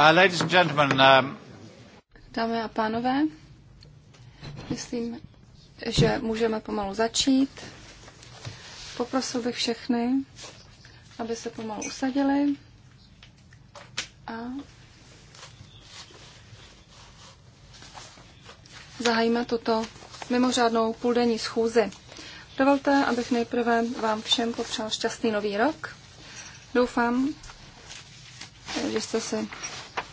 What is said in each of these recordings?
Uh, ladies and gentlemen, um... Dámy a pánové, myslím, že můžeme pomalu začít. Poprosil bych všechny, aby se pomalu usadili a zahajíme tuto mimořádnou půldenní schůzi. Dovolte, abych nejprve vám všem popřál šťastný nový rok. Doufám, že jste si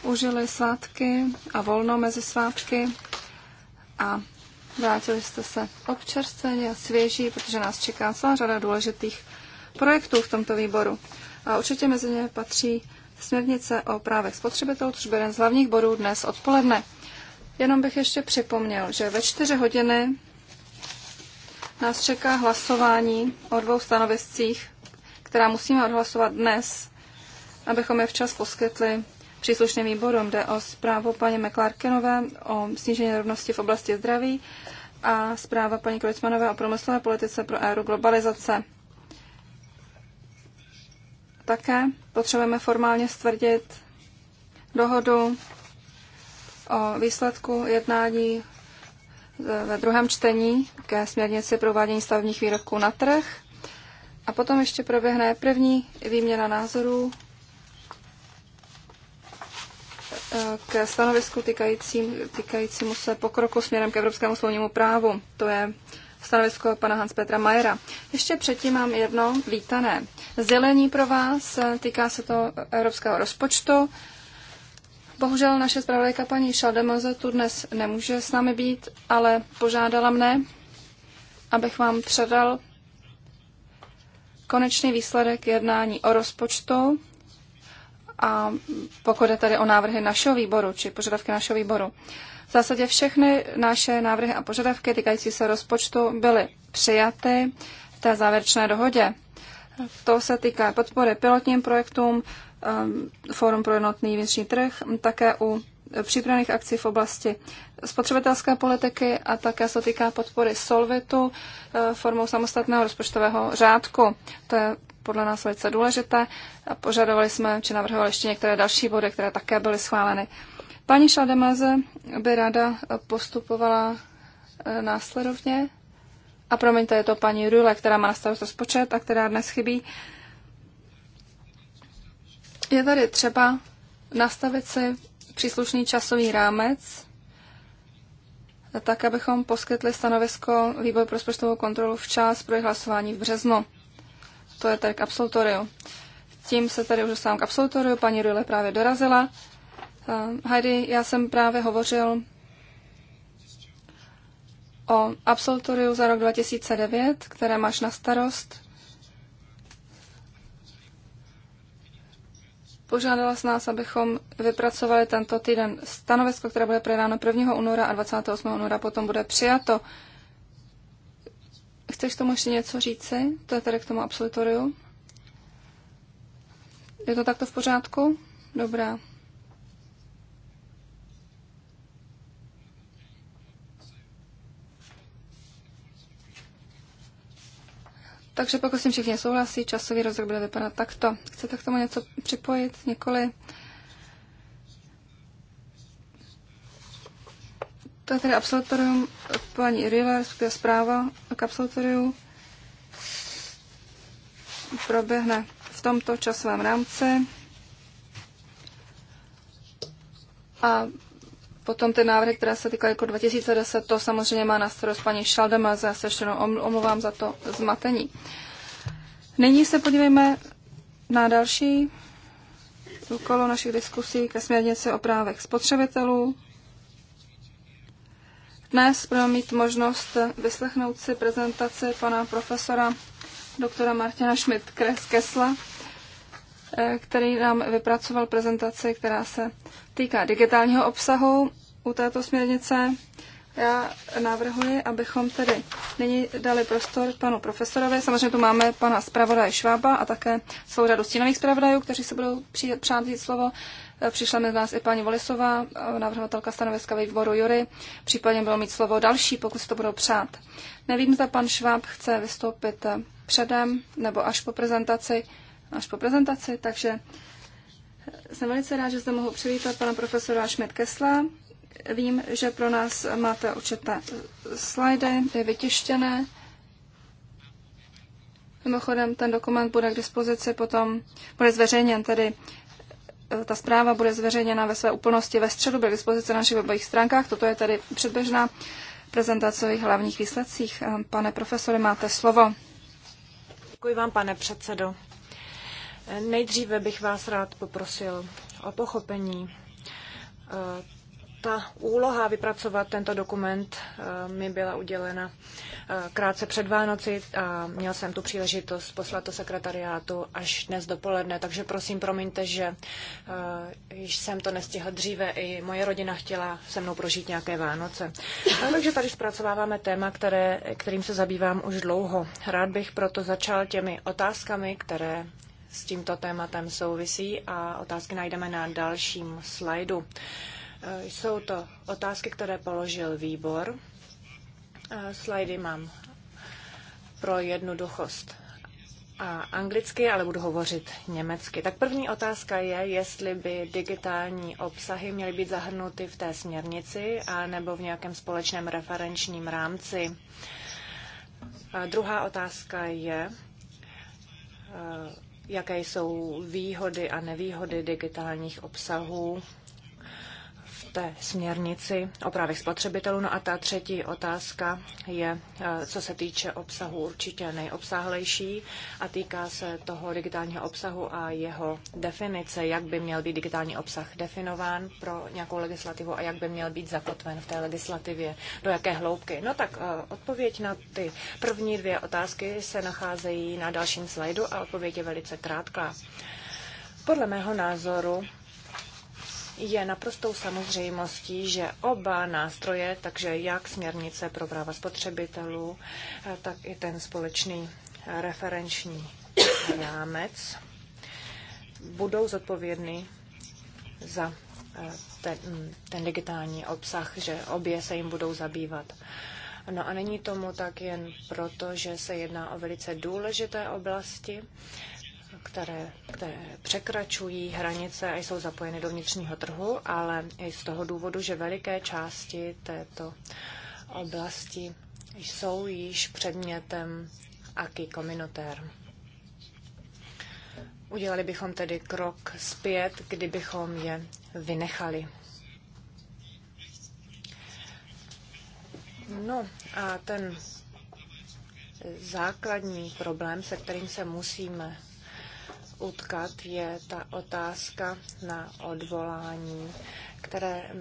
užili svátky a volno mezi svátky a vrátili jste se občerstveně a svěží, protože nás čeká celá řada důležitých projektů v tomto výboru. A určitě mezi ně patří směrnice o právech spotřebitelů, což byl jeden z hlavních bodů dnes odpoledne. Jenom bych ještě připomněl, že ve čtyři hodiny nás čeká hlasování o dvou stanoviscích, která musíme odhlasovat dnes, abychom je včas poskytli příslušným výborům. Jde o zprávu paní McClarkenové o snížení rovnosti v oblasti zdraví a zpráva paní Krojcmanové o promyslové politice pro éru globalizace. Také potřebujeme formálně stvrdit dohodu o výsledku jednání ve druhém čtení ke směrnici provádění stavebních výrobků na trh. A potom ještě proběhne první výměna názorů k stanovisku týkajícím, týkajícímu se pokroku směrem k evropskému slovnímu právu. To je stanovisko pana Hans Petra Majera. Ještě předtím mám jedno vítané zelení pro vás, eh, týká se to evropského rozpočtu. Bohužel naše zpravodajka paní Šaldemoze tu dnes nemůže s námi být, ale požádala mne, abych vám předal konečný výsledek jednání o rozpočtu a pokud je tady o návrhy našeho výboru, či požadavky našeho výboru, v zásadě všechny naše návrhy a požadavky týkající se rozpočtu byly přijaty v té závěrečné dohodě. To se týká podpory pilotním projektům, ehm, Fórum pro jednotný vnitřní trh, také u přípravných akcí v oblasti spotřebitelské politiky a také se týká podpory Solvitu eh, formou samostatného rozpočtového řádku. To je podle nás velice důležité. Požadovali jsme, či navrhovali ještě některé další body, které také byly schváleny. Paní Šademaze by ráda postupovala e, následovně. A promiňte, je to paní Rule, která má na starost rozpočet a která dnes chybí. Je tady třeba nastavit si příslušný časový rámec, tak abychom poskytli stanovisko výboru pro rozpočtovou kontrolu včas pro hlasování v březnu. To je tady k absolutoriu. Tím se tady už dostávám k absolutoriu. Paní Rule právě dorazila. Ehm, Heidi, já jsem právě hovořil o absolutoriu za rok 2009, které máš na starost. Požádala s nás, abychom vypracovali tento týden stanovisko, které bude projednáno 1. února a 28. února potom bude přijato. Chceš tomu ještě něco říci? To je tady k tomu absolutoriu. Je to takto v pořádku? Dobrá. Takže pokud s tím všichni souhlasí, časový rozrok bude vypadat takto. Chcete k tomu něco připojit? Nikoli? To je tedy absolutorium paní Rivers, kde zpráva k absolutoriu proběhne v tomto časovém rámci. A potom ty návrhy, které se týkají jako 2010, to samozřejmě má na starost paní Šaldema, já se ještě jednou omluvám za to zmatení. Nyní se podívejme na další úkolo našich diskusí ke směrnici o právech spotřebitelů. Dnes budeme mít možnost vyslechnout si prezentaci pana profesora doktora Martina Schmidt Kresla, který nám vypracoval prezentaci, která se týká digitálního obsahu u této směrnice. Já navrhuji, abychom tedy nyní dali prostor panu profesorovi. Samozřejmě tu máme pana zpravodaje Švába a také celou řadu stínových zpravodajů, kteří se budou přijít, přát slovo. Přišla mezi nás i paní Volisová, navrhovatelka stanoviska výboru Jury. Případně bylo mít slovo další, pokud si to budou přát. Nevím, zda pan Šváb chce vystoupit předem nebo až po prezentaci. Až po prezentaci, takže jsem velice rád, že zde mohu přivítat pana profesora Šmit Kesla. Vím, že pro nás máte určité slajdy, je vytištěné. Mimochodem, ten dokument bude k dispozici potom, bude zveřejněn tedy Eh, ta zpráva bude zveřejněna ve své úplnosti ve středu, bude k dispozici na našich webových stránkách. Toto je tedy předběžná prezentace o jejich hlavních výsledcích. Eh, pane profesore, máte slovo. Děkuji vám, pane předsedo. Eh, nejdříve bych vás rád poprosil o pochopení ta úloha vypracovat tento dokument eh, mi byla udělena eh, krátce před Vánoci a měl jsem tu příležitost poslat to sekretariátu až dnes dopoledne, takže prosím promiňte, že eh, již jsem to nestihl dříve. I moje rodina chtěla se mnou prožít nějaké Vánoce. A takže tady zpracováváme téma, které, kterým se zabývám už dlouho. Rád bych proto začal těmi otázkami, které s tímto tématem souvisí a otázky najdeme na dalším slajdu. Uh, Eh, jsou to otázky, které položil výbor. Eh, slajdy mám pro jednoduchost a anglicky, ale budu hovořit německy. Tak první otázka je, jestli by digitální obsahy měly být zahrnuty v té směrnici a nebo v nějakém společném referenčním rámci. A druhá otázka je, eh, jaké jsou výhody a nevýhody digitálních obsahů té směrnici o právech spotřebitelů. No a ta třetí otázka je, eh, co se týče obsahu, určitě nejobsáhlejší a týká se toho digitálního obsahu a jeho definice, jak by měl být digitální obsah definován pro nějakou legislativu a jak by měl být zakotven v té legislativě, do jaké hloubky. No tak eh, odpověď na ty první dvě otázky se nacházejí na dalším slajdu a odpověď je velice krátká. Podle mého názoru je naprostou samozřejmostí, že oba nástroje, takže jak směrnice pro práva spotřebitelů, eh, tak i ten společný referenční rámec, budou zodpovědny za eh, ten, ten digitální obsah, že obě se jim budou zabývat. No a není tomu tak jen proto, že se jedná o velice důležité oblasti, které, které překračují hranice a jsou zapojeny do vnitřního trhu, ale i z toho důvodu, že veliké části této oblasti jsou již předmětem aký kominotér. Udělali bychom tedy krok zpět, kdybychom je vynechali. No a ten základní problém, se kterým se musíme utkat, je ta otázka na odvolání, které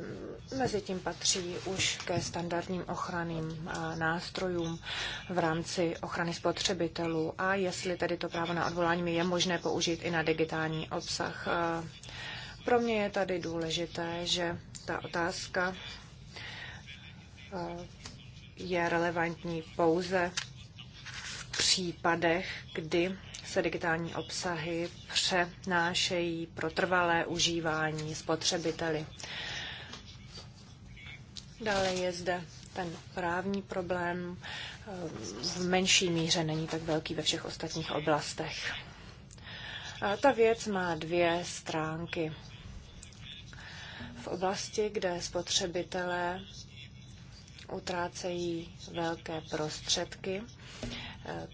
mezi tím patří už ke standardním ochranným nástrojům v rámci ochrany spotřebitelů a jestli tedy to právo na odvolání je možné použít i na digitální obsah. Pro mě je tady důležité, že ta otázka je relevantní pouze v případech, kdy se digitální obsahy přenášejí pro trvalé užívání spotřebiteli. Dále je zde ten právní problém. Eh, v menší míře není tak velký ve všech ostatních oblastech. A eh, ta věc má dvě stránky. V oblasti, kde spotřebitelé utrácejí velké prostředky, eh,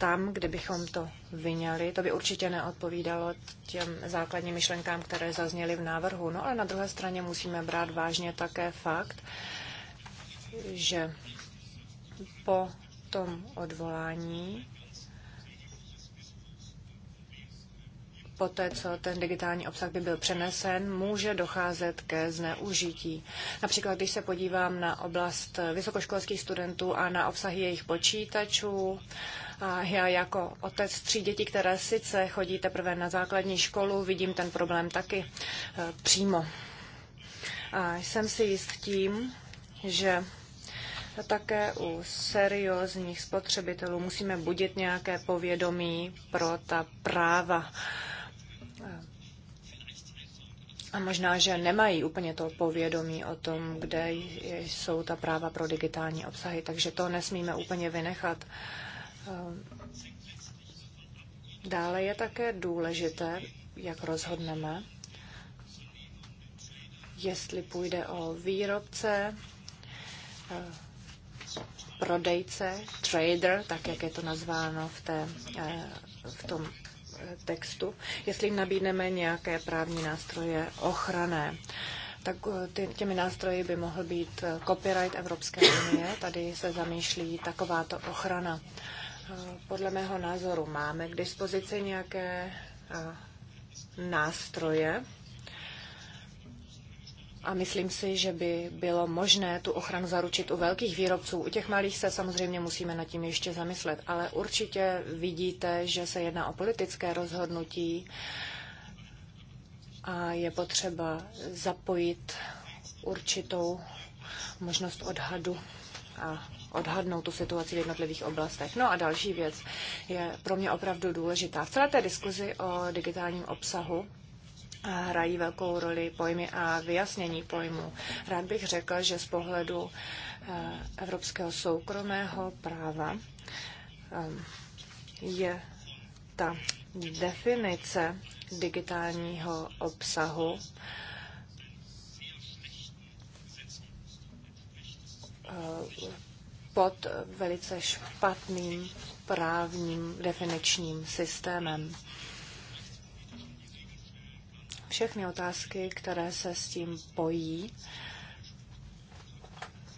tam, kde bychom to vyněli, to by určitě neodpovídalo těm základním myšlenkám, které zazněly v návrhu. No ale na druhé straně musíme brát vážně také fakt, že po tom odvolání, po té, co ten digitální obsah by byl přenesen, může docházet ke zneužití. Například, když se podívám na oblast vysokoškolských studentů a na obsahy jejich počítačů, a já jako otec tří dětí, které sice chodí teprve na základní školu, vidím ten problém taky e, přímo. A jsem si jist tím, že také u seriózních spotřebitelů musíme budit nějaké povědomí pro ta práva. A možná, že nemají úplně to povědomí o tom, kde jsou ta práva pro digitální obsahy, takže to nesmíme úplně vynechat. Uh, Eh, dále je také důležité, jak rozhodneme, jestli půjde o výrobce, eh, prodejce, trader, tak jak je to nazváno v, té, eh, v tom textu, jestli jim nabídneme nějaké právní nástroje ochrané. Tak ty, těmi nástroji by mohl být copyright Evropské unie. Tady se zamýšlí takováto ochrana. Eh, podle mého názoru máme k dispozici nějaké eh, nástroje a myslím si, že by bylo možné tu ochranu zaručit u velkých výrobců. U těch malých se samozřejmě musíme nad tím ještě zamyslet, ale určitě vidíte, že se jedná o politické rozhodnutí a je potřeba zapojit určitou možnost odhadu a odhadnout tu situaci v jednotlivých oblastech. No a další věc je pro mě opravdu důležitá. V celé té diskuzi o digitálním obsahu eh, hrají velkou roli pojmy a vyjasnění pojmů. Rád bych řekl, že z pohledu eh, evropského soukromého práva eh, je ta definice digitálního obsahu pod velice špatným právním definičním systémem. Všechny otázky, které se s tím pojí,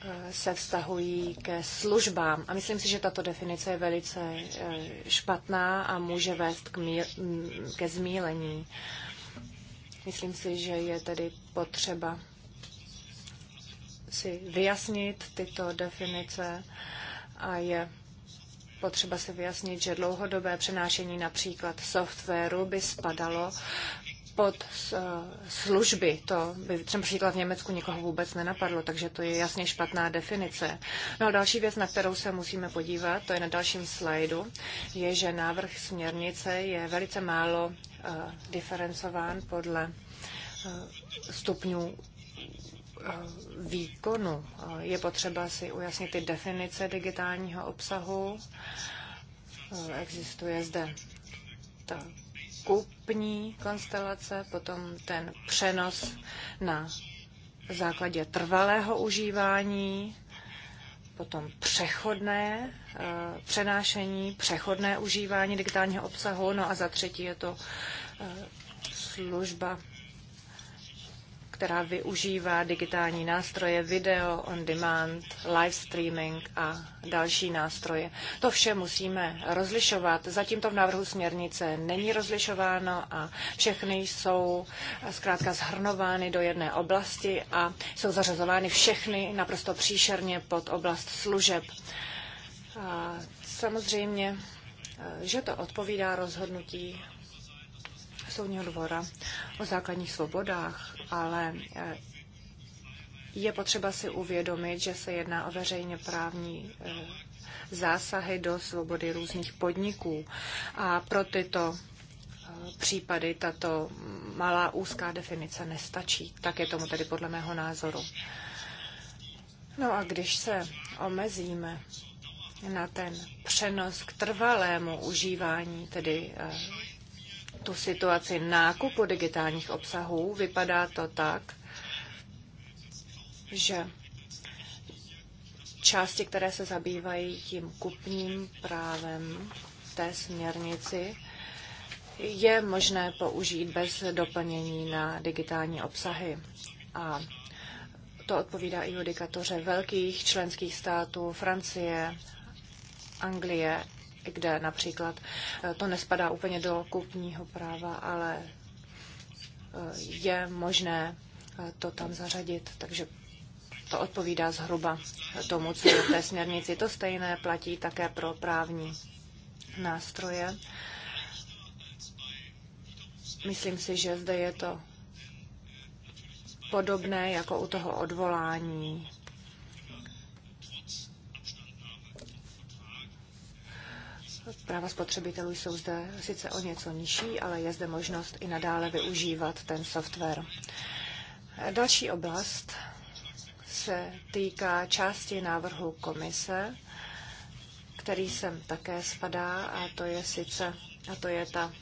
eh, se vztahují ke službám. A myslím si, že tato definice je velice eh, špatná a může vést k mír, mm, ke zmílení. Myslím si, že je tedy potřeba si vyjasnit tyto definice a je potřeba si vyjasnit, že dlouhodobé přenášení například softwaru by spadalo pod eh, služby. To by třeba v Německu nikoho vůbec nenapadlo, takže to je jasně špatná definice. No a další věc, na kterou se musíme podívat, to je na dalším slajdu, je, že návrh směrnice je velice málo uh, diferencován podle uh, stupňů výkonu. Je potřeba si ujasnit ty definice digitálního obsahu. Existuje zde ta kupní konstelace, potom ten přenos na základě trvalého užívání, potom přechodné eh, přenášení, přechodné užívání digitálního obsahu, no a za třetí je to eh, služba která využívá digitální nástroje, video on demand, live streaming a další nástroje. To vše musíme rozlišovat. Zatím to v návrhu směrnice není rozlišováno a všechny jsou zkrátka zhrnovány do jedné oblasti a jsou zařazovány všechny naprosto příšerně pod oblast služeb. A samozřejmě, že to odpovídá rozhodnutí soudního dvora o základních svobodách, ale eh, je potřeba si uvědomit, že se jedná o veřejně právní eh, zásahy do svobody různých podniků. A pro tyto eh, případy tato malá úzká definice nestačí. Tak je tomu tedy podle mého názoru. No a když se omezíme na ten přenos k trvalému užívání, tedy tu situaci nákupu digitálních obsahů, vypadá to tak, že části, které se zabývají tím kupním právem v té směrnici, je možné použít bez doplnění na digitální obsahy. A to odpovídá i judikatoře velkých členských států Francie, Anglie kde například eh, to nespadá úplně do kupního práva, ale eh, je možné eh, to tam zařadit, takže to odpovídá zhruba tomu, co je v té směrnici. To stejné platí také pro právní nástroje. Myslím si, že zde je to podobné jako u toho odvolání Práva spotřebitelů jsou zde sice o něco nižší, ale je zde možnost i nadále využívat ten software. Další oblast se týká části návrhu komise, který sem také spadá, a to je sice, a to je ta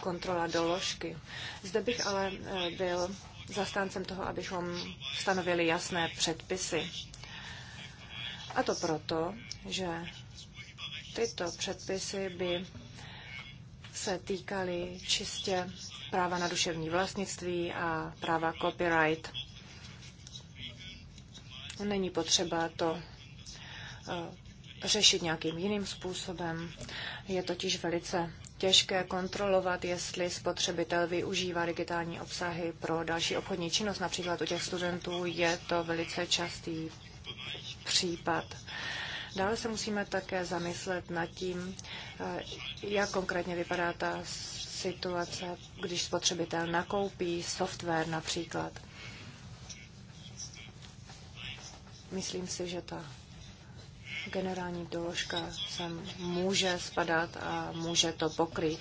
kontrola doložky. Zde bych ale eh, byl zastáncem toho, abychom stanovili jasné předpisy. A to proto, že tyto předpisy by se týkaly čistě práva na duševní vlastnictví a práva copyright. Není potřeba to eh, řešit nějakým jiným způsobem. Je totiž velice těžké kontrolovat, jestli spotřebitel využívá digitální obsahy pro další obchodní činnost. Například u těch studentů je to velice častý případ. Dále se musíme také zamyslet nad tím, eh, jak konkrétně vypadá ta situace, když spotřebitel nakoupí software například. Myslím si, že ta generální doložka se může spadat a může to pokrýt.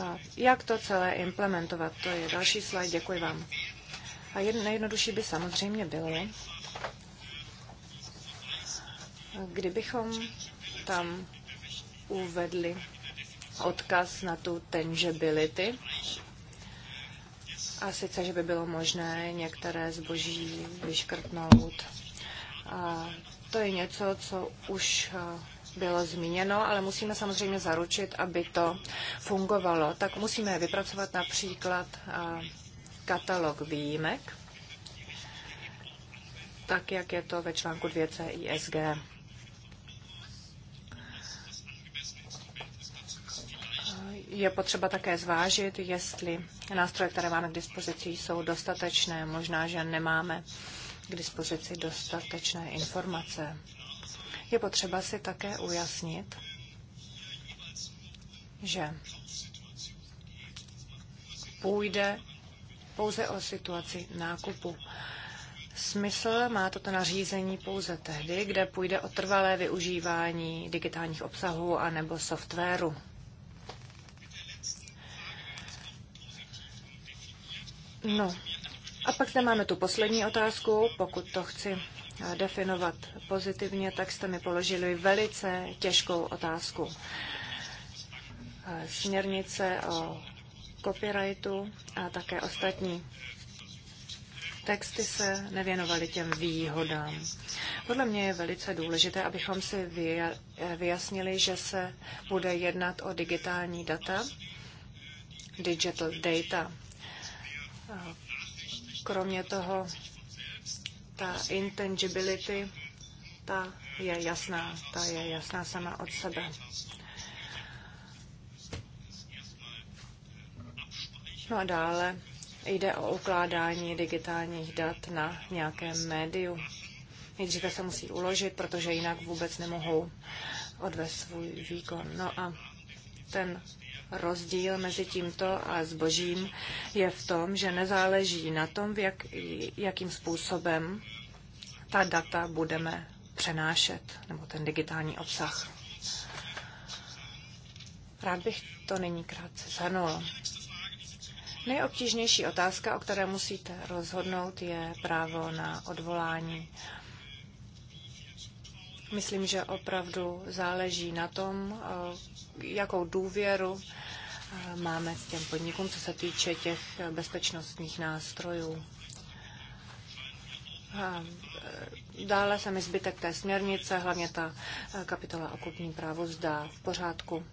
A jak to celé implementovat, to je další slide, děkuji vám. A nejjednodušší by samozřejmě bylo, kdybychom tam uvedli odkaz na tu tangibility, a sice, že by bylo možné některé zboží vyškrtnout. A to je něco, co už eh, bylo zmíněno, ale musíme samozřejmě zaručit, aby to fungovalo. Tak musíme vypracovat například eh, katalog výjimek, tak jak je to ve článku 2 CISG. je potřeba také zvážit, jestli nástroje, které máme k dispozici, jsou dostatečné. Možná, že nemáme k dispozici dostatečné informace. Je potřeba si také ujasnit, že půjde pouze o situaci nákupu. Smysl má toto nařízení pouze tehdy, kde půjde o trvalé využívání digitálních obsahů anebo softwaru. No, a pak tam máme tu poslední otázku, pokud to chci eh, definovat pozitivně, tak jste mi položili velice těžkou otázku. Eh, směrnice o copyrightu a také ostatní texty se nevěnovaly těm výhodám. Podle mě je velice důležité, abychom si eh, vyjasnili, že se bude jednat o digitální data, digital data. Kromě toho, ta intangibility, ta je jasná, ta je jasná sama od sebe. No a dále jde o ukládání digitálních dat na nějakém médiu. Nejdříve se musí uložit, protože jinak vůbec nemohou odvést svůj výkon. No a ten rozdíl mezi tímto a zbožím je v tom, že nezáleží na tom, v jak, jakým způsobem ta data budeme přenášet, nebo ten digitální obsah. Rád bych to nyní krátce zhrnul. Nejobtížnější otázka, o které musíte rozhodnout, je právo na odvolání. Myslím, že opravdu záleží na tom, eh, jakou důvěru máme k těm podnikům, co se týče těch bezpečnostních nástrojů. A e, dále se mi zbytek té směrnice, hlavně ta e, kapitola o kupní právu, zdá v pořádku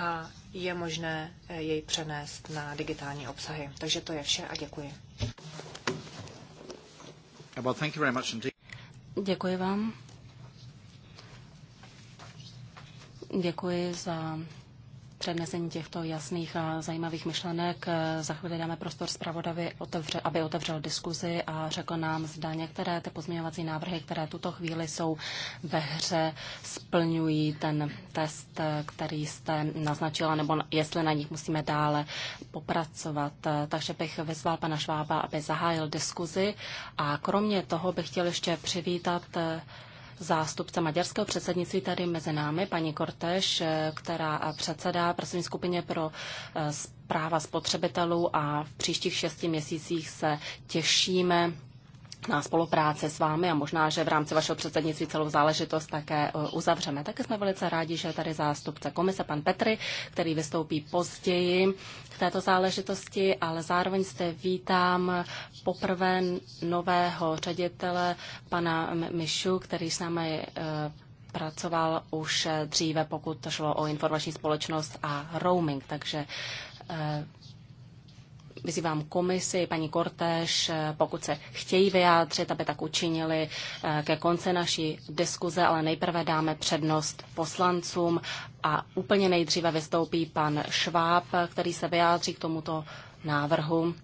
a je možné e, jej přenést na digitální obsahy. Takže to je vše a děkuji. Děkuji vám. Děkuji za přednesení těchto jasných a zajímavých myšlenek. Za chvíli dáme prostor zpravodavi, otevře, aby otevřel diskuzi a řekl nám, zda některé ty pozměňovací návrhy, které tuto chvíli jsou ve hře, splňují ten test, který jste naznačila, nebo jestli na nich musíme dále popracovat. Takže bych vyzval pana Švába, aby zahájil diskuzi a kromě toho bych chtěl ještě přivítat zástupce maďarského předsednictví tady mezi námi, paní Korteš, eh, která předsedá pracovní skupině pro eh, práva spotřebitelů a v příštích šesti měsících se těšíme na spolupráci s vámi a možná, že v rámci vašeho předsednictví celou záležitost také e, uzavřeme. Také jsme velice rádi, že je tady zástupce komise, pan Petry, který vystoupí později k této záležitosti, ale zároveň zde vítám poprvé nového ředitele, pana Mišu, který s námi e, pracoval už dříve, pokud to šlo o informační společnost a roaming. Takže e, Vyzývám komisi, paní Kortéž, pokud se chtějí vyjádřit, aby tak učinili eh, ke konci naší diskuze, ale nejprve dáme přednost poslancům a úplně nejdříve vystoupí pan Šváb, který se vyjádří k tomuto návrhu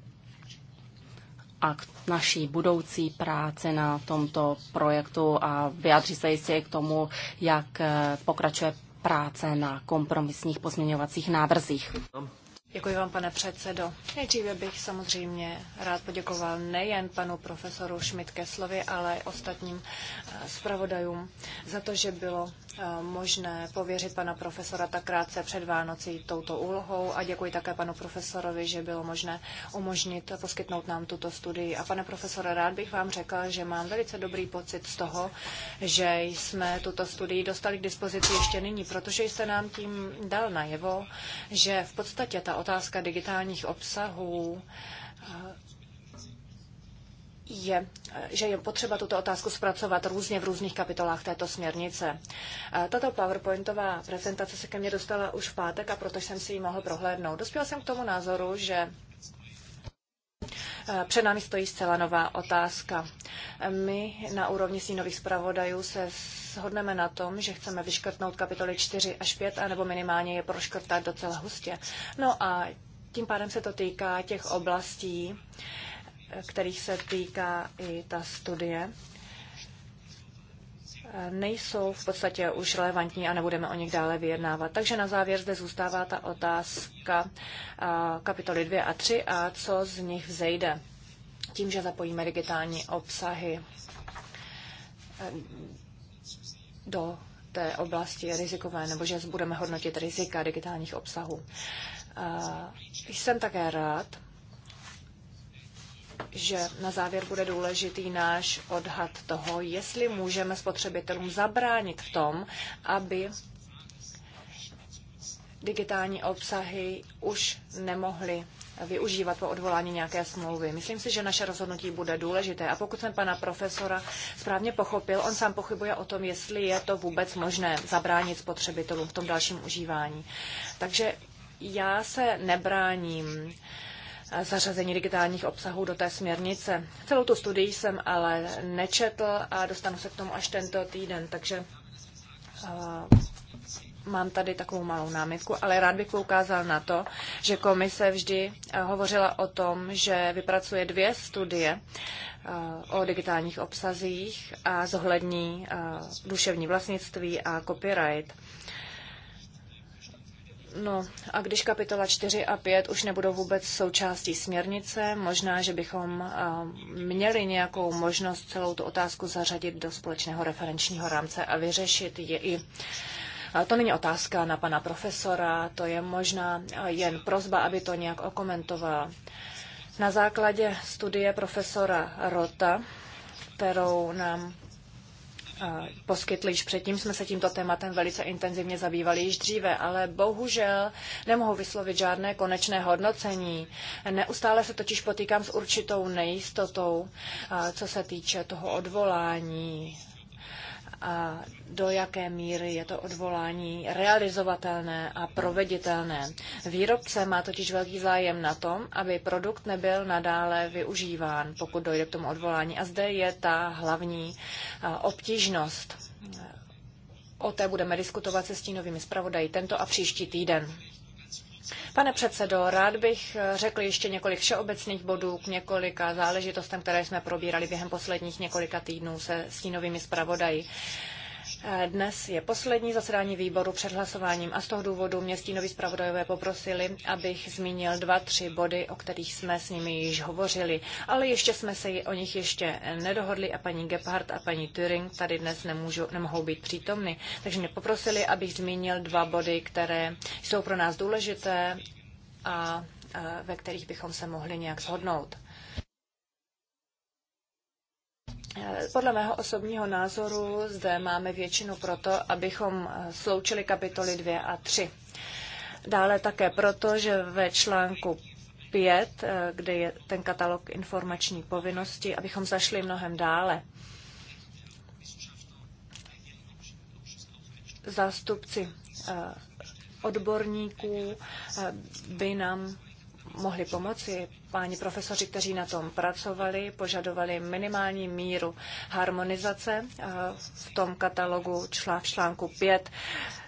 a k naší budoucí práci na tomto projektu a vyjádří se jistě k tomu, jak eh, pokračuje práce na kompromisních pozměňovacích návrzích. Děkuji vám, pane předsedo. Nejdříve bych samozřejmě rád poděkoval nejen panu profesoru Šmitkeslovi, ale i ostatním eh, zpravodajům za to, že bylo eh, možné pověřit pana profesora tak krátce před Vánocí touto úlohou a děkuji také panu profesorovi, že bylo možné umožnit poskytnout nám tuto studii. A pane profesore, rád bych vám řekl, že mám velice dobrý pocit z toho, že jsme tuto studii dostali k dispozici ještě nyní, protože jste nám tím dal najevo, že v podstatě ta otázka digitálních obsahů je, že je potřeba tuto otázku zpracovat různě v různých kapitolách této směrnice. Tato PowerPointová prezentace se ke mně dostala už v pátek a proto jsem si ji mohl prohlédnout. Dospěl jsem k tomu názoru, že e, před námi stojí zcela nová otázka. My na úrovni sínových zpravodajů se shodneme na tom, že chceme vyškrtnout kapitoly 4 až 5, anebo minimálně je proškrtat docela hustě. No a tím pádem se to týká těch oblastí, kterých se týká i ta studie, nejsou v podstatě už relevantní a nebudeme o nich dále vyjednávat. Takže na závěr zde zůstává ta otázka kapitoly 2 a 3 a co z nich vzejde tím, že zapojíme digitální obsahy do té oblasti rizikové, nebo že budeme hodnotit rizika digitálních obsahů. Jsem také rád, že na závěr bude důležitý náš odhad toho, jestli můžeme spotřebitelům zabránit v tom, aby digitální obsahy už nemohly využívat po odvolání nějaké smlouvy. Myslím si, že naše rozhodnutí bude důležité. A pokud jsem pana profesora správně pochopil, on sám pochybuje o tom, jestli je to vůbec možné zabránit spotřebitelům v tom dalším užívání. Takže já se nebráním eh, zařazení digitálních obsahů do té směrnice. Celou tu studii jsem ale nečetl a dostanu se k tomu až tento týden, takže eh, mám tady takovou malou námitku, ale rád bych poukázal na to, že komise vždy eh, hovořila o tom, že vypracuje dvě studie eh, o digitálních obsazích a zohlední eh, duševní vlastnictví a copyright. No a když kapitola 4 a 5 už nebudou vůbec součástí směrnice, možná, že bychom měli nějakou možnost celou tu otázku zařadit do společného referenčního rámce a vyřešit ji i to není otázka na pana profesora, to je možná jen prozba, aby to nějak okomentoval. Na základě studie profesora Rota, kterou nám eh, poskytli již předtím. Jsme se tímto tématem velice intenzivně zabývali již dříve, ale bohužel nemohu vyslovit žádné konečné hodnocení. Neustále se totiž potýkám s určitou nejistotou, eh, co se týče toho odvolání a do jaké míry je to odvolání realizovatelné a proveditelné. Výrobce má totiž velký zájem na tom, aby produkt nebyl nadále využíván, pokud dojde k tomu odvolání. A zde je ta hlavní obtížnost. O té budeme diskutovat se stínovými zpravodají tento a příští týden. Pane předsedo, rád bych eh, řekl ještě několik všeobecných bodů k několika záležitostem, které jsme probírali během posledních několika týdnů se stínovými zpravodaji. Dnes je poslední zasedání výboru před hlasováním a z toho důvodu mě stínoví zpravodajové poprosili, abych zmínil dva, tři body, o kterých jsme s nimi již hovořili. Ale ještě jsme se o nich ještě nedohodli a paní Gebhardt a paní Turing tady dnes nemůžu, nemohou být přítomny. Takže mě poprosili, abych zmínil dva body, které jsou pro nás důležité a ve kterých bychom se mohli nějak shodnout. Eh, podle mého osobního názoru zde máme většinu proto, abychom eh, sloučili kapitoly 2 a 3. Dále také proto, že ve článku 5, eh, kde je ten katalog informační povinnosti, abychom zašli mnohem dále. Zástupci odborníků by nám mohli pomoci. Páni profesoři, kteří na tom pracovali, požadovali minimální míru harmonizace eh, v tom katalogu člá, v článku 5.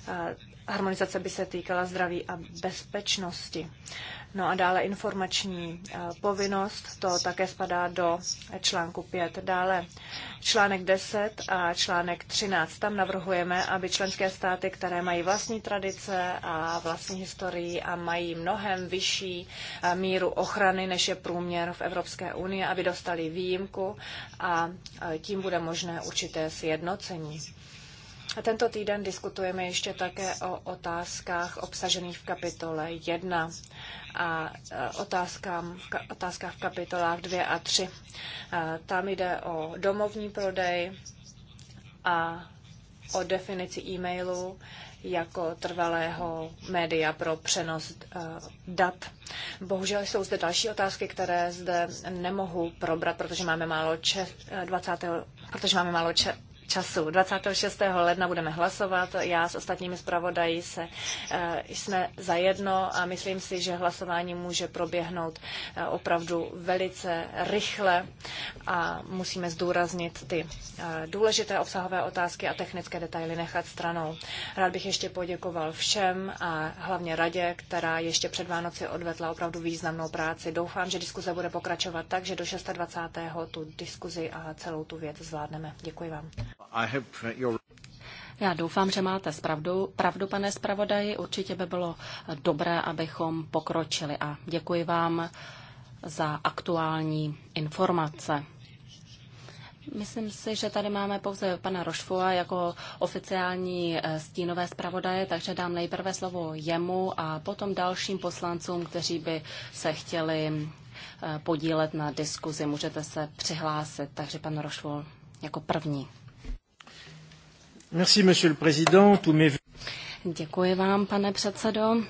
Eh, harmonizace by se týkala zdraví a bezpečnosti. No a dále informační eh, povinnost, to také spadá do článku 5. Dále článek 10 a článek 13. Tam navrhujeme, aby členské státy, které mají vlastní tradice a vlastní historii a mají mnohem vyšší eh, míru ochrany, než je průměr v Evropské unii, aby dostali výjimku a eh, tím bude možné určité sjednocení. A tento týden diskutujeme ještě také o otázkách obsažených v kapitole 1 a e, otázkám, otázkách v kapitolách 2 a 3. E, tam jde o domovní prodej a o definici e-mailu jako trvalého média pro přenos e, dat. Bohužel jsou zde další otázky, které zde nemohu probrat, protože máme málo, če- 20, protože máme málo če- času. 26. ledna budeme hlasovat. Já s ostatními zpravodají se eh, jsme zajedno a myslím si, že hlasování může proběhnout eh, opravdu velice rychle a musíme zdůraznit ty eh, důležité obsahové otázky a technické detaily nechat stranou. Rád bych ještě poděkoval všem a hlavně radě, která ještě před Vánoci odvedla opravdu významnou práci. Doufám, že diskuze bude pokračovat tak, že do 26. tu diskuzi a celou tu věc zvládneme. Děkuji vám. Já doufám, že máte spravdu, pravdu, pane zpravodaji. Určitě by bylo dobré, abychom pokročili. A děkuji vám za aktuální informace. Myslím si, že tady máme pouze pana Rošfua jako oficiální eh, stínové zpravodaje, takže dám nejprve slovo jemu a potom dalším poslancům, kteří by se chtěli eh, podílet na diskuzi. Můžete se přihlásit, takže pan Rošvol jako první. Merci, monsieur le président. Děkuji vám, pane předsedo.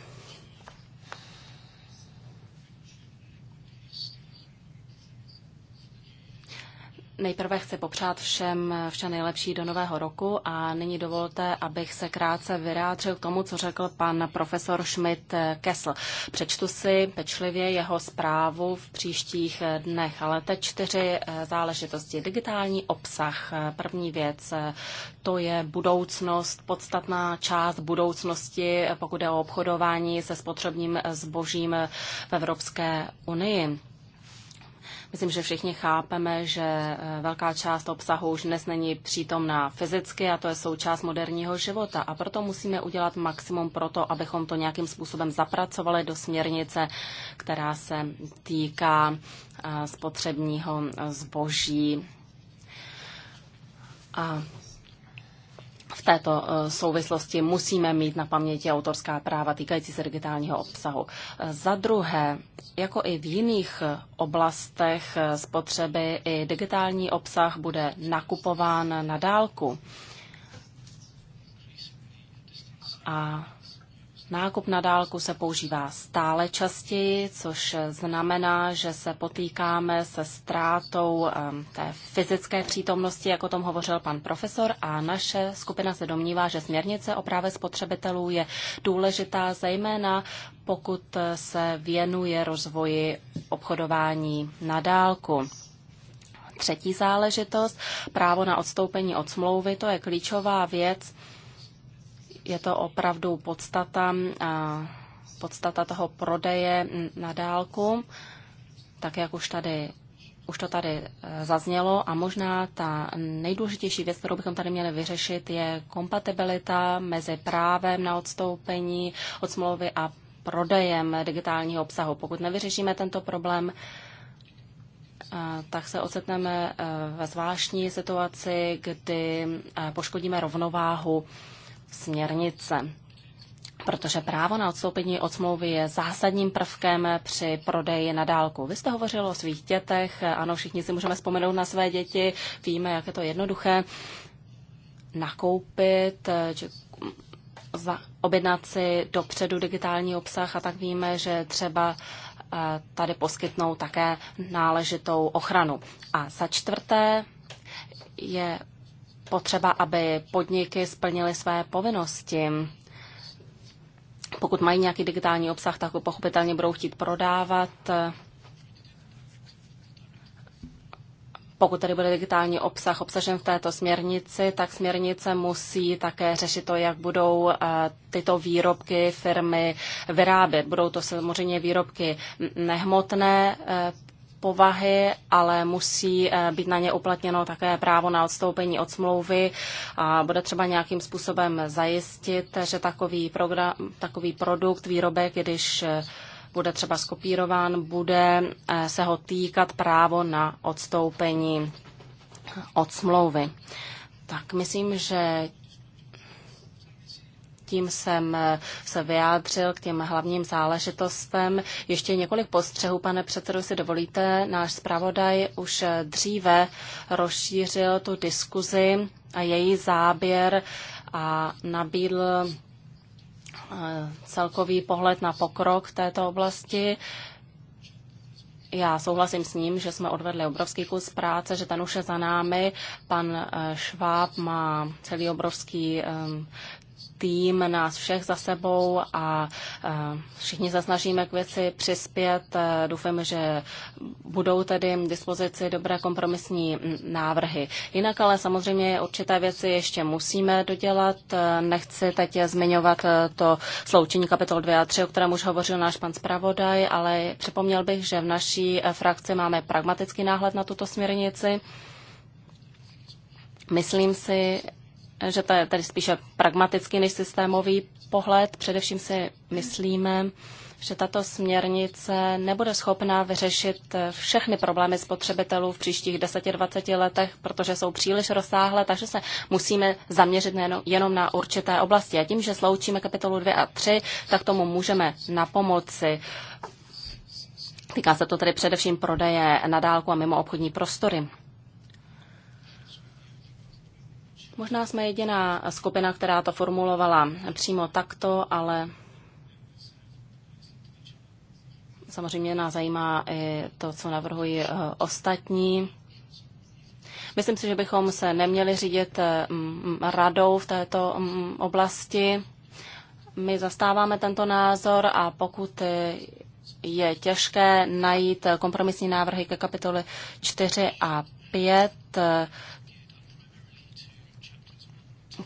Nejprve chci popřát všem vše nejlepší do nového roku a nyní dovolte, abych se krátce vyjádřil k tomu, co řekl pan profesor Schmidt Kessel. Přečtu si pečlivě jeho zprávu v příštích dnech, ale teď čtyři záležitosti. Digitální obsah. První věc, to je budoucnost, podstatná část budoucnosti, pokud je o obchodování se spotřebním zbožím v Evropské unii. Myslím, že všichni chápeme, že e, velká část obsahu už dnes není přítomná fyzicky a to je součást moderního života. A proto musíme udělat maximum pro to, abychom to nějakým způsobem zapracovali do směrnice, která se týká e, spotřebního e, zboží. A v této eh, souvislosti musíme mít na paměti autorská práva týkající se digitálního obsahu. Eh, za druhé, jako i v jiných eh, oblastech spotřeby, i digitální obsah bude nakupován na dálku. A Nákup na dálku se používá stále častěji, což znamená, že se potýkáme se ztrátou té fyzické přítomnosti, jak o tom hovořil pan profesor, a naše skupina se domnívá, že směrnice o právě spotřebitelů je důležitá, zejména pokud se věnuje rozvoji obchodování na dálku. Třetí záležitost, právo na odstoupení od smlouvy, to je klíčová věc, je to opravdu podstata, podstata toho prodeje na dálku, tak jak už tady už to tady e, zaznělo a možná ta nejdůležitější věc, kterou bychom tady měli vyřešit, je kompatibilita mezi právem na odstoupení od smlouvy a prodejem digitálního obsahu. Pokud nevyřešíme tento problém, e, tak se ocitneme e, ve zvláštní situaci, kdy poškodíme rovnováhu směrnice. Protože právo na odstoupení od smlouvy je zásadním prvkem při prodeji na dálku. Vy jste hovořil o svých dětech, ano, všichni si můžeme vzpomenout na své děti, víme, jak je to jednoduché nakoupit, či za, objednat si dopředu digitální obsah a tak víme, že třeba eh, tady poskytnou také náležitou ochranu. A za čtvrté je potřeba, aby podniky splnily své povinnosti. Pokud mají nějaký digitální obsah, tak ho pochopitelně budou chtít prodávat. Pokud tedy bude digitální obsah obsažen v této směrnici, tak směrnice musí také řešit to, jak budou eh, tyto výrobky firmy vyrábět. Budou to samozřejmě výrobky nehmotné eh, povahy, ale musí eh, být na ně uplatněno také právo na odstoupení od smlouvy a bude třeba nějakým způsobem zajistit, že takový, program, takový produkt, výrobek, když eh, bude třeba skopírován, bude eh, se ho týkat právo na odstoupení od smlouvy. Tak myslím, že předtím jsem eh, se vyjádřil k těm hlavním záležitostem. Ještě několik postřehů, pane předsedo, si dovolíte. Náš zpravodaj už eh, dříve rozšířil tu diskuzi a její záběr a nabídl eh, celkový pohled na pokrok v této oblasti. Já souhlasím s ním, že jsme odvedli obrovský kus práce, že ten už je za námi. Pan Šváb má celý obrovský tým nás všech za sebou a všichni se snažíme k věci přispět. Doufáme, že budou tedy k dispozici dobré kompromisní návrhy. Jinak ale samozřejmě určité věci ještě musíme dodělat. Nechci teď zmiňovat to sloučení kapitol 2 a 3, o kterém už hovořil náš pan zpravodaj, ale připomněl bych, že v naší frakci máme pragmatický náhled na tuto směrnici. Myslím si, že to je tady spíše pragmatický než systémový pohled. Především si myslíme, že tato směrnice nebude schopná vyřešit všechny problémy spotřebitelů v příštích 10-20 letech, protože jsou příliš rozsáhlé, takže se musíme zaměřit jenom na určité oblasti. A tím, že sloučíme kapitolu 2 a 3, tak tomu můžeme napomoci. Týká se to tedy především prodeje na dálku a mimo obchodní prostory. Možná jsme jediná skupina, která to formulovala přímo takto, ale samozřejmě nás zajímá i to, co navrhují eh, ostatní. Myslím si, že bychom se neměli řídit mm, radou v této mm, oblasti. My zastáváme tento názor a pokud eh, je těžké najít kompromisní návrhy ke kapitoly 4 a 5,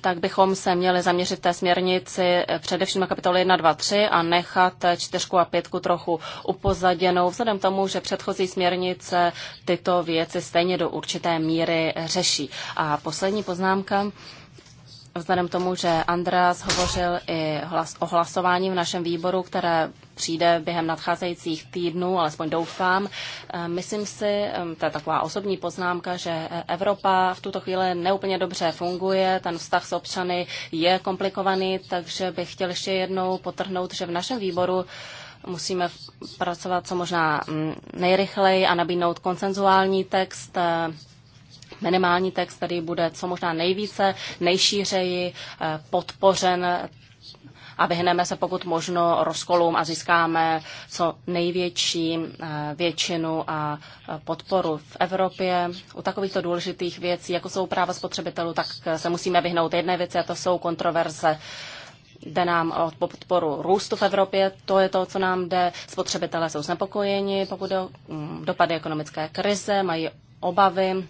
tak bychom se měli zaměřit té směrnici eh, především na kapitoly 1, 2, 3 a nechat eh, čtyřku a pětku trochu upozaděnou, vzhledem tomu, že předchozí směrnice tyto věci stejně do určité míry řeší. A poslední poznámka vzhledem k tomu, že Andreas hovořil i hlas, o hlasování v našem výboru, které přijde během nadcházejících týdnů, alespoň doufám. Eh, myslím si, to je taková osobní poznámka, že Evropa v tuto chvíli neúplně dobře funguje, ten vztah s občany je komplikovaný, takže bych chtěl ještě jednou potrhnout, že v našem výboru musíme pracovat co možná mm, nejrychleji a nabídnout konsenzuální text eh, minimální text, který bude co možná nejvíce, nejšířeji eh, podpořen a vyhneme se pokud možno rozkolům a získáme co největší eh, většinu a eh, podporu v Evropě. U takovýchto důležitých věcí, jako jsou práva spotřebitelů, tak se musíme vyhnout jedné věci a to jsou kontroverze. Jde nám o podporu růstu v Evropě, to je to, co nám jde. Spotřebitelé jsou znepokojeni, pokud jde o mm, dopady ekonomické krize, mají obavy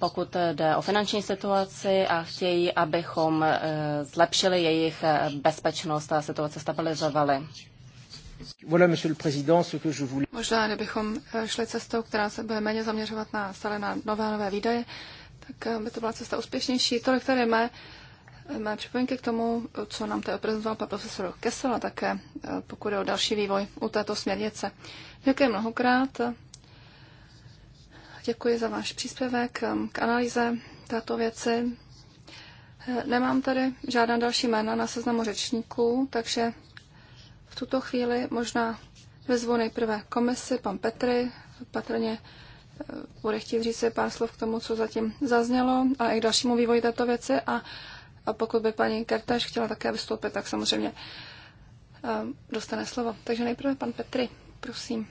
pokud jde o finanční situaci a chtějí, abychom eh, zlepšili jejich eh, bezpečnost a situaci stabilizovali. Voilà, monsieur le président, ce que je voulais... Možná, kdybychom eh, šli cestou, která se bude méně zaměřovat na stále na nové nové výdaje, tak by to byla cesta úspěšnější. Tolik tady mé, mé připomínky k tomu, co nám tady prezentoval pan profesor Kessel a také pokud je o další vývoj u této směrnice. Děkuji mnohokrát děkuji za váš příspěvek um, k analýze této věci. Nemám tady žádná další jména na seznamu řečníků, takže v tuto chvíli možná vyzvu nejprve komisi, pan Petry, patrně eh, bude chtít říct si pár slov k tomu, co zatím zaznělo, a i k dalšímu vývoji této věci a, a pokud by paní Kertéž chtěla také vystoupit, tak samozřejmě eh, dostane slovo. Takže nejprve pan Petry, prosím.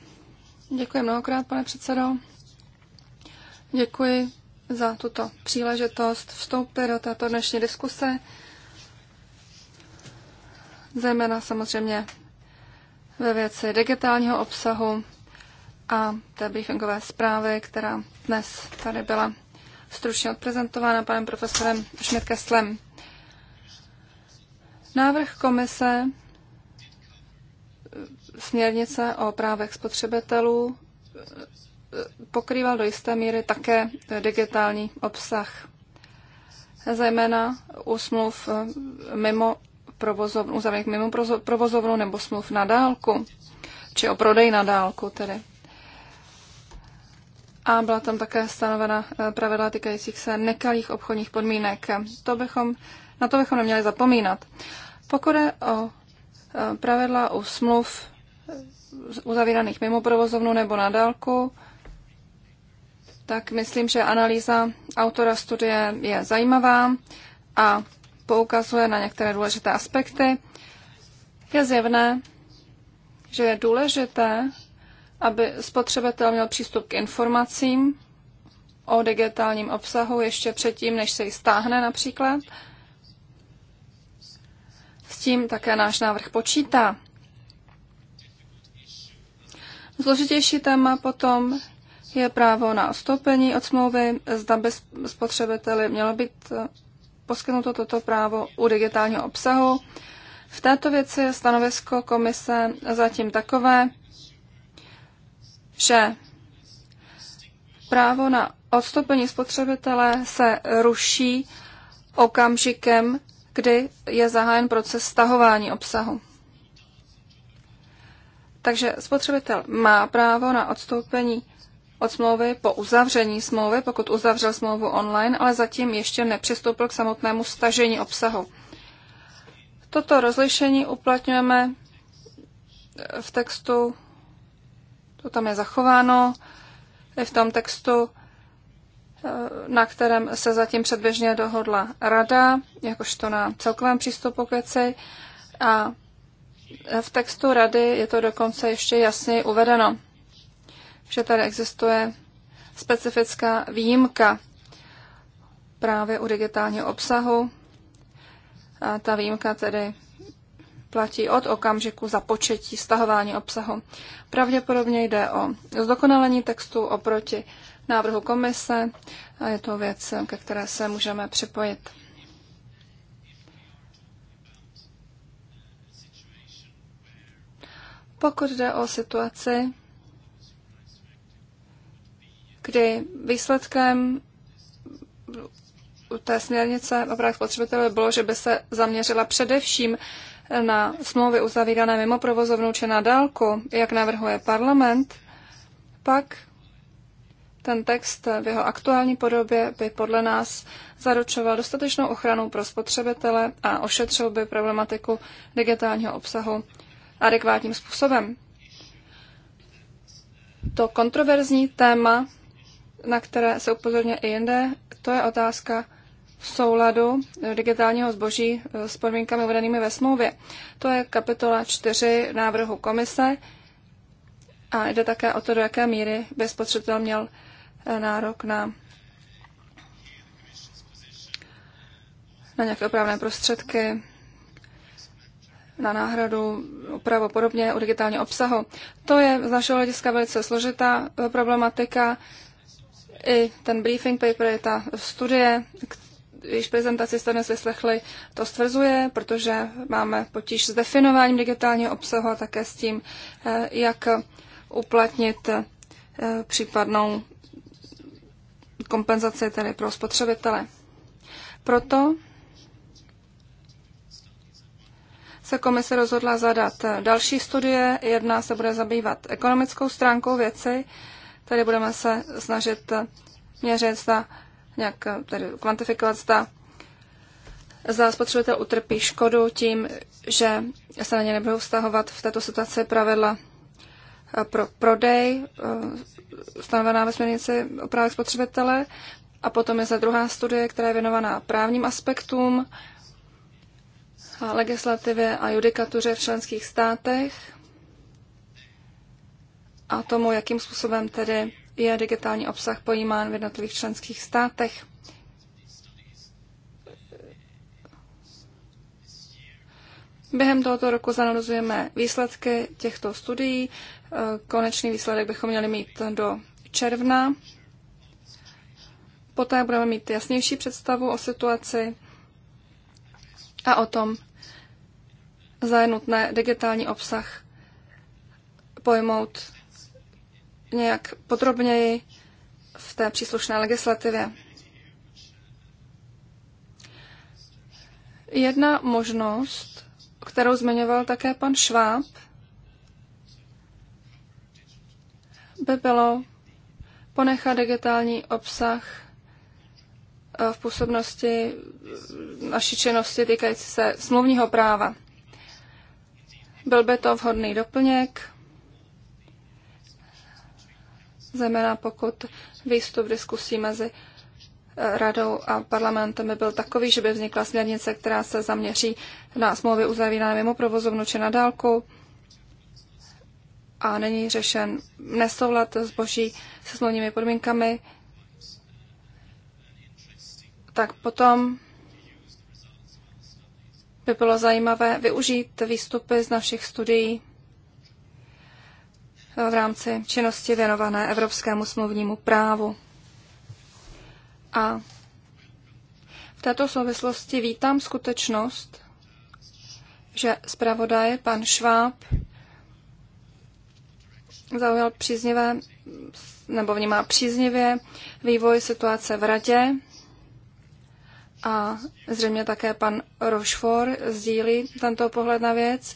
Děkuji mnohokrát, pane předsedo děkuji za tuto příležitost vstoupit do této dnešní diskuse, zejména samozřejmě ve věci digitálního obsahu a té briefingové zprávy, která dnes tady byla stručně odprezentována panem profesorem Schmidt-Kesslem. Návrh komise e, směrnice o právech spotřebitelů pokrýval do jisté míry také digitální obsah, zejména u smluv mimo provozovnu, uzavřených mimo provozovnu nebo smluv na dálku, či o prodej na dálku tedy. A byla tam také stanovena eh, pravidla týkajících se nekalých obchodních podmínek. To bychom, na to bychom neměli zapomínat. Pokud je o eh, pravidla u smluv eh, uzavíraných mimo provozovnu nebo na dálku, tak myslím, že analýza autora studie je zajímavá a poukazuje na některé důležité aspekty. Je zjevné, že je důležité, aby spotřebitel měl přístup k informacím o digitálním obsahu ještě předtím, než se ji stáhne například. S tím také náš návrh počítá. Zložitější téma potom je právo na odstoupení od smlouvy, zda by spotřebiteli mělo být eh, poskytnuto toto právo u digitálního obsahu. V této věci je stanovisko komise zatím takové, že právo na odstoupení spotřebitele se ruší okamžikem, kdy je zahájen proces stahování obsahu. Takže spotřebitel má právo na odstoupení od smlouvy po uzavření smlouvy, pokud uzavřel smlouvu online, ale zatím ještě nepřistoupil k samotnému stažení obsahu. Toto rozlišení uplatňujeme eh, v textu, to tam je zachováno, i v tom textu, eh, na kterém se zatím předběžně dohodla rada, jakožto na celkovém přístupu k věci. A v textu rady je to dokonce ještě jasněji uvedeno že tady existuje specifická výjimka právě u digitálního obsahu. A ta výjimka tedy platí od okamžiku započetí stahování obsahu. Pravděpodobně jde o zdokonalení textu oproti návrhu komise a je to věc, ke které se můžeme připojit. Pokud jde o situaci, kdy výsledkem té směrnice o právě spotřebitelů bylo, že by se zaměřila především na smlouvy uzavírané mimo provozovnou či na dálku, jak navrhuje parlament, pak ten text v jeho aktuální podobě by podle nás zaručoval dostatečnou ochranu pro spotřebitele a ošetřil by problematiku digitálního obsahu adekvátním způsobem. To kontroverzní téma na které se upozorňuje i jinde, to je otázka souladu digitálního zboží eh, s podmínkami uvedenými ve smlouvě. To je kapitola 4 návrhu komise a jde také o to, do jaké míry by spotřebitel měl eh, nárok na, na nějaké opravné prostředky, na náhradu, opravu podobně u digitálního obsahu. To je z našeho hlediska velice složitá eh, problematika. I ten briefing paper je ta studie, když prezentaci jste dnes vyslechli, to stvrzuje, protože máme potíž s definováním digitálního obsahu a také s tím, eh, jak uplatnit eh, případnou kompenzaci tedy pro spotřebitele. Proto se komise rozhodla zadat další studie. Jedna se bude zabývat ekonomickou stránkou věci Tady budeme se snažit měřit, zda nějak tady kvantifikovat, zda, za spotřebitel utrpí škodu tím, že se na ně nebudou vztahovat v této situaci pravidla eh, pro prodej eh, stanovená ve směrnici o právech spotřebitele. A potom je za druhá studie, která je věnovaná právním aspektům, legislativě a judikatuře v členských státech a tomu, jakým způsobem tedy je digitální obsah pojímán v jednotlivých členských státech. Během tohoto roku zanalizujeme výsledky těchto studií. Konečný výsledek bychom měli mít do června. Poté budeme mít jasnější představu o situaci a o tom, zda je nutné digitální obsah pojmout nějak podrobněji v té příslušné legislativě. Jedna možnost, kterou zmiňoval také pan Šváb, by bylo ponechat digitální obsah eh, v působnosti naší činnosti týkající se smluvního práva. Byl by to vhodný doplněk zejména pokud výstup diskusí mezi eh, radou a parlamentem by byl takový, že by vznikla směrnice, která se zaměří na smlouvy uzavírané mimo provozovnu či na dálku a není řešen nesoulad zboží se smluvními podmínkami, tak potom by bylo zajímavé využít výstupy z našich studií v rámci činnosti věnované evropskému smluvnímu právu. A v této souvislosti vítám skutečnost, že zpravodaj pan Šváb zaujal příznivé nebo vnímá příznivě vývoj situace v radě a zřejmě také pan Rochefort sdílí tento pohled na věc.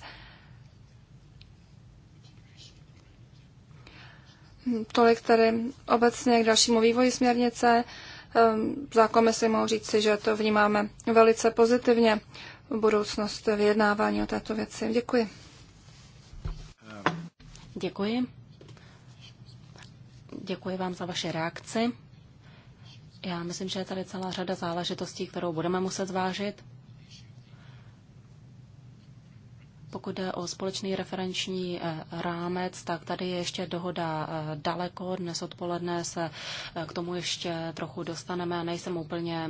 Tolik tedy obecně k dalšímu vývoji směrnice. Ehm, za komisi mohu říci, že to vnímáme velice pozitivně budoucnost vyjednávání o této věci. Děkuji. Děkuji. Děkuji vám za vaše reakci. Já myslím, že je tady celá řada záležitostí, kterou budeme muset zvážit. Pokud jde o společný referenční eh, rámec, tak tady je ještě dohoda eh, daleko. Dnes odpoledne se eh, k tomu ještě trochu dostaneme a nejsem úplně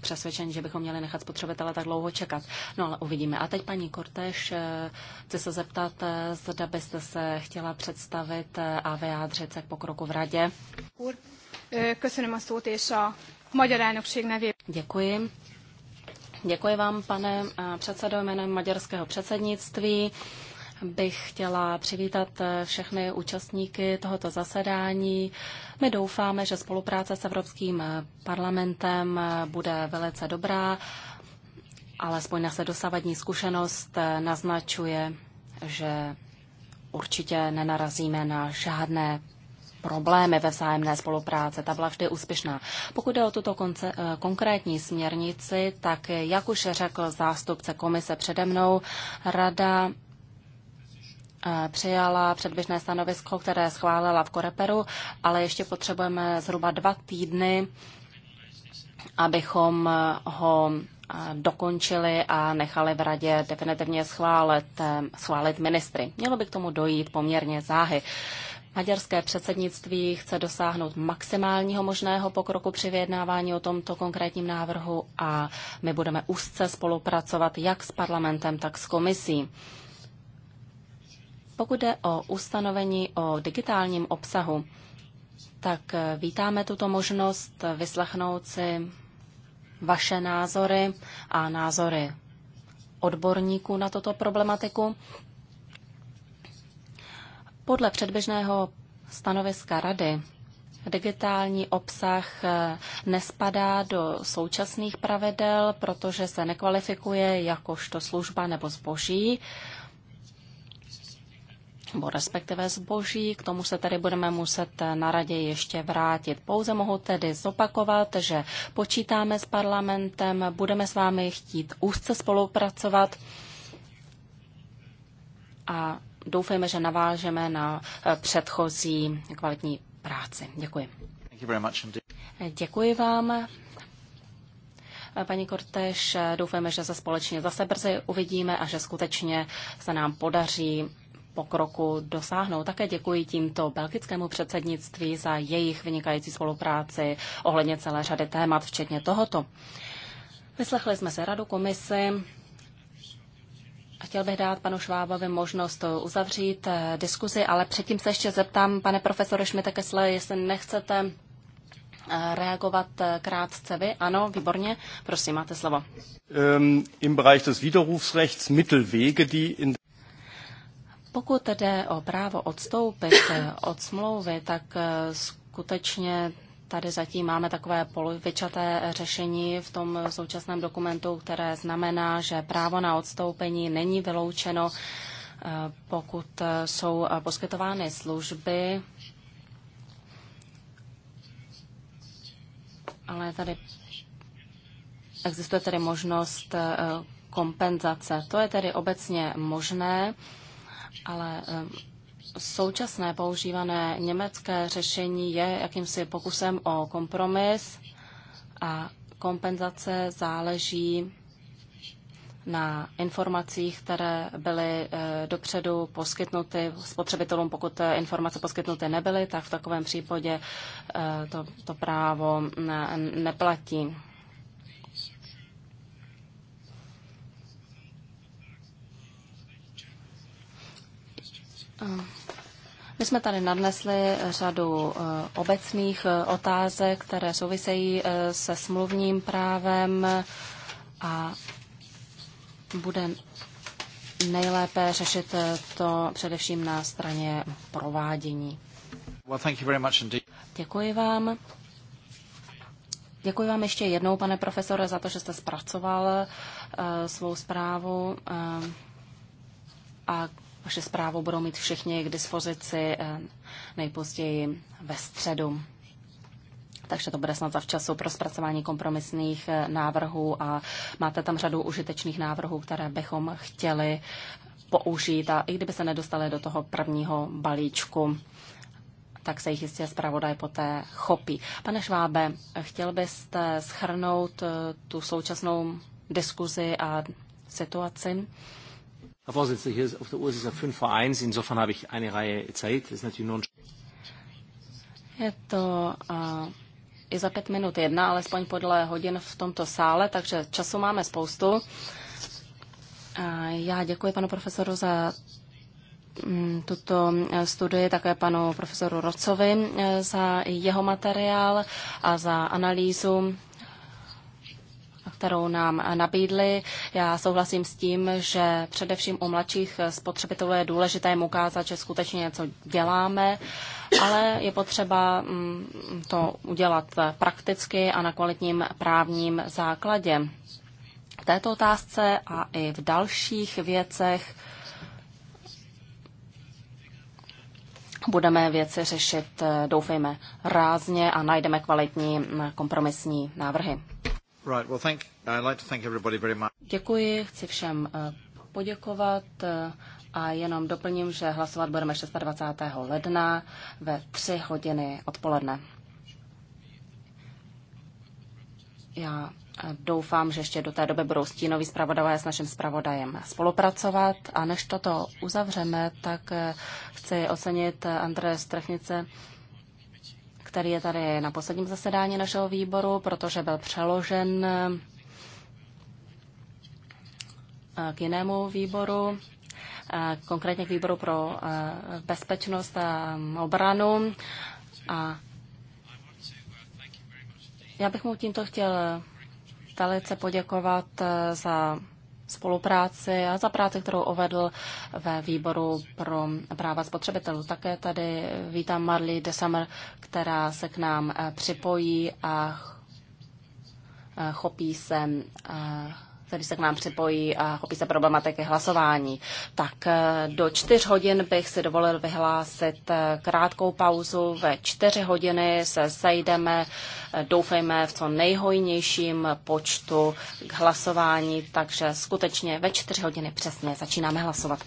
přesvědčen, že bychom měli nechat spotřebitele tak dlouho čekat. No ale uvidíme. A teď paní Kortež, chci se zeptat, zda byste se chtěla představit a vyjádřit se k pokroku v radě. Děkuji. Děkuji vám, pane eh, předsedo, jménem maďarského předsednictví bych chtěla přivítat eh, všechny účastníky tohoto zasedání. My doufáme, že spolupráce s Evropským eh, parlamentem bude velice dobrá, alespoň se dosavadní zkušenost naznačuje, že určitě nenarazíme na žádné problémy ve vzájemné spolupráce. Ta byla vždy úspěšná. Pokud jde o tuto konce, eh, konkrétní směrnici, tak eh, jak už řekl zástupce komise přede mnou, rada eh, přijala předběžné stanovisko, které schválila v Koreperu, ale ještě potřebujeme zhruba dva týdny, abychom ho dokončili a nechali v radě definitivně schválit, schválit ministry. Mělo by k tomu dojít poměrně záhy. Maďarské předsednictví chce dosáhnout maximálního možného pokroku při vyjednávání o tomto konkrétním návrhu a my budeme úzce spolupracovat jak s parlamentem, tak s komisí. Pokud jde o ustanovení o digitálním obsahu, tak vítáme tuto možnost vyslechnout si vaše názory a názory odborníků na toto problematiku. Podle předběžného stanoviska Rady digitální obsah eh, nespadá do současných pravidel, protože se nekvalifikuje jakožto služba nebo zboží nebo respektive zboží. K tomu se tady budeme muset eh, na radě ještě vrátit. Pouze mohu tedy zopakovat, že počítáme s parlamentem, budeme s vámi chtít úzce spolupracovat a doufejme, že navážeme na eh, předchozí kvalitní práci. Děkuji. Eh, děkuji vám. Eh, paní Kortež, doufáme, že se společně zase brzy uvidíme a že skutečně se nám podaří pokroku dosáhnout. Také děkuji tímto belgickému předsednictví za jejich vynikající spolupráci ohledně celé řady témat, včetně tohoto. Vyslechli jsme se radu komisy. Chtěl bych dát panu Švábovi možnost uzavřít eh, diskuzi, ale předtím se ještě zeptám, pane profesore Šmitekesle, jestli nechcete eh, reagovat eh, krátce vy. Ano, výborně. Prosím, máte slovo. Um, Im Bereich des Widerrufsrechts Mittelwege, die in pokud jde o právo odstoupit od smlouvy, tak skutečně Tady zatím máme takové polovičaté řešení v tom současném dokumentu, které znamená, že právo na odstoupení není vyloučeno, eh, pokud eh, jsou eh, poskytovány služby, ale tady existuje tedy možnost kompenzace. To je tedy obecně možné, ale současné používané německé řešení je jakýmsi pokusem o kompromis a kompenzace záleží na informacích, které byly eh, dopředu poskytnuty spotřebitelům. Pokud eh, informace poskytnuty nebyly, tak v takovém případě eh, to, to právo ne, mm, neplatí. Uh. My jsme tady nadnesli eh, řadu eh, obecných eh, otázek, které souvisejí se smluvním právem a bude nejlépe řešit to především na straně provádění. Děkuji vám. Děkuji vám ještě jednou, pane profesore, za to, že jste zpracoval uh, svou zprávu. Uh, a vaše zprávu budou mít všichni k dispozici eh, nejpozději ve středu. Takže to bude snad zavčasu pro zpracování kompromisných eh, návrhů a máte tam řadu užitečných návrhů, které bychom chtěli použít a i kdyby se nedostali do toho prvního balíčku, tak se jich jistě zpravodaj poté chopí. Pane Švábe, chtěl byste schrnout eh, tu současnou diskuzi a situaci? Herr Vorsitzender, hier ist auf der Uhr ist ja 5 vor 1, insofern habe ich eine Reihe Zeit. Das ist natürlich nur ein... Je i za pět minut jedna, alespoň podle hodin v tomto sále, takže času máme spoustu. Uh, já děkuji panu profesoru za mm, tuto e, studii také panu profesoru Rocovi e, za jeho materiál a za analýzu kterou nám nabídli. Já souhlasím s tím, že především u mladších spotřebitelů je důležité jim ukázat, že skutečně něco děláme, ale je potřeba mm, to udělat prakticky a na kvalitním právním základě. V této otázce a i v dalších věcech budeme věci řešit, doufejme, rázně a najdeme kvalitní kompromisní návrhy. Right, well, thank, Děkuji, chci všem eh, poděkovat eh, a jenom doplním, že hlasovat budeme 26. ledna ve 3 hodiny odpoledne. Já eh, doufám, že ještě do té doby budou stínoví zpravodajové s naším zpravodajem spolupracovat. A než toto uzavřeme, tak chci ocenit Andreje Strechnice, který je tady na posledním zasedání našeho výboru, protože byl přeložen k jinému výboru, konkrétně k výboru pro bezpečnost a obranu. A já bych mu tímto chtěl velice poděkovat e, za spolupráci a za práci, kterou ovedl ve výboru pro práva spotřebitelů. Také tady vítám Marley Desamer, která se k nám e, připojí a e, chopí se který se k nám připojí a chopí se problematiky hlasování. Tak eh, do čtyř hodin bych si dovolil vyhlásit eh, krátkou pauzu. Ve čtyři hodiny se sejdeme, eh, doufejme v co nejhojnějším počtu k hlasování, takže skutečně ve čtyři hodiny přesně začínáme hlasovat.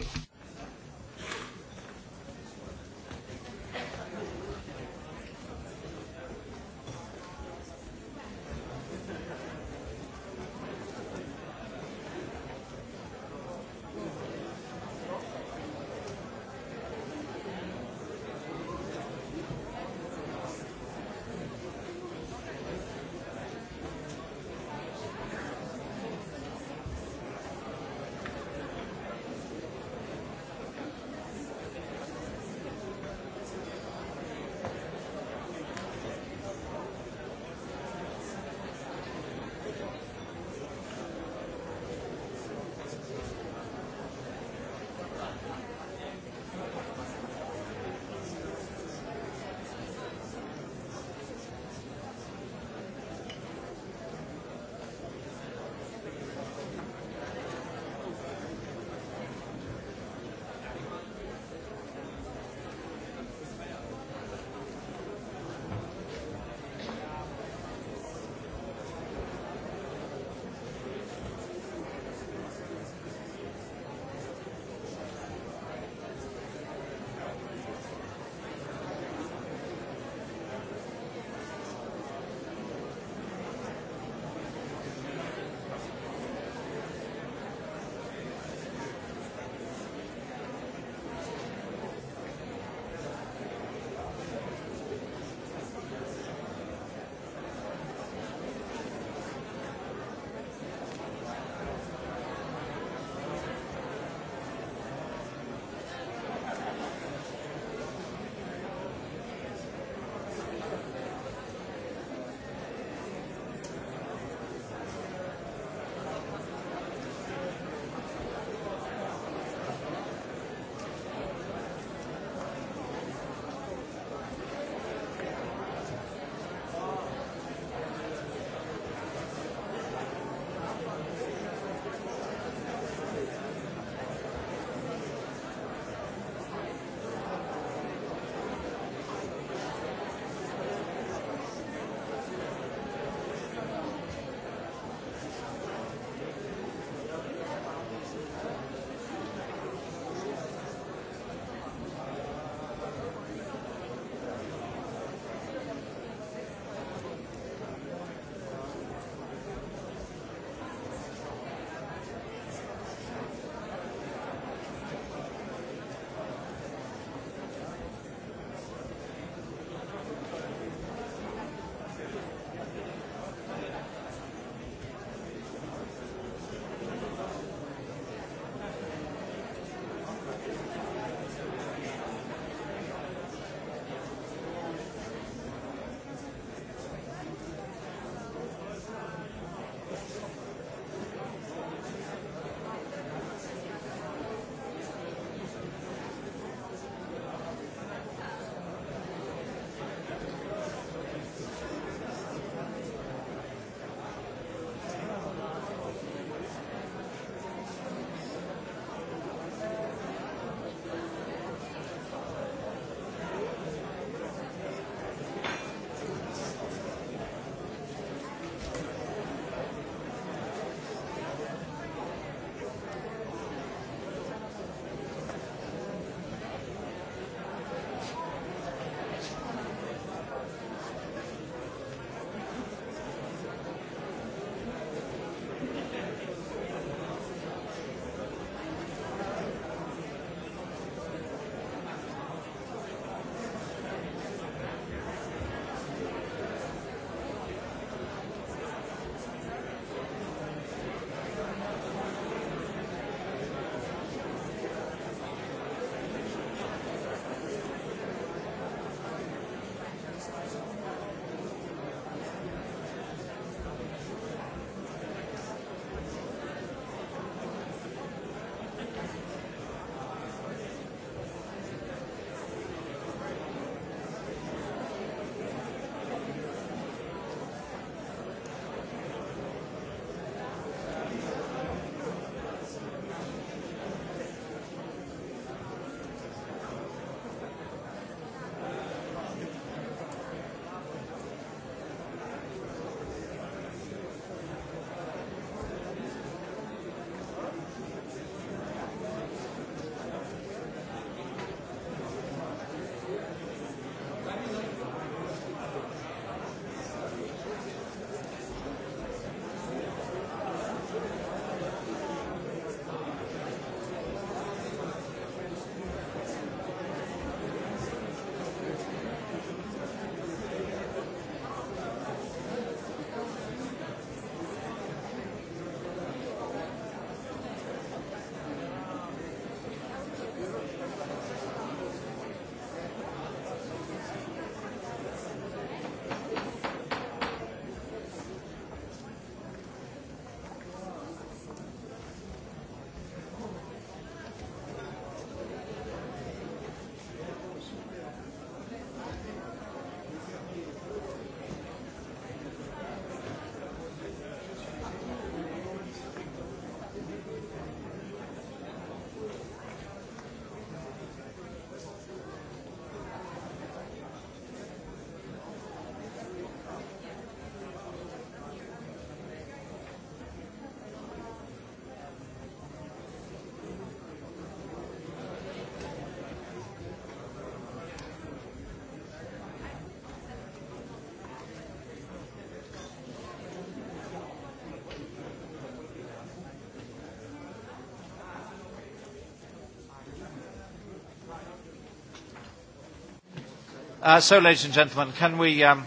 Uh, so, ladies and gentlemen, can we um,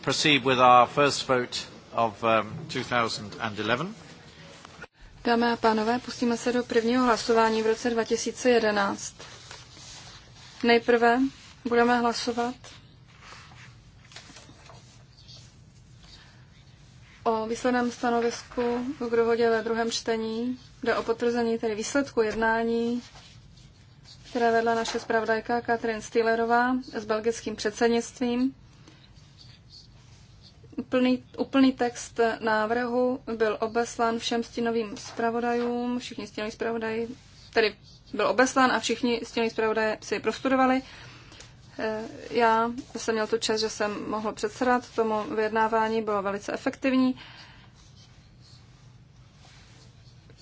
proceed with our first vote of um, 2011? Dámy a pánové, pustíme se do prvního hlasování v roce 2011. Nejprve budeme hlasovat o výsledném stanovisku k dohodě ve druhém čtení. Jde o potvrzení tedy výsledku jednání které vedla naše zpravodajka Katrin Stillerová s belgickým předsednictvím. Úplný, úplný text návrhu byl obeslán všem stínovým zpravodajům, všichni stínoví zpravodaji, tedy byl obeslán a všichni stínoví zpravodaje si prostudovali. Eh, já jsem měl tu čest, že jsem mohl předsedat tomu vyjednávání, bylo velice efektivní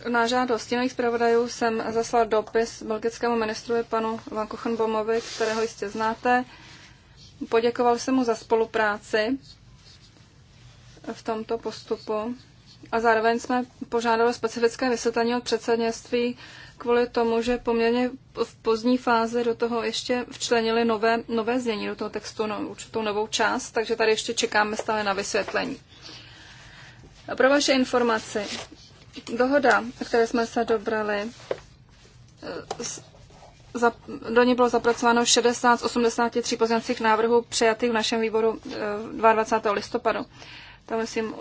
na žádost jiných zpravodajů jsem zaslal dopis belgickému ministru panu Van Kochenbomovi, kterého jistě znáte. Poděkoval jsem mu za spolupráci v tomto postupu a zároveň jsme požádali specifické vysvětlení od předsednictví kvůli tomu, že poměrně v pozdní fázi do toho ještě včlenili nové, nové znění do toho textu, no, určitou novou část, takže tady ještě čekáme stále na vysvětlení. A pro vaše informaci, Dohoda, které jsme se dobrali, eh, do ní bylo zapracováno 60 z 83 pozměňovacích návrhů přijatých v našem výboru 22. Eh, listopadu. To, myslím,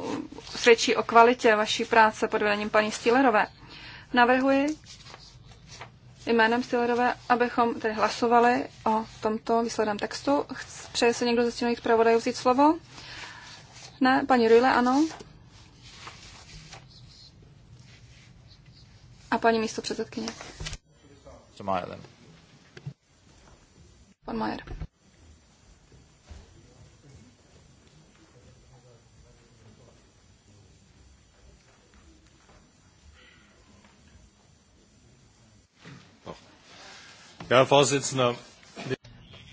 svědčí o kvalitě vaší práce pod vedením paní Stílerové. Navrhuji jménem Stílerové, abychom tedy hlasovali o tomto výsledném textu. Přeje se někdo ze stínových zpravodajů vzít slovo? Ne, paní Rujle, ano. A paní místo předsedkyně. Pan Majer.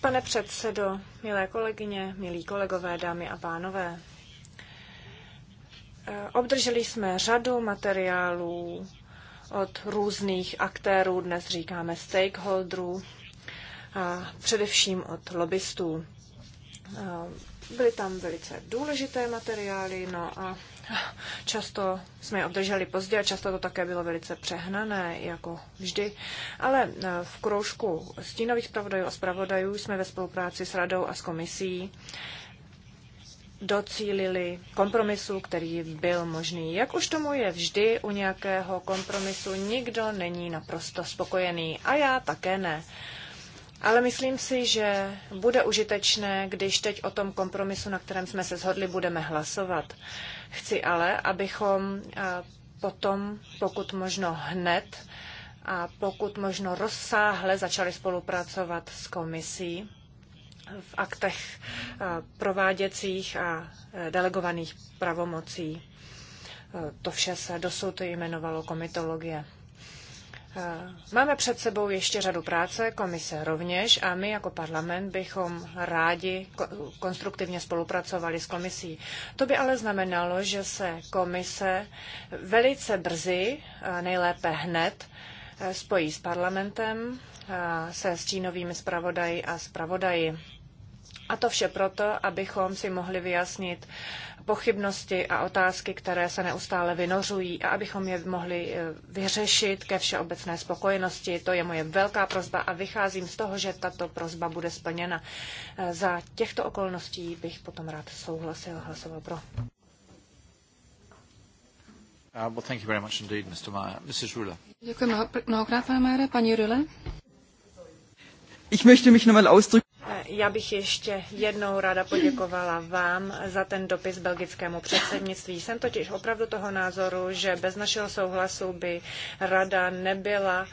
Pane předsedo, milé kolegyně, milí kolegové, dámy a pánové, eh, obdrželi jsme řadu materiálů od různých aktérů, dnes říkáme stakeholderů, a především od lobbystů. Byly tam velice důležité materiály, no a často jsme je obdrželi pozdě a často to také bylo velice přehnané, jako vždy. Ale e, v kroužku stínových zpravodajů a zpravodajů jsme ve spolupráci s radou a s komisí docílili kompromisu, který byl možný. Jak už tomu je vždy u nějakého kompromisu, nikdo není naprosto spokojený a já také ne. Ale myslím si, že bude užitečné, když teď o tom kompromisu, na kterém jsme se shodli, budeme hlasovat. Chci ale, abychom potom, pokud možno hned a pokud možno rozsáhle, začali spolupracovat s komisí v aktech eh, prováděcích a eh, delegovaných pravomocí. Eh, to vše se dosud jmenovalo komitologie. Máme před sebou ještě řadu práce, komise rovněž a my jako parlament bychom rádi konstruktivně spolupracovali s komisí. To by ale znamenalo, že se komise velice brzy, nejlépe hned, spojí s parlamentem, se stínovými zpravodaji a zpravodaji. A to vše proto, abychom si mohli vyjasnit pochybnosti a otázky, které se neustále vynořují a abychom je mohli e, vyřešit ke všeobecné spokojenosti. To je moje velká prozba a vycházím z toho, že tato prozba bude splněna. E, za těchto okolností bych potom rád souhlasil a hlasoval pro. Uh, well, thank you very much indeed, Mr. Mrs. Děkuji mnohokrát, pane Mayere. Paní Rille? Ich möchte mich nochmal ausdrücken. Já bych ještě jednou ráda poděkovala vám za ten dopis belgickému předsednictví. Jsem totiž opravdu toho názoru, že bez našeho souhlasu by rada nebyla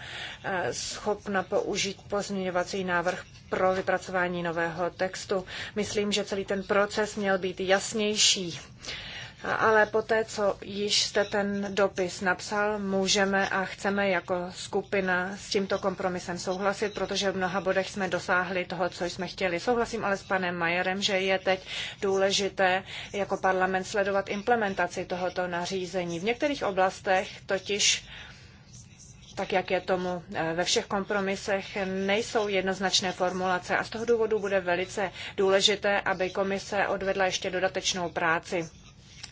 eh, schopna použít pozměňovací návrh pro vypracování nového textu. Myslím, že celý ten proces měl být jasnější ale poté, co již jste ten dopis napsal, můžeme a chceme jako skupina s tímto kompromisem souhlasit, protože v mnoha bodech jsme dosáhli toho, co jsme chtěli. Souhlasím ale s panem Majerem, že je teď důležité jako parlament sledovat implementaci tohoto nařízení. V některých oblastech totiž tak jak je tomu eh, ve všech kompromisech, nejsou jednoznačné formulace a z toho důvodu bude velice důležité, aby komise odvedla ještě dodatečnou práci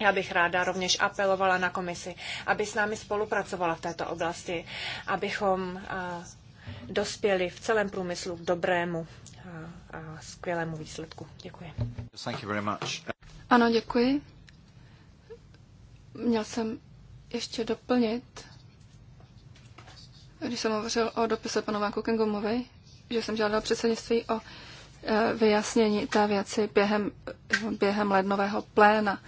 já bych ráda rovněž apelovala na komisi, aby s námi spolupracovala v této oblasti, abychom dospěli v celém průmyslu k dobrému a, skvělému výsledku. Děkuji. Ano, děkuji. Měl jsem ještě doplnit, když jsem hovořil o dopise panová Kukengomovi, že jsem žádal předsednictví o e, vyjasnění té věci během, během lednového pléna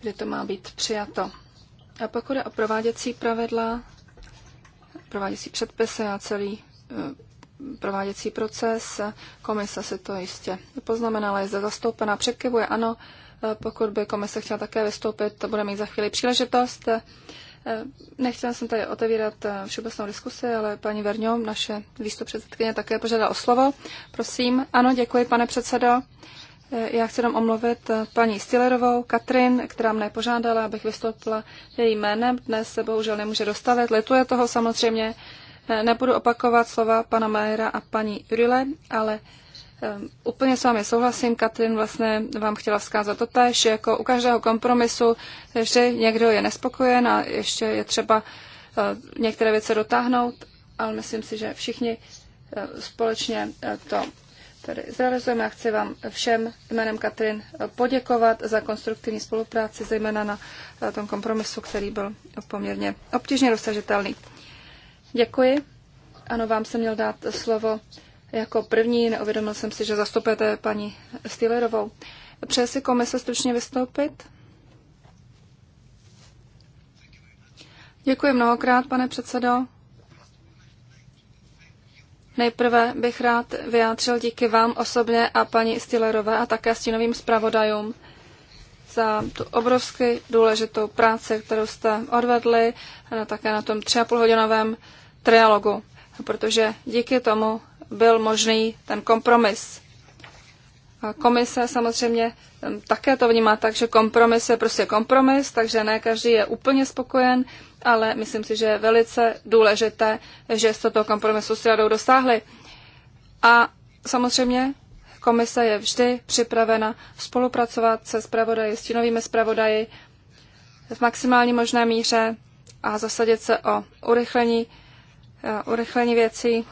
kdy to má být přijato. A pokud je o prováděcí pravidla, prováděcí předpisy a celý eh, prováděcí proces. Komise si to jistě ale je zde zastoupená, překivuje ano. Eh, pokud by komise chtěla také vystoupit, to bude mít za chvíli příležitost. Eh, nechtěla jsem tady otevírat všeobecnou diskusi, ale paní Verňo, naše výstupředsedkyně, také požádala o slovo. Prosím. Ano, děkuji, pane předsedo. Já chci jenom omluvit eh, paní Stillerovou, Katrin, která mne požádala, abych vystoupila její jménem. Dnes se bohužel nemůže dostavit. Lituje toho samozřejmě. Eh, Nebudu opakovat slova pana Majera a paní Jurile, ale eh, Úplně s vámi souhlasím, Katrin vlastně vám chtěla vzkázat to tež, jako u každého kompromisu, že někdo je nespokojen a ještě je třeba některé věci dotáhnout, ale myslím si, že všichni společně to tady zrealizujeme a chci vám všem jménem Katrin poděkovat za konstruktivní spolupráci, zejména na eh, tom kompromisu, který byl poměrně obtížně dosažitelný. Děkuji. Ano, vám jsem měl dát slovo jako první. Neuvědomil jsem si, že zastupujete paní Stýlerovou. Přeje si komise stručně vystoupit? Děkuji mnohokrát, pane předsedo. Nejprve bych rád vyjádřil díky vám osobně a paní Stilerové a také stínovým zpravodajům za tu obrovsky důležitou práci, kterou jste odvedli a eh, také na tom tři a půlhodinovém trialogu, protože díky tomu byl možný ten kompromis. A komise samozřejmě eh, také to vnímá tak, že kompromis je prostě kompromis, takže ne každý je úplně spokojen, ale myslím si, že je velice důležité, že jste toho kompromisu s radou dosáhli. A samozřejmě komise je vždy připravena spolupracovat se zpravodaji, s novými zpravodaji v maximální možné míře a zasadit se o urychlení, uh, urychlení věcí.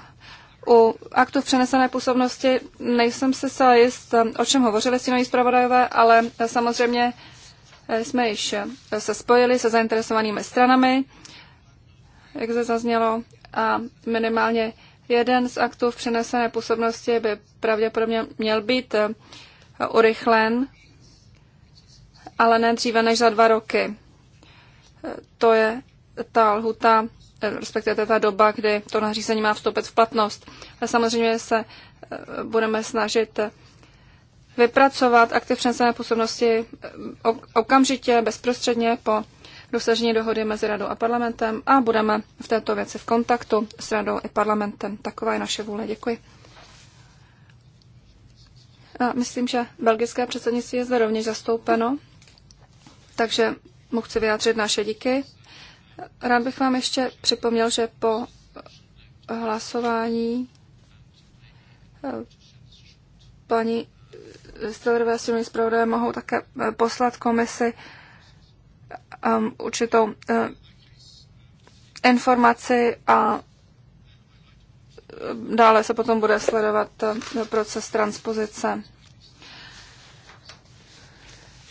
U aktu v přenesené působnosti nejsem si zcela jist, eh, o čem hovořili stínoví zpravodajové, ale eh, samozřejmě Eh, jsme již eh, se spojili se zainteresovanými stranami, jak se zaznělo, a minimálně jeden z aktů v přenesené působnosti by pravděpodobně měl být eh, urychlen, ale ne dříve než za dva roky. To je ta lhuta, respektive ta doba, kdy to nařízení má vstoupit v platnost. A samozřejmě se budeme snažit vypracovat aktiv přenesené působnosti eh, okamžitě, bezprostředně po dosažení dohody mezi radou a parlamentem a budeme v této věci v kontaktu s radou i parlamentem. Taková je naše vůle. Děkuji. A myslím, že belgické předsednictví je zde rovněž zastoupeno, takže mu chci vyjádřit naše díky. Rád bych vám ještě připomněl, že po hlasování eh, paní stělové silní zpravodaje mohou také eh, poslat komisi um, určitou um, informaci a eh, dále se potom bude sledovat proces transpozice.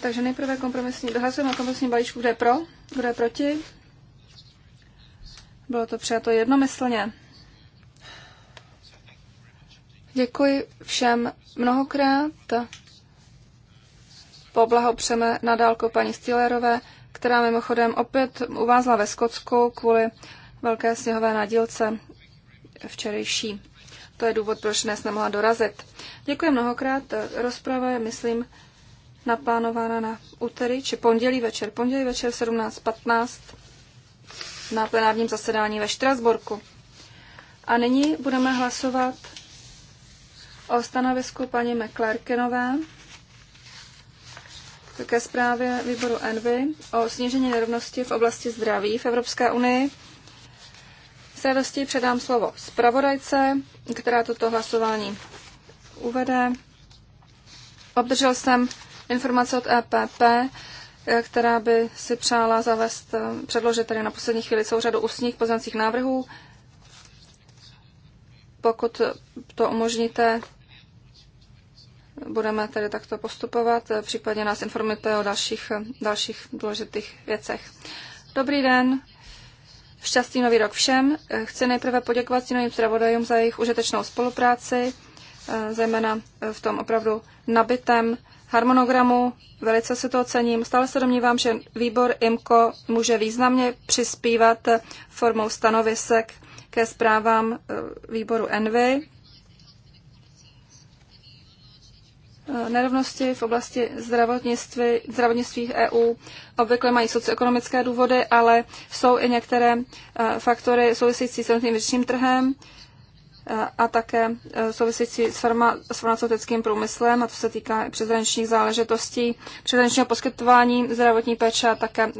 Takže nejprve kompromisní, hlasujeme o kompromisním balíčku, kde je pro, kde je proti. Bylo to přijato jednomyslně. Děkuji všem mnohokrát. Poblahopřeme nadálko paní Stillerové, která mimochodem opět uvázla ve Skotsku kvůli velké sněhové nadílce včerejší. To je důvod, proč dnes nemohla dorazit. Děkuji mnohokrát. Rozprava je, myslím, naplánována na úterý či pondělí večer. Pondělí večer 17.15 na plenárním zasedání ve Štrasburku. A nyní budeme hlasovat o stanovisku paní McClarkinové ke zprávě výboru Envy o snížení nerovnosti v oblasti zdraví v Evropské unii. S radostí předám slovo zpravodajce, která toto hlasování uvede. Obdržel jsem informace od EPP, která by si přála zavést, předložit tady na poslední chvíli celou řadu ústních pozemcích návrhů. Pokud to umožníte, budeme tedy takto postupovat, eh, případně nás informujte o dalších, eh, dalších důležitých věcech. Dobrý den, šťastný nový rok všem. Eh, chci nejprve poděkovat novým zpravodajům za jejich užitečnou spolupráci, zejména v tom opravdu nabitém harmonogramu. Velice si to ocením. Stále se domnívám, že výbor IMCO může významně přispívat formou stanovisek ke zprávám výboru ENVY Eh, nerovnosti v oblasti zdravotnictví, zdravotnictví v EU obvykle mají socioekonomické důvody, ale jsou i některé eh, faktory související s jednotným vnitřním trhem eh, a také související s, farma, s farmaceutickým průmyslem, a to se týká přeshraničních záležitostí, přeshraničního poskytování zdravotní péče a také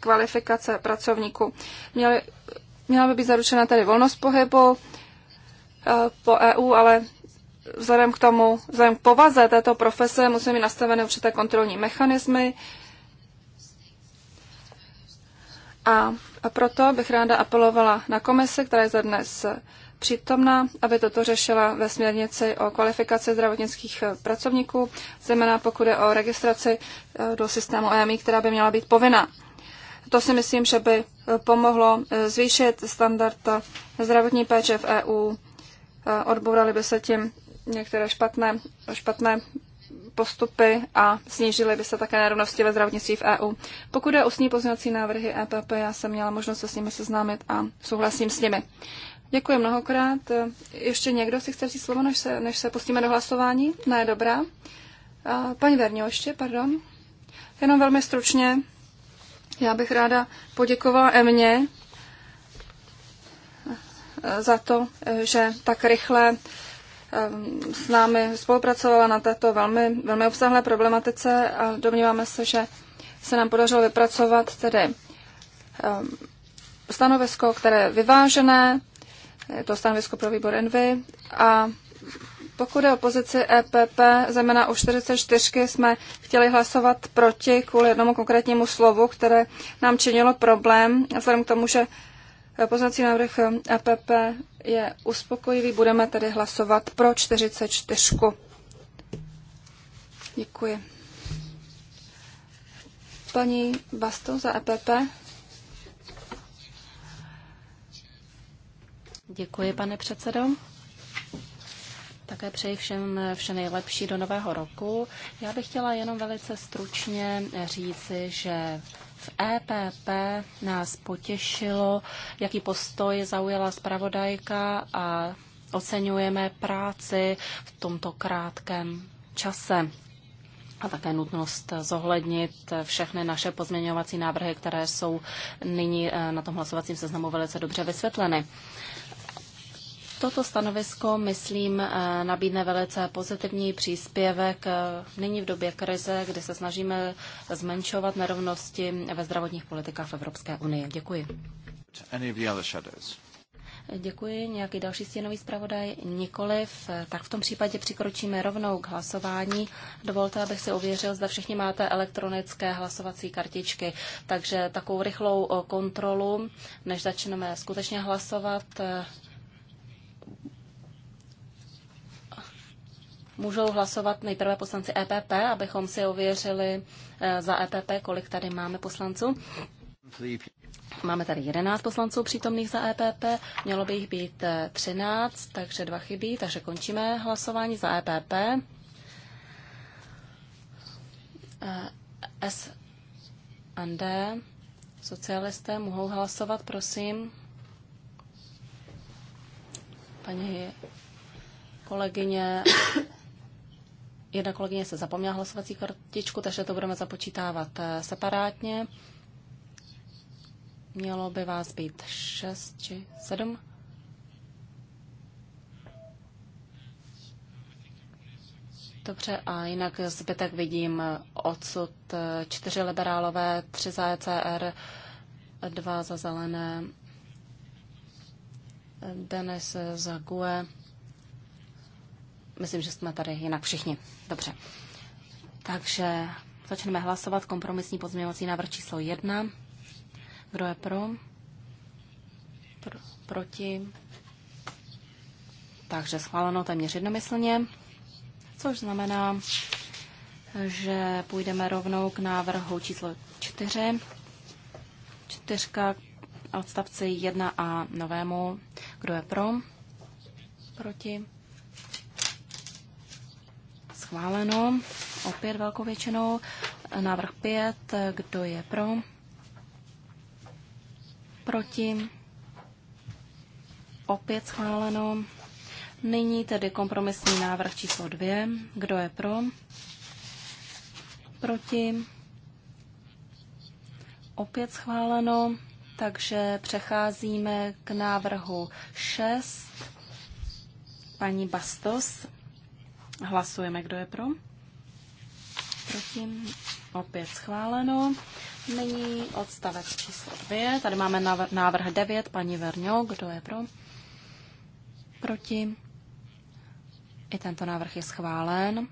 kvalifikace pracovníků. měla by být zaručena tedy volnost pohybu po EU, ale vzhledem k tomu, vzhledem k povaze této profese, musíme mít nastavené určité kontrolní mechanismy. A, proto bych ráda apelovala na komisi, která je zde dnes přítomna, aby toto řešila ve směrnici o kvalifikaci zdravotnických pracovníků, zejména pokud je o registraci eh, do systému EMI, která by měla být povinná. To si myslím, že by eh, pomohlo eh, zvýšit standard zdravotní péče v EU, odbourali by se tím některé špatné, špatné postupy a snížily by se také nerovnosti ve zdravotnictví v EU. Pokud je ústní pozměňovací návrhy EPP, já jsem měla možnost se s nimi seznámit a souhlasím s nimi. Děkuji mnohokrát. Ještě někdo si chce říct slovo, než se, než se pustíme do hlasování? Ne, dobrá. Paní Verňo ještě, pardon. Jenom velmi stručně. Já bych ráda poděkovala Emně za to, že tak rychle Ehm, s námi spolupracovala na této velmi, velmi obsahlé problematice a domníváme se, že se nám podařilo vypracovat tedy ehm, stanovisko, které je vyvážené, je to stanovisko pro výbor Envy a pokud je o pozici EPP, zejména u 44 jsme chtěli hlasovat proti kvůli jednomu konkrétnímu slovu, které nám činilo problém, vzhledem k tomu, že Poznací návrh EPP je uspokojivý, budeme tedy hlasovat pro 44. Děkuji. Paní Basto za EPP. Děkuji, pane předsedo. Také přeji všem vše nejlepší do nového roku. Já bych chtěla jenom velice stručně říci, že v EPP nás potěšilo, jaký postoj zaujala zpravodajka a oceňujeme práci v tomto krátkém čase a také nutnost zohlednit všechny naše pozměňovací návrhy, které jsou nyní eh, na tom hlasovacím seznamu velice dobře vysvětleny. Toto stanovisko, myslím, eh, nabídne velice pozitivní příspěvek eh, nyní v době krize, kdy se snažíme zmenšovat nerovnosti ve zdravotních politikách v Evropské unii. Děkuji. Děkuji. Nějaký další stěnový zpravodaj? Nikoliv. Tak v tom případě přikročíme rovnou k hlasování. Dovolte, abych si ověřil, zda všichni máte elektronické hlasovací kartičky. Takže takovou rychlou eh, kontrolu, než začneme skutečně hlasovat, můžou hlasovat nejprve poslanci EPP, abychom si ověřili eh, za EPP, kolik tady máme poslanců. Máme tady 11 poslanců přítomných za EPP, mělo by jich být 13, eh, takže dva chybí, takže končíme hlasování za EPP. Eh, S and D. Socialisté mohou hlasovat, prosím. Paní kolegyně Jedna kolegyně se zapomněla hlasovací kartičku, takže to budeme započítávat eh, separátně. Mělo by vás být 6 či 7. Dobře, a jinak zbytek vidím eh, odsud eh, čtyři liberálové, tři za ECR, dva za zelené, Denis za GUE Myslím, že jsme tady jinak všichni. Dobře. Takže začneme hlasovat kompromisní pozměňovací návrh číslo jedna. Kdo je pro? Pr- proti? Takže schváleno téměř jednomyslně, což znamená, že půjdeme rovnou k návrhu číslo 4. Čtyřka odstavci 1 a novému. Kdo je pro? Proti? Schváleno. Opět velkou většinou. Návrh 5. Kdo je pro? Proti? Opět schváleno. Nyní tedy kompromisní návrh číslo 2. Kdo je pro? Proti? Opět schváleno. Takže přecházíme k návrhu 6. Paní Bastos, Hlasujeme, kdo je pro. Prosím, Opět schváleno. Nyní odstavec číslo 2. Tady máme návrh, návrh 9, paní Verňo, kdo je pro. Proti. I tento návrh je schválen.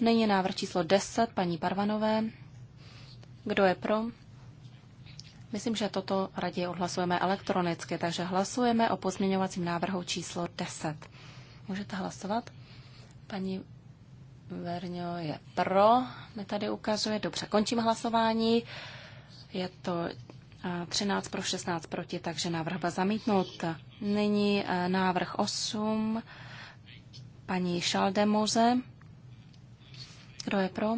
Nyní návrh číslo 10, paní Parvanové. Kdo je pro? Myslím, že toto raději odhlasujeme elektronicky, takže hlasujeme o pozměňovacím návrhu číslo 10. Můžete hlasovat? Paní Verňo je pro, mi tady ukazuje. Dobře, končím hlasování. Je to 13 pro 16 proti, takže návrh byl zamítnut. Nyní návrh 8 paní Šaldemoze. Kdo je pro?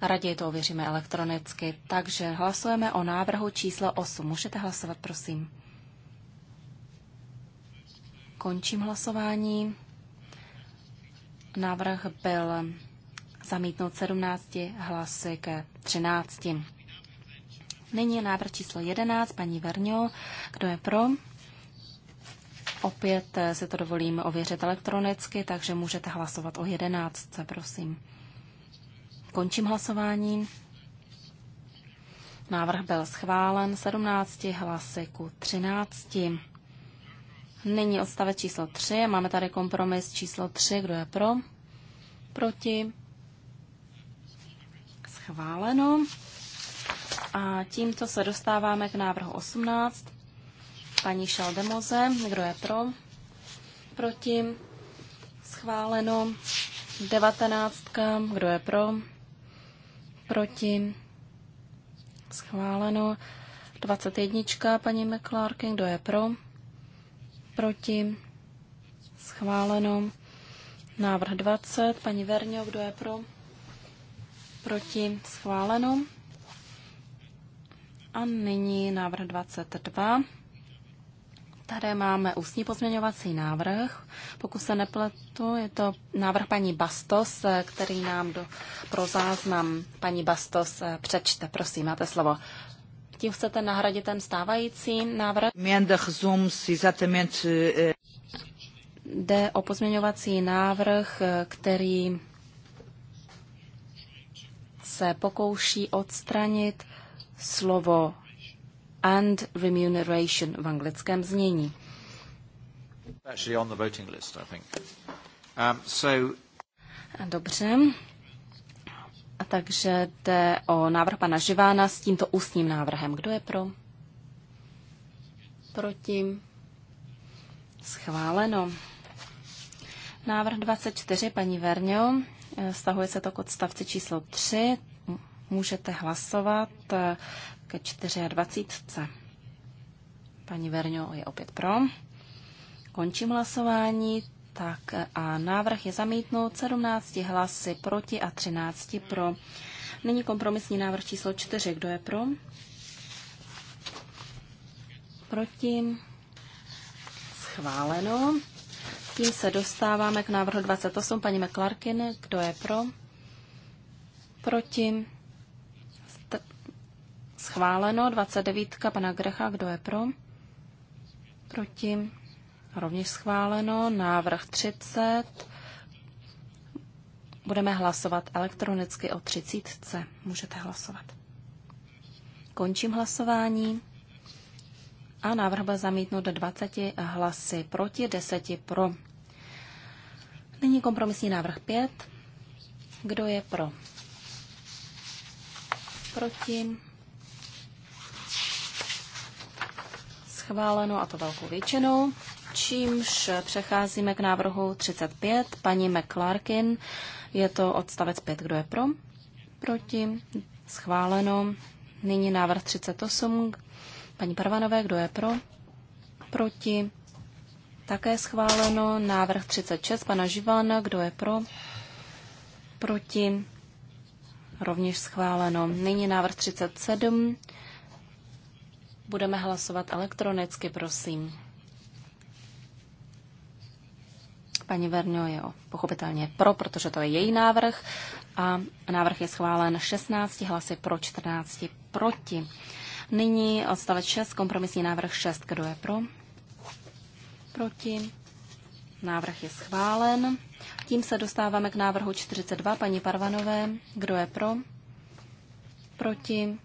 Raději to ověříme elektronicky. Takže hlasujeme o návrhu číslo 8. Můžete hlasovat, prosím. Končím hlasování návrh byl zamítnout 17 hlasy ke 13. Nyní je návrh číslo 11, paní Verňo. Kdo je pro? Opět se to dovolím ověřit elektronicky, takže můžete hlasovat o 11, prosím. Končím hlasování. Návrh byl schválen 17 hlasy ku 13. Nyní odstavec číslo 3. Máme tady kompromis číslo 3. Kdo je pro? Proti? Schváleno. A tímto se dostáváme k návrhu 18. Paní Šaldemoze, kdo je pro? Proti? Schváleno. 19. Kdo je pro? Proti? Schváleno. 21. Paní McClarkin, kdo je pro? Proti? proti, schváleno. Návrh 20, paní Verňo, kdo je pro, proti, schváleno. A nyní návrh 22. Tady máme ústní pozměňovací návrh. Pokud se nepletu, je to návrh paní Bastos, který nám do, pro záznam paní Bastos eh, přečte. Prosím, máte slovo tím chcete nahradit ten stávající návrh? Eh, Jde o pozměňovací návrh, eh, který se pokouší odstranit slovo and remuneration v anglickém znění. Um, Dobře. A takže jde o návrh pana Živána s tímto ústním návrhem. Kdo je pro? Proti? Schváleno. Návrh 24, paní Verňo, stahuje eh, se to k odstavci číslo 3. Můžete hlasovat eh, ke 24. Paní Verňo je opět pro. Končím hlasování. Tak a návrh je zamítnut 17 hlasy proti a 13 pro. Nyní kompromisní návrh číslo 4. Kdo je pro? Proti? Schváleno. Tím se dostáváme k návrhu 28. Paní McClarkin, kdo je pro? Proti? Schváleno. 29. Pana Grecha, kdo je pro? Proti? rovněž schváleno. Návrh 30. Budeme hlasovat elektronicky o 30. Můžete hlasovat. Končím hlasování. A návrh byl zamítnut do 20 hlasy proti, 10 pro. Nyní kompromisní návrh 5. Kdo je pro? Proti. Schváleno a to velkou většinou. Čímž přecházíme k návrhu 35, paní McClarkin. Je to odstavec 5, kdo je pro? Proti? Schváleno. Nyní návrh 38, paní Parvanové, kdo je pro? Proti? Také schváleno. Návrh 36, pana Živana, kdo je pro? Proti? Rovněž schváleno. Nyní návrh 37. Budeme hlasovat elektronicky, prosím. Paní Verňo je pochopitelně pro, protože to je její návrh a návrh je schválen 16 hlasy pro 14 proti. Nyní odstavec 6, kompromisní návrh 6. Kdo je pro? Proti. Návrh je schválen. Tím se dostáváme k návrhu 42 paní Parvanové. Kdo je pro? Proti.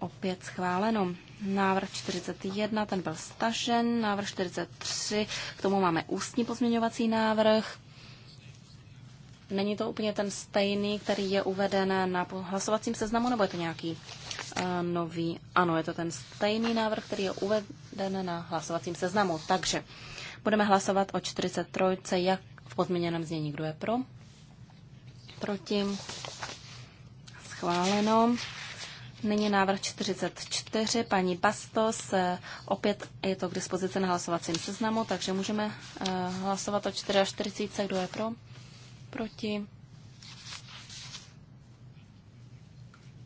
Opět schváleno. Návrh 41, ten byl stažen. Návrh 43, k tomu máme ústní pozměňovací návrh. Není to úplně ten stejný, který je uveden na hlasovacím seznamu, nebo je to nějaký uh, nový? Ano, je to ten stejný návrh, který je uveden na hlasovacím seznamu. Takže budeme hlasovat o 43, jak v podměněném znění. Kdo je pro? Proti? Schváleno. Nyní návrh 44, paní Bastos. Opět je to k dispozici na hlasovacím seznamu, takže můžeme eh, hlasovat o 44. Kdo je pro? Proti?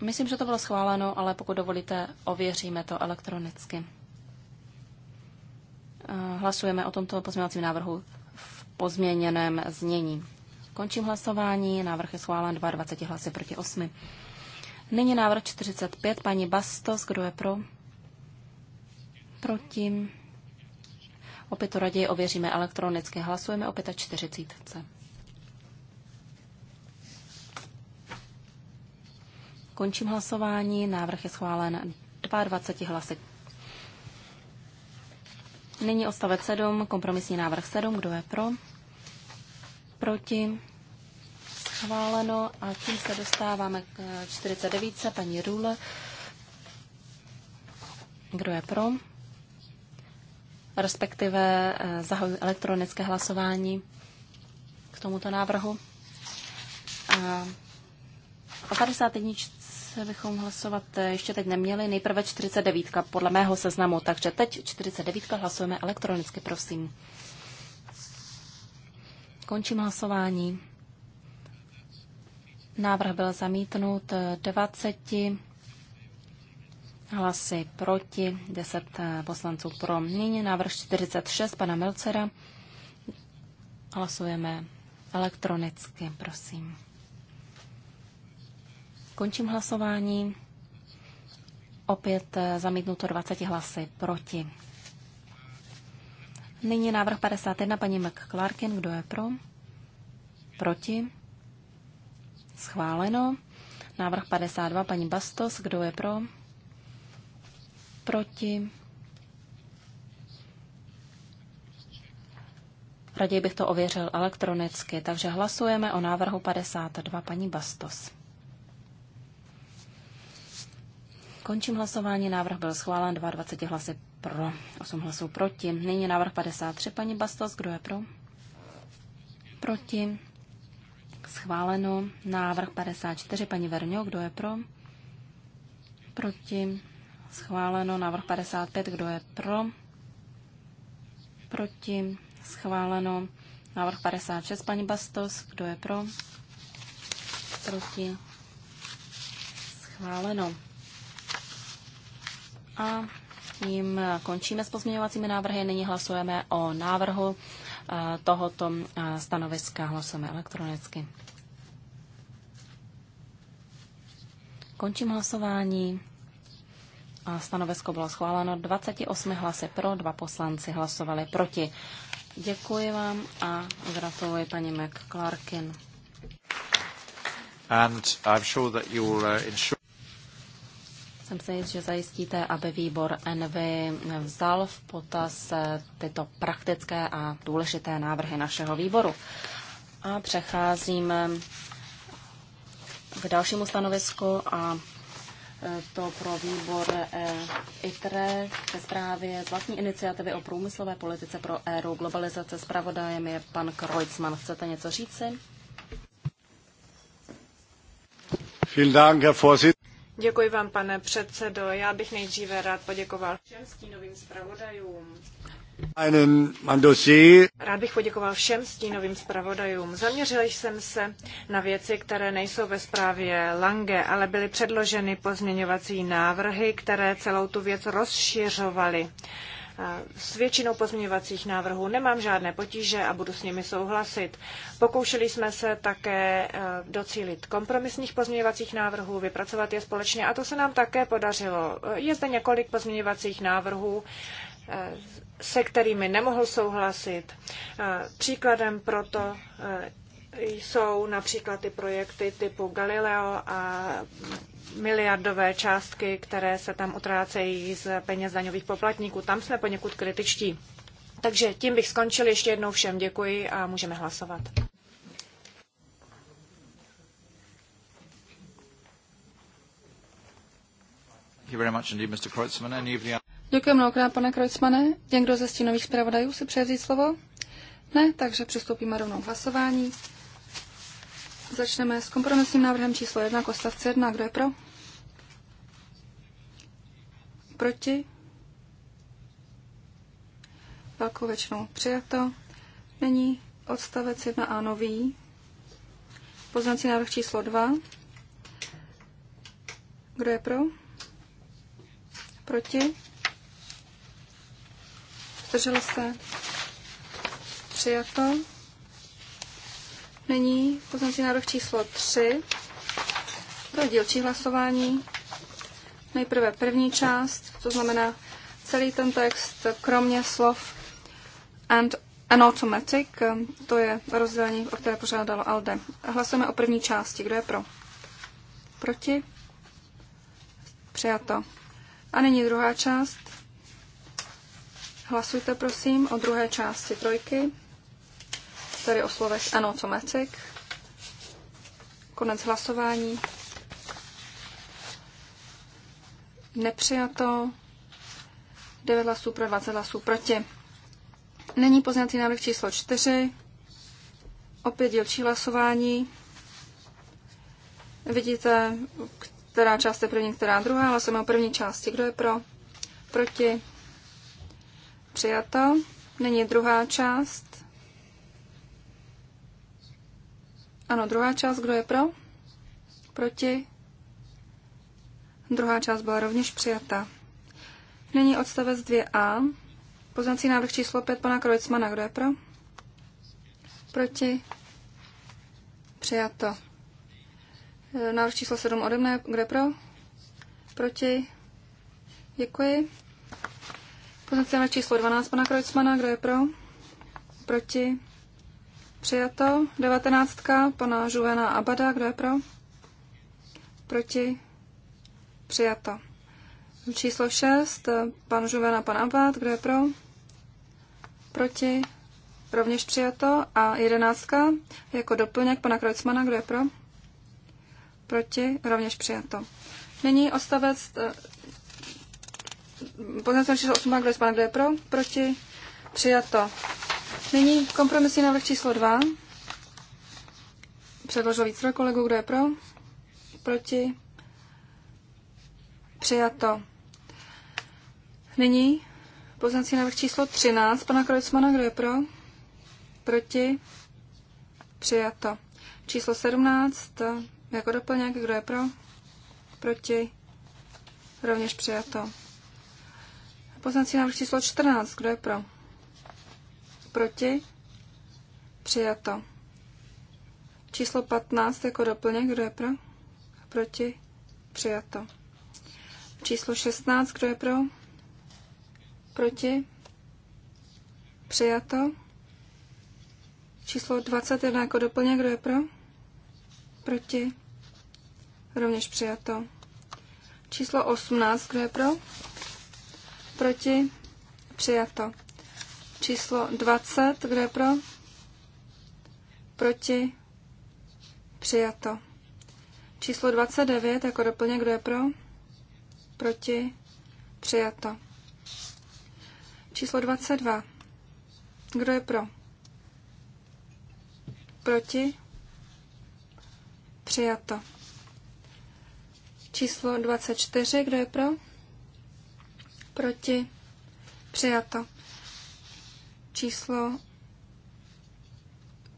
Myslím, že to bylo schváleno, ale pokud dovolíte, ověříme to elektronicky. Eh, hlasujeme o tomto pozměňovacím návrhu v pozměněném znění. Končím hlasování. Návrh je schválen 22 hlasy proti 8. Nyní návrh 45, paní Bastos, kdo je pro? Proti? Opět to raději ověříme elektronicky. Hlasujeme o 45. Končím hlasování. Návrh je schválen 22 hlasy. Nyní odstavec 7, kompromisní návrh 7. Kdo je pro? Proti? schváleno a tím se dostáváme k 49. paní Rule. Kdo je pro? Respektive eh, zahajuji elektronické hlasování k tomuto návrhu. A o 51 bychom hlasovat eh, ještě teď neměli. Nejprve 49 podle mého seznamu, takže teď 49 hlasujeme elektronicky, prosím. Končím hlasování. Návrh byl zamítnut 20 eh, hlasy proti, 10 eh, poslanců pro. Nyní návrh 46 pana Melcera. Hlasujeme elektronicky, prosím. Končím hlasování. Opět eh, zamítnuto 20 hlasy proti. Nyní návrh 51 paní McClarkin. Kdo je pro? Proti? Schváleno. Návrh 52, paní Bastos, kdo je pro? Proti? Raději bych to ověřil elektronicky, takže hlasujeme o návrhu 52, paní Bastos. Končím hlasování. Návrh byl schválen 22 hlasy pro, 8 hlasů proti. Nyní návrh 53, paní Bastos, kdo je pro? Proti schváleno. Návrh 54, paní Verňo, kdo je pro? Proti. Schváleno. Návrh 55, kdo je pro? Proti. Schváleno. Návrh 56, paní Bastos, kdo je pro? Proti. Schváleno. A tím končíme s pozměňovacími návrhy. Nyní hlasujeme o návrhu tohoto stanoviska hlasujeme elektronicky. Končím hlasování. A stanovisko bylo schváleno 28 hlasy pro, dva poslanci hlasovali proti. Děkuji vám a gratuluji paní McClarkin. And I'm sure that you'll, uh, ensure... Jsem se jist, že zajistíte, aby výbor Nv vzal v potaz tyto praktické a důležité návrhy našeho výboru. A přecházím k dalšímu stanovisku a e, to pro výbor e, ITRE ke zprávě z vlastní iniciativy o průmyslové politice pro éru globalizace. Spravodajem je pan Kreutzmann. Chcete něco říci? Vielen Dank, Herr Děkuji vám, pane předsedo. Já bych nejdříve rád poděkoval všem stínovým zpravodajům. Rád bych poděkoval všem stínovým zpravodajům. Zaměřil jsem se na věci, které nejsou ve zprávě Lange, ale byly předloženy pozměňovací návrhy, které celou tu věc rozšiřovaly. S většinou pozměňovacích návrhů nemám žádné potíže a budu s nimi souhlasit. Pokoušeli jsme se také eh, docílit kompromisních pozměňovacích návrhů, vypracovat je společně a to se nám také podařilo. Je zde několik pozměňovacích návrhů, eh, se kterými nemohl souhlasit. Eh, příkladem proto jsou například ty projekty typu Galileo a miliardové částky, které se tam utrácejí z peněz daňových poplatníků. Tam jsme poněkud kritičtí. Takže tím bych skončil. Ještě jednou všem děkuji a můžeme hlasovat. Děkuji mnohokrát, pane Kreutzmane. Někdo ze stínových zpravodajů si přeje vzít slovo? Ne, takže přistoupíme rovnou k hlasování. Začneme s kompromisním návrhem číslo 1 kostavce 1. Kdo je pro? Proti? Velkou většinou přijato. Není odstavec 1a nový. Poznací návrh číslo 2. Kdo je pro? Proti? Zdrželo se? Přijato. Nyní poznací návrh číslo 3. To je dílčí hlasování. Nejprve první část, to znamená celý ten text, kromě slov and an automatic, to je rozdělení, o které požádalo Alde. Hlasujeme o první části. Kdo je pro? Proti? Přijato. A nyní druhá část. Hlasujte prosím o druhé části trojky tedy o slovech ano, co Macek. Konec hlasování. Nepřijato. 9 hlasů pro, 20 hlasů proti. Není poznatý návrh číslo 4. Opět dílčí hlasování. Vidíte, která část je první, která druhá. Hlasujeme o první části. Kdo je pro? Proti? Přijato. Není druhá část. Ano, druhá část, kdo je pro? Proti? Druhá část byla rovněž přijata. Nyní odstavec 2a. Poznací návrh číslo 5 pana Krojcmana. Kdo je pro? Proti? Přijato. E, návrh číslo 7 ode mne. Kdo je pro? Proti? Děkuji. Poznací návrh číslo 12 pana Krojcmana. Kdo je pro? Proti? Přijato. Devatenáctka pana Žuvena Abada. Kdo je pro? Proti? Přijato. Číslo šest pan Žuvena pan Abad. Kdo je pro? Proti? Rovněž přijato. A jedenáctka jako doplněk pana Kreutzmana. Kdo je pro? Proti? Rovněž přijato. Nyní odstavec eh, Poznatel číslo 8, kdo je, pan, kdo je pro? Proti? Přijato. Nyní kompromisní návrh číslo 2. Předložil víc kolegů, kdo je pro, proti, přijato. Nyní poznací návrh číslo 13 pana Krojcmana, kdo je pro, proti, přijato. Číslo 17 jako doplněk, kdo je pro, proti, rovněž přijato. Poznací návrh číslo 14, kdo je pro? proti, přijato. Číslo 15 jako doplněk, kdo je pro, proti, přijato. Číslo 16, kdo je pro, proti, přijato. Číslo 21 jako doplněk, kdo je pro, proti, rovněž přijato. Číslo 18, kdo je pro, proti, přijato. Číslo 20, kdo je pro? Proti? Přijato. Číslo 29, jako doplněk, kdo je pro? Proti? Přijato. Číslo 22. Kdo je pro? Proti? Přijato. Číslo 24. Kdo je pro? Proti? Přijato. Číslo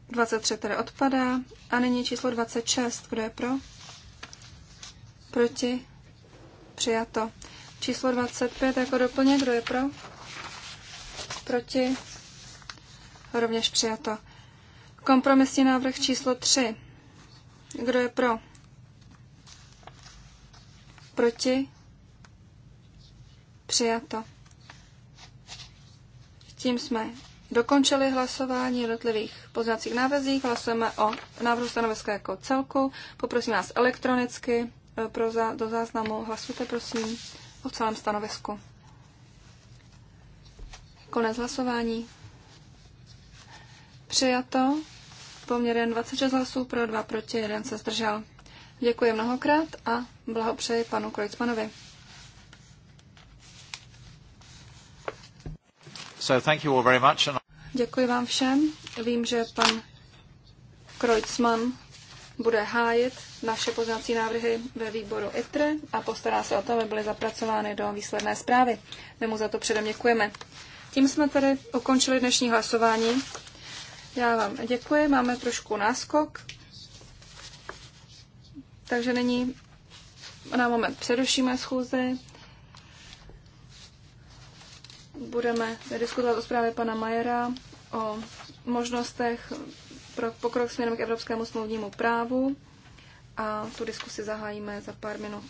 23 tedy odpadá. A nyní číslo 26. Kdo je pro? Proti? Přijato. Číslo 25 jako doplněk. Kdo je pro? Proti? Rovněž přijato. Kompromisní návrh číslo 3. Kdo je pro? Proti? Přijato. Tím jsme dokončili hlasování jednotlivých poznacích návrzích. Hlasujeme o návrhu stanoviska jako celku. Poprosím vás elektronicky eh, pro za, do záznamu. Hlasujte, prosím, o celém stanovisku. Konec hlasování. Přijato. Poměr 26 hlasů pro, 2 proti, 1 se zdržel. Děkuji mnohokrát a blahopřeji panu Krojcmanovi. So thank you all very much. And... Děkuji vám všem. Vím, že pan Kreutzmann bude hájit naše poznací návrhy ve výboru ITRE a postará se o to, aby byly zapracovány do výsledné zprávy. My mu za to předem děkujeme. Tím jsme tedy ukončili dnešní hlasování. Já vám děkuji, máme trošku náskok, takže nyní na moment přerušíme schůzi budeme diskutovat o zprávě pana Majera o možnostech pro pokrok směrem k evropskému smluvnímu právu a tu diskusi zahájíme za pár minut.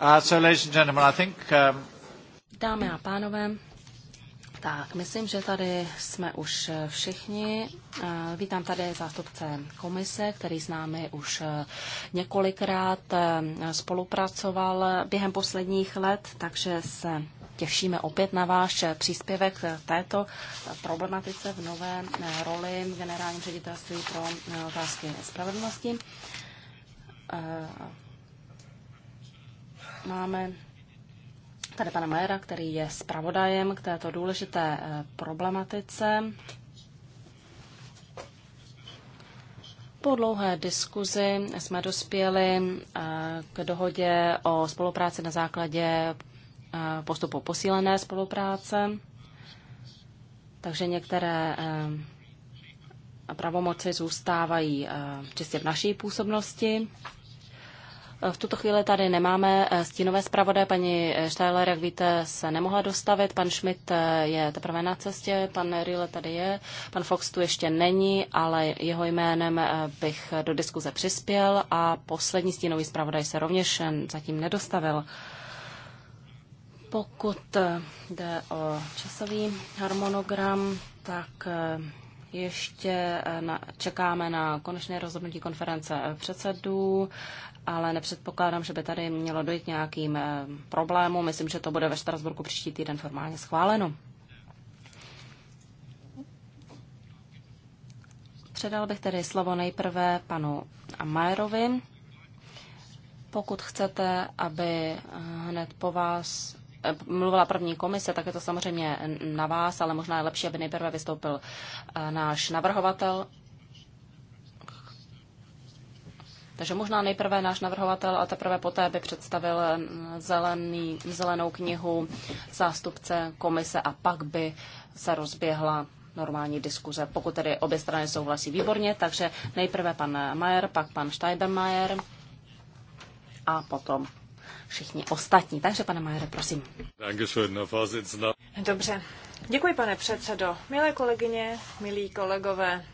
Uh, um, Dámy a pánové, tak, myslím, že tady jsme už eh, všichni. Eh, vítám tady zástupce komise, který s námi už eh, několikrát spolupracoval během posledních let, takže se těšíme opět na váš příspěvek této problematice v nové roli generálního generálním ředitelství pro otázky spravedlnosti Máme tady pana Majera, který je zpravodajem k této důležité eh, problematice. Po dlouhé diskuzi jsme dospěli eh, k dohodě o spolupráci na základě eh, postupu posílené spolupráce. Takže některé pravomoci zůstávají čistě v naší působnosti. V tuto chvíli tady nemáme eh, stínové zpravodaje. Paní Štajler, eh, jak víte, se nemohla dostavit. Pan Schmidt eh, je teprve na cestě, pan Riele tady je, pan Fox tu ještě není, ale jeho jménem bych do diskuze přispěl a poslední stínový zpravodaj se rovněž zatím nedostavil. Pokud jde o časový harmonogram, tak ještě na, čekáme na konečné rozhodnutí konference předsedů ale nepředpokládám, že by tady mělo dojít nějakým eh, problémům. Myslím, že to bude ve Štrasburku příští týden formálně schváleno. Předal bych tedy slovo nejprve panu Amajerovi. Pokud chcete, aby eh, hned po vás eh, mluvila první komise, tak je to samozřejmě na vás, ale možná je lepší, aby nejprve vystoupil náš navrhovatel Takže možná nejprve náš navrhovatel a teprve poté by představil eh, zelený, zelenou knihu zástupce komise a pak by se rozběhla normální diskuze. Pokud tedy obě strany souhlasí výborně, takže nejprve pan Majer, pak pan Steibermajer a potom všichni ostatní. Takže, pane Majere, prosím. Dobře. Děkuji, pane předsedo. Milé kolegyně, milí kolegové,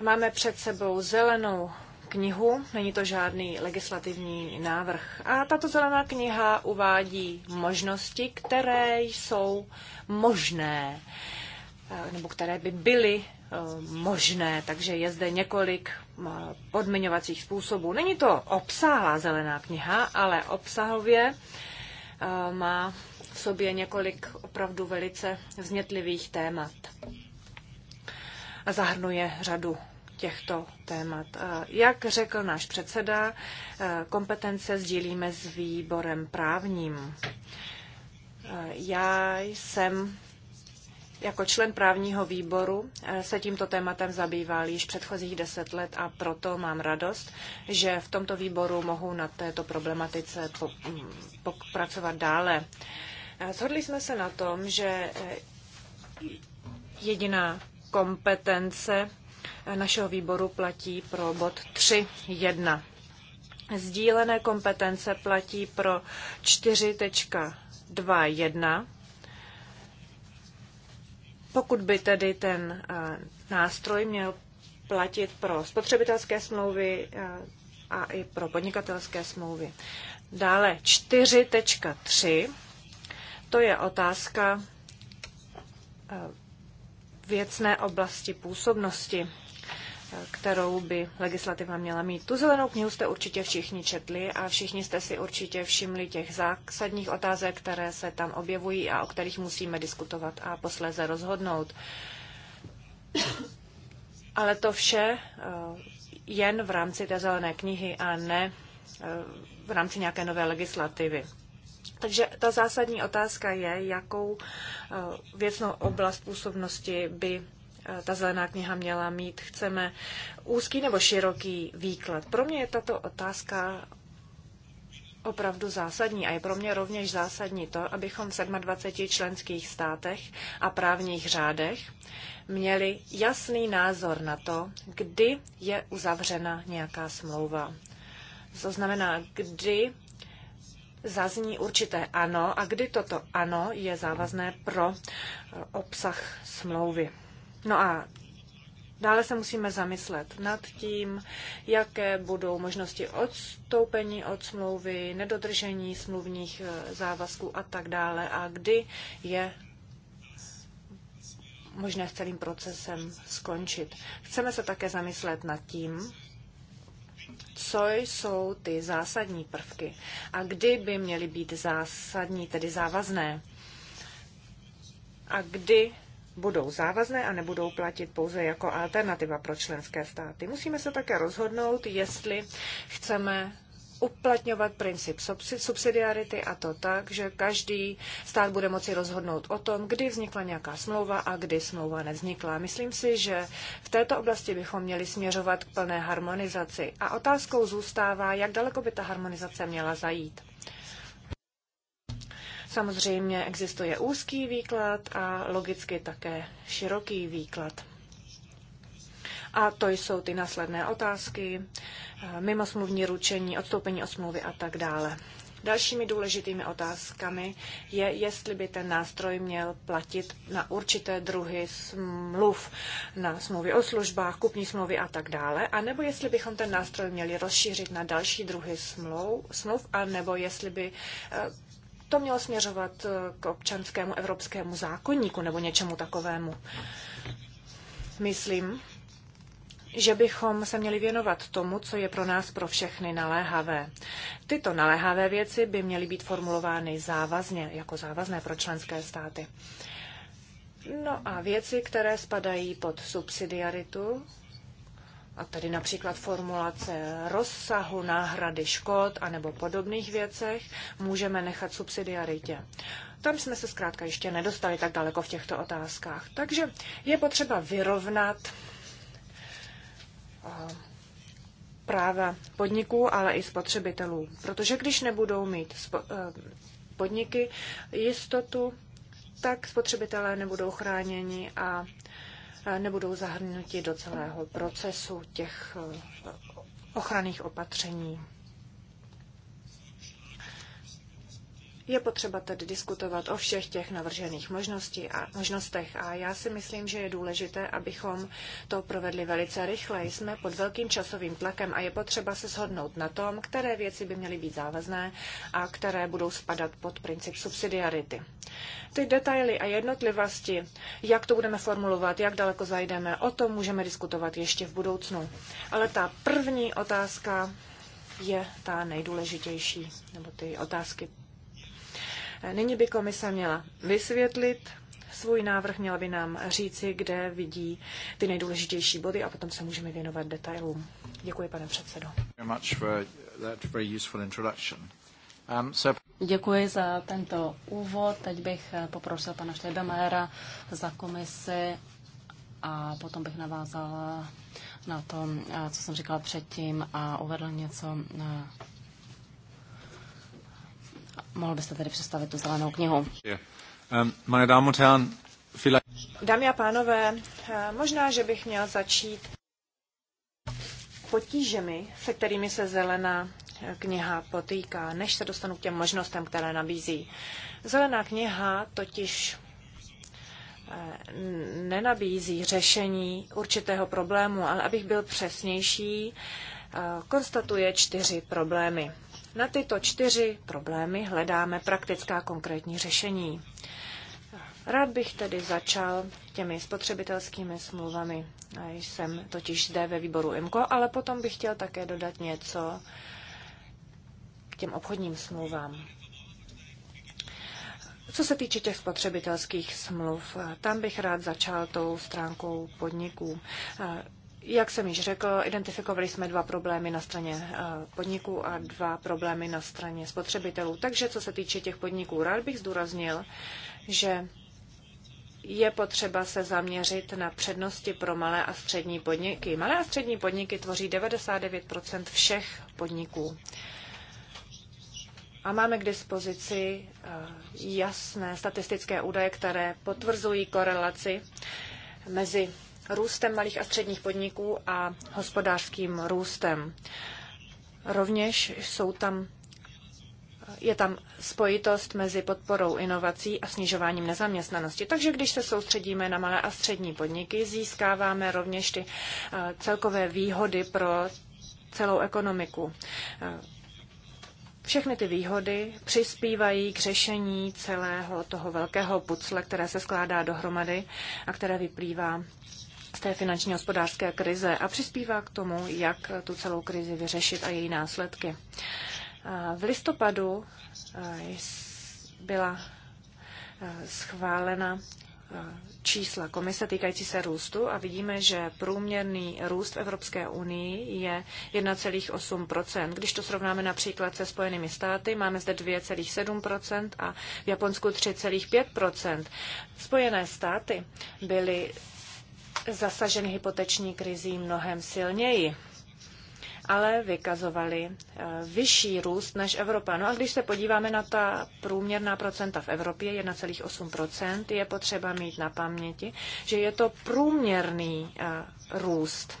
máme před sebou zelenou knihu, není to žádný legislativní návrh. A tato zelená kniha uvádí možnosti, které jsou možné, eh, nebo které by byly eh, možné, takže je zde několik eh, podmiňovacích způsobů. Není to obsáhlá zelená kniha, ale obsahově má v sobě několik opravdu velice vznětlivých témat a zahrnuje řadu těchto témat. Jak řekl náš předseda, e, kompetence sdílíme s výborem právním. E, já jsem jako člen právního výboru e, se tímto tématem zabýval již předchozích deset let a proto mám radost, že v tomto výboru mohu na této problematice pracovat dále. Shodli jsme se na tom, že jediná kompetence našeho výboru platí pro bod 3.1. Sdílené kompetence platí pro 4.2.1. Pokud by tedy ten eh, nástroj měl platit pro spotřebitelské smlouvy eh, a i pro podnikatelské smlouvy. Dále 4.3. To je otázka eh, věcné oblasti působnosti, eh, kterou by legislativa měla mít. Tu zelenou knihu jste určitě všichni četli a všichni jste si určitě všimli těch zásadních otázek, které se tam objevují a o kterých musíme diskutovat a posléze rozhodnout. Ale to vše eh, jen v rámci té zelené knihy a ne eh, v rámci nějaké nové legislativy. Takže ta zásadní otázka je, jakou eh, věcnou oblast působnosti by eh, ta zelená kniha měla mít. Chceme úzký nebo široký výklad. Pro mě je tato otázka opravdu zásadní a je pro mě rovněž zásadní to, abychom v 27 členských státech a právních řádech měli jasný názor na to, kdy je uzavřena nějaká smlouva. To znamená, kdy zazní určité ano a kdy toto ano je závazné pro eh, obsah smlouvy. No a Dále se musíme zamyslet nad tím, jaké budou možnosti odstoupení od smlouvy, nedodržení smluvních eh, závazků a tak dále a kdy je možné s celým procesem skončit. Chceme se také zamyslet nad tím, co jsou ty zásadní prvky a kdy by měly být zásadní, tedy závazné. A kdy budou závazné a nebudou platit pouze jako alternativa pro členské státy. Musíme se také rozhodnout, jestli chceme uplatňovat princip subsidiarity a to tak, že každý stát bude moci rozhodnout o tom, kdy vznikla nějaká smlouva a kdy smlouva nevznikla. Myslím si, že v této oblasti bychom měli směřovat k plné harmonizaci a otázkou zůstává, jak daleko by ta harmonizace měla zajít. Samozřejmě existuje úzký výklad a logicky také široký výklad. A to jsou ty následné otázky, eh, mimo smluvní ručení, odstoupení od smlouvy a tak dále. Dalšími důležitými otázkami je, jestli by ten nástroj měl platit na určité druhy smluv, na smlouvy o službách, kupní smlouvy a tak dále, anebo jestli bychom ten nástroj měli rozšířit na další druhy smluv, smluv anebo jestli by eh, to mělo směřovat eh, k občanskému evropskému zákonníku nebo něčemu takovému. Myslím, že bychom se měli věnovat tomu, co je pro nás pro všechny naléhavé. Tyto naléhavé věci by měly být formulovány závazně, jako závazné pro členské státy. No a věci, které spadají pod subsidiaritu, a tady například formulace rozsahu náhrady škod anebo podobných věcech, můžeme nechat subsidiaritě. Tam jsme se zkrátka ještě nedostali tak daleko v těchto otázkách. Takže je potřeba vyrovnat Eh, práva podniků, ale i spotřebitelů. Protože když nebudou mít eh, podniky jistotu, tak spotřebitelé nebudou chráněni a eh, nebudou zahrnuti do celého procesu těch ochranných opatření. Je potřeba tedy diskutovat o všech těch navržených možností a možnostech a já si myslím, že je důležité, abychom to provedli velice rychle. Jsme pod velkým časovým tlakem a je potřeba se shodnout na tom, které věci by měly být závazné a které budou spadat pod princip subsidiarity. Ty detaily a jednotlivosti, jak to budeme formulovat, jak daleko zajdeme, o tom můžeme diskutovat ještě v budoucnu. Ale ta první otázka je ta nejdůležitější, nebo ty otázky Nyní by komise měla vysvětlit svůj návrh, měla by nám říci, kde vidí ty nejdůležitější body a potom se můžeme věnovat detailům. Děkuji, pane předsedo. Um, Děkuji za tento úvod. Teď bych eh, poprosil pana Šledeméra za komisi a potom bych navázala na to, eh, co jsem říkala předtím a uvedl něco eh, mohl byste tedy představit tu zelenou knihu. Ehm, Dámy a pánové, ehm, možná, že bych měl začít potížemi, se kterými se zelená eh, kniha potýká, než se dostanu k těm možnostem, které nabízí. Zelená kniha totiž eh, nenabízí řešení určitého problému, ale abych byl přesnější, eh, konstatuje čtyři problémy. Na tyto čtyři problémy hledáme praktická konkrétní řešení. Rád bych tedy začal těmi spotřebitelskými smlouvami. Jsem totiž zde ve výboru IMCO, ale potom bych chtěl také dodat něco k těm obchodním smlouvám. Co se týče těch spotřebitelských smluv, tam bych rád začal tou stránkou podniků. Jak jsem již řekl, identifikovali jsme dva problémy na straně eh, podniků a dva problémy na straně spotřebitelů. Takže co se týče těch podniků, rád bych zdůraznil, že je potřeba se zaměřit na přednosti pro malé a střední podniky. Malé a střední podniky tvoří 99 všech podniků. A máme k dispozici eh, jasné statistické údaje, které potvrzují korelaci mezi růstem malých a středních podniků a hospodářským růstem. Rovněž jsou tam, je tam spojitost mezi podporou inovací a snižováním nezaměstnanosti. Takže když se soustředíme na malé a střední podniky, získáváme rovněž ty eh, celkové výhody pro celou ekonomiku. Eh, všechny ty výhody přispívají k řešení celého toho velkého pucle, které se skládá dohromady a které vyplývá té finanční hospodářské krize a přispívá k tomu, jak tu celou krizi vyřešit a její následky. V listopadu byla schválena čísla komise týkající se růstu a vidíme, že průměrný růst v Evropské unii je 1,8 Když to srovnáme například se Spojenými státy, máme zde 2,7 a v Japonsku 3,5 Spojené státy byly zasaženy hypoteční krizí mnohem silněji ale vykazovali eh, vyšší růst než Evropa. No a když se podíváme na ta průměrná procenta v Evropě, 1,8%, je potřeba mít na paměti, že je to průměrný eh, růst.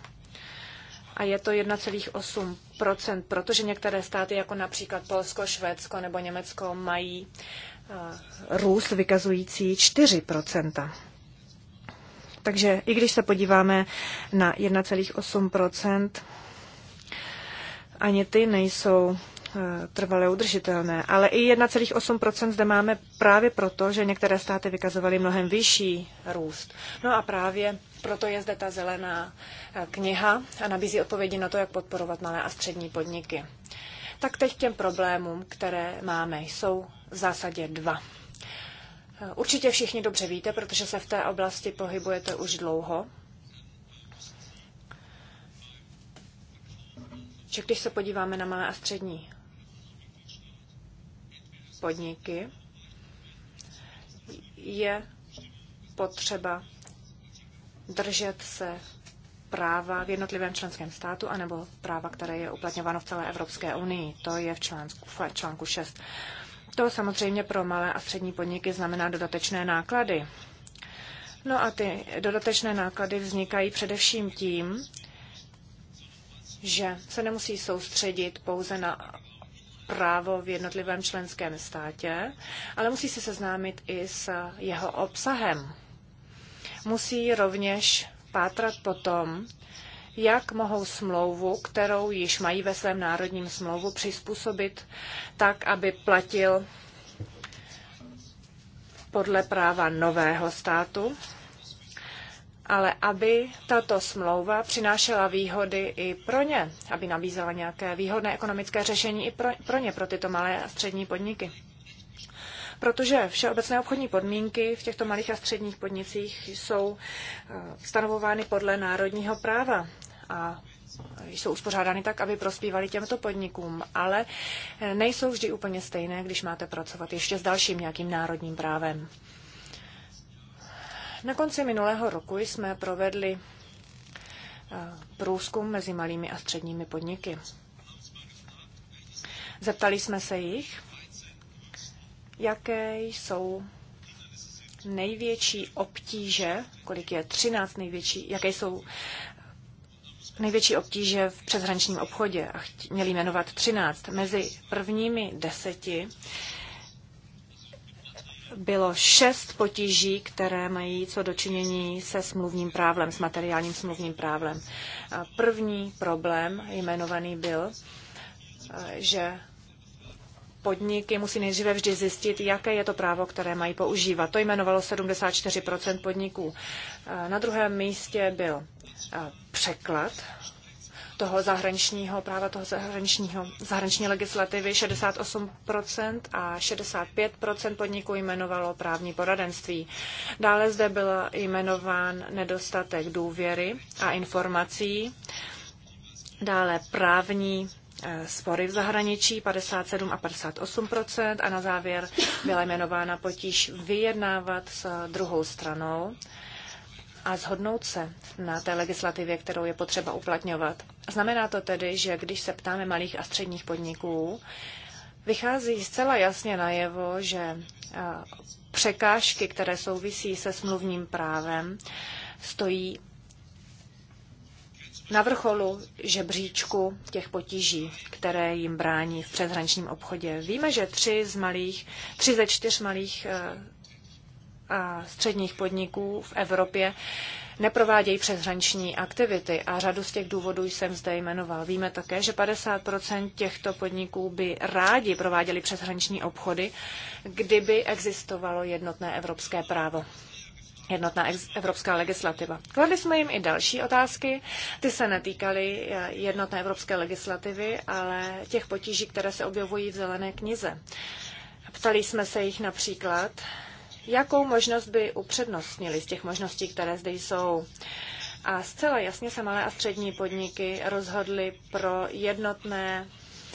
A je to 1,8%, protože některé státy, jako například Polsko, Švédsko nebo Německo, mají eh, růst vykazující 4%. Takže i když se podíváme na 1,8 ani ty nejsou eh, trvale udržitelné. Ale i 1,8 zde máme právě proto, že některé státy vykazovaly mnohem vyšší růst. No a právě proto je zde ta zelená eh, kniha a nabízí odpovědi na to, jak podporovat malé a střední podniky. Tak teď k těm problémům, které máme, jsou v zásadě dva. Určitě všichni dobře víte, protože se v té oblasti pohybujete už dlouho. Že když se podíváme na malé a střední podniky, je potřeba držet se práva v jednotlivém členském státu anebo práva, které je uplatňováno v celé Evropské unii. To je v článku, v článku 6. To samozřejmě pro malé a střední podniky znamená dodatečné náklady. No a ty dodatečné náklady vznikají především tím, že se nemusí soustředit pouze na právo v jednotlivém členském státě, ale musí se seznámit i s jeho obsahem. Musí rovněž pátrat po tom, jak mohou smlouvu, kterou již mají ve svém národním smlouvu, přizpůsobit tak, aby platil podle práva nového státu, ale aby tato smlouva přinášela výhody i pro ně, aby nabízela nějaké výhodné ekonomické řešení i pro, pro ně, pro tyto malé a střední podniky. Protože všeobecné obchodní podmínky v těchto malých a středních podnicích jsou eh, stanovovány podle národního práva a jsou uspořádány tak, aby prospívali těmto podnikům, ale nejsou vždy úplně stejné, když máte pracovat ještě s dalším nějakým národním právem. Na konci minulého roku jsme provedli eh, průzkum mezi malými a středními podniky. Zeptali jsme se jich, jaké jsou největší obtíže, kolik je 13 největší, jaké jsou největší obtíže v přeshraničním obchodě a měli jmenovat 13. Mezi prvními deseti bylo šest potíží, které mají co dočinění se smluvním právem, s materiálním smluvním právem. První problém jmenovaný byl, že podniky musí nejdříve vždy zjistit, jaké je to právo, které mají používat. To jmenovalo 74 podniků. Eh, na druhém místě byl eh, překlad toho zahraničního práva, toho zahraničního, zahraniční legislativy 68% a 65% podniků jmenovalo právní poradenství. Dále zde byl jmenován nedostatek důvěry a informací, dále právní spory v zahraničí 57 a 58 a na závěr byla jmenována potíž vyjednávat s druhou stranou a zhodnout se na té legislativě, kterou je potřeba uplatňovat. Znamená to tedy, že když se ptáme malých a středních podniků, vychází zcela jasně najevo, že eh, překážky, které souvisí se smluvním právem, stojí na vrcholu žebříčku těch potíží, které jim brání v přeshraničním obchodě. Víme, že tři, z malých, tři ze čtyř malých eh, a středních podniků v Evropě neprovádějí přeshraniční aktivity a řadu z těch důvodů jsem zde jmenoval. Víme také, že 50 těchto podniků by rádi prováděli přeshraniční obchody, kdyby existovalo jednotné evropské právo jednotná evropská legislativa. Kladli jsme jim i další otázky, ty se netýkaly eh, jednotné evropské legislativy, ale těch potíží, které se objevují v zelené knize. Ptali jsme se jich například, jakou možnost by upřednostnili z těch možností, které zde jsou. A zcela jasně se malé a střední podniky rozhodly pro jednotné